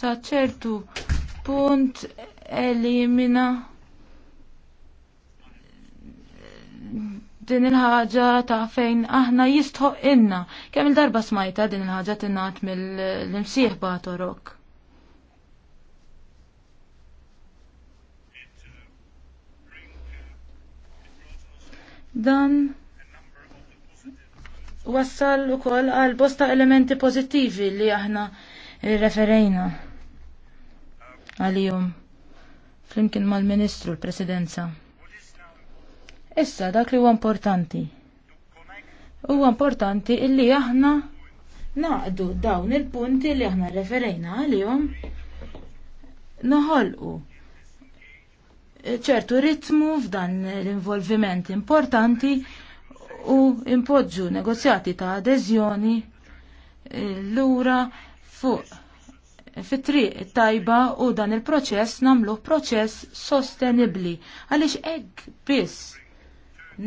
sa ċertu punt elimina din il-ħaġa ta' fejn aħna jistħoq inna. Kemm il-darba smajta din il-ħaġa tinnat mill-imsieħba batorok? Dan wassal ukoll għal bosta elementi pożittivi li aħna referejna għalihom flimkien mal-Ministru l-Presidenza. Issa dak li huwa importanti. Huwa importanti illi aħna naqdu dawn il-punti li aħna referejna għalihom noħolqu ċertu ritmu f'dan l-involviment importanti u impoġġu negozjati ta' adeżjoni eh, lura fuq fit-triq tajba u dan il-proċess namlu proċess sostenibli għaliex hekk biss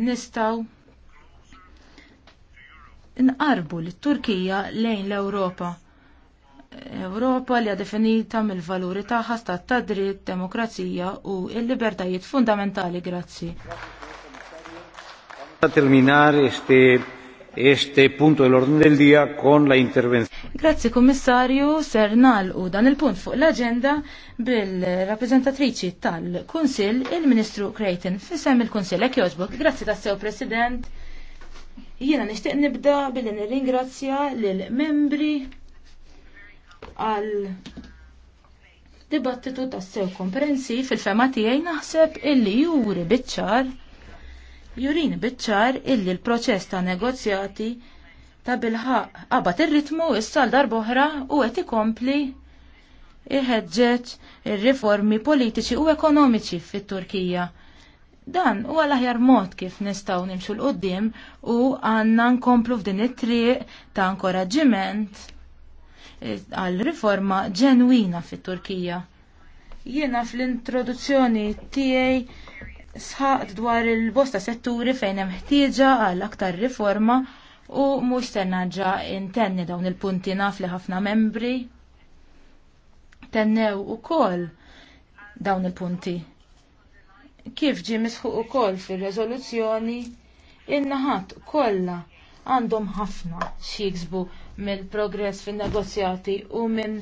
nistaw inqarbu l turkija lejn l-Ewropa. Ewropa li definita mill-valuri tagħha stat ta' dritt, demokrazija u l-libertajiet fundamentali grazzi. este este punto dell'ordine del día con la intervención. Grazie Commissario, ser u dan il-punt fuq l-agenda bil rappresentatrici tal-Kunsil il-Ministru Creighton fisem il-Kunsil ek joġbok. Grazie tassew President. Jiena nixtieq nibda billi nirringrazzja lil membri għal dibattitu tassew konferenzi fil-fema tiegħi naħseb illi juri biċ-ċar Jurin bitċar illi l-proċess ta' negozjati ta' bilħaq qabad ir-ritmu issal l darboħra u qed ikompli iħeġġeġ ir-riformi politiċi u ekonomiċi fit-Turkija. Dan huwa l-aħjar mod kif nistgħu nimxu l qoddim u għandna nkomplu f'din it-triq ta' inkoraġġiment e, għal riforma ġenwina fit-Turkija. Jiena fl-introduzzjoni tiegħi sħaqt dwar il-bosta setturi fejn hemm ħtieġa għal aktar riforma u mhux se naġġa intenni dawn il-punti naf li ħafna membri tennew ukoll dawn il-punti. Kif ġie misħu ukoll fir-reżoluzzjoni in-naħat kollha għandhom ħafna x'jiksbu mill-progress fin-negozjati u minn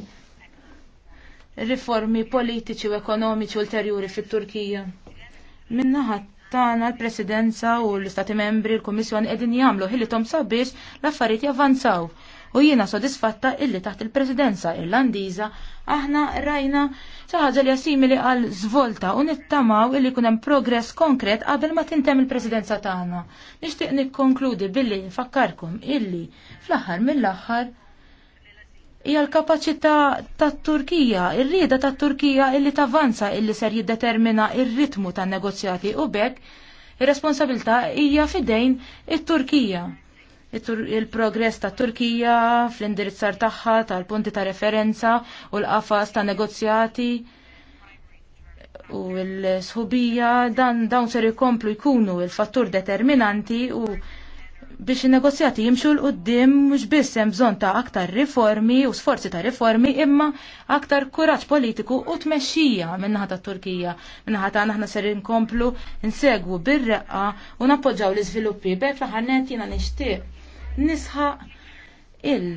riformi politiċi u ekonomiċi ulterjuri fit-Turkija. Minnaħa tagħna l-Presidenza u l-Istati Membri l-Kummissjoni qegħdin jagħmlu ħilithom sabiex l-affarijiet javvanzaw. U jiena sodisfatta illi taħt il-Presidenza Irlandiża aħna rajna xi ħaġa li jasimili għal żvolta u nittamaw illi jkun hemm progress konkret qabel ma tintemm il-Presidenza tagħna. Nixtieq nikkonkludi billi nfakkarkom illi fl-aħħar mill-aħħar hija l-kapaċità tat-Turkija, ir-rieda tat-Turkija illi tavanza illi ser jiddetermina ir-ritmu tan-negozjati u bekk ir-responsabilità hija fidejn it-Turkija. Il-progress tat Turkija fl-indirizzar tagħha tal-punti ta' referenza u l-qafas ta' negozjati u l-sħubija dan dawn ser ikomplu jkunu il-fattur determinanti u biex il-negozjati jimxu l-qoddim mux biss hemm bżonn ta' aktar riformi u sforzi ta' riformi imma aktar kuraġġ politiku u tmexxija minnaħa ta' Turkija. Minnaħa ta' naħna ser inkomplu insegwu bir-reqqa u nappoġġaw l-iżviluppi bek fl jina jiena nixtieq il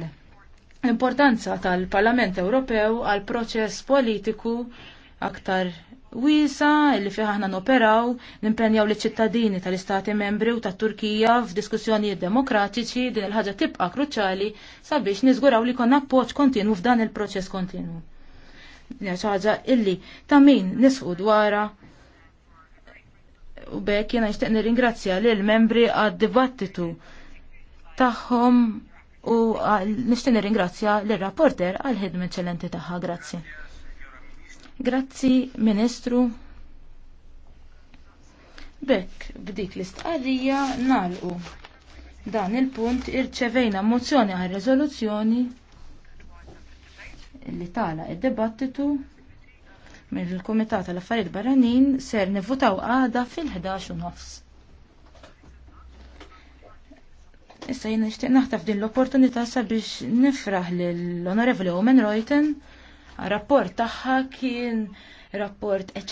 importanza tal-Parlament Ewropew għal proċess politiku aktar wiesa li fiħ aħna noperaw nimpenjaw li ċittadini tal-Istati membri u tat-Turkija f'diskussjonijiet demokratiċi din il-ħaġa tibqa' kruċjali sabiex niżguraw li konna appoġġ kontinu f'dan il-proċess kontinwu. ħaġa illi ta' min nisqu dwara u bekk jiena nixtieq nirringrazzja lil membri għad-dibattitu tagħhom u nixtieq nirringrazzja lir rapporter għal ħidma eċċellenti tagħha. Grazzi. Grazzi, Ministru. Bekk, b'dik l-istqarrija nalqu. Dan il-punt irċevejna mozzjoni għal rezoluzzjoni li tala id-debattitu minn il-Komitat tal affarijiet Barranin ser nivutaw għada fil-11 nofs. Issa jien nixtieq naħtaf din l-opportunità sabiex nifraħ lill-Onorevoli Omen Reuten rapport taħħa kien rapport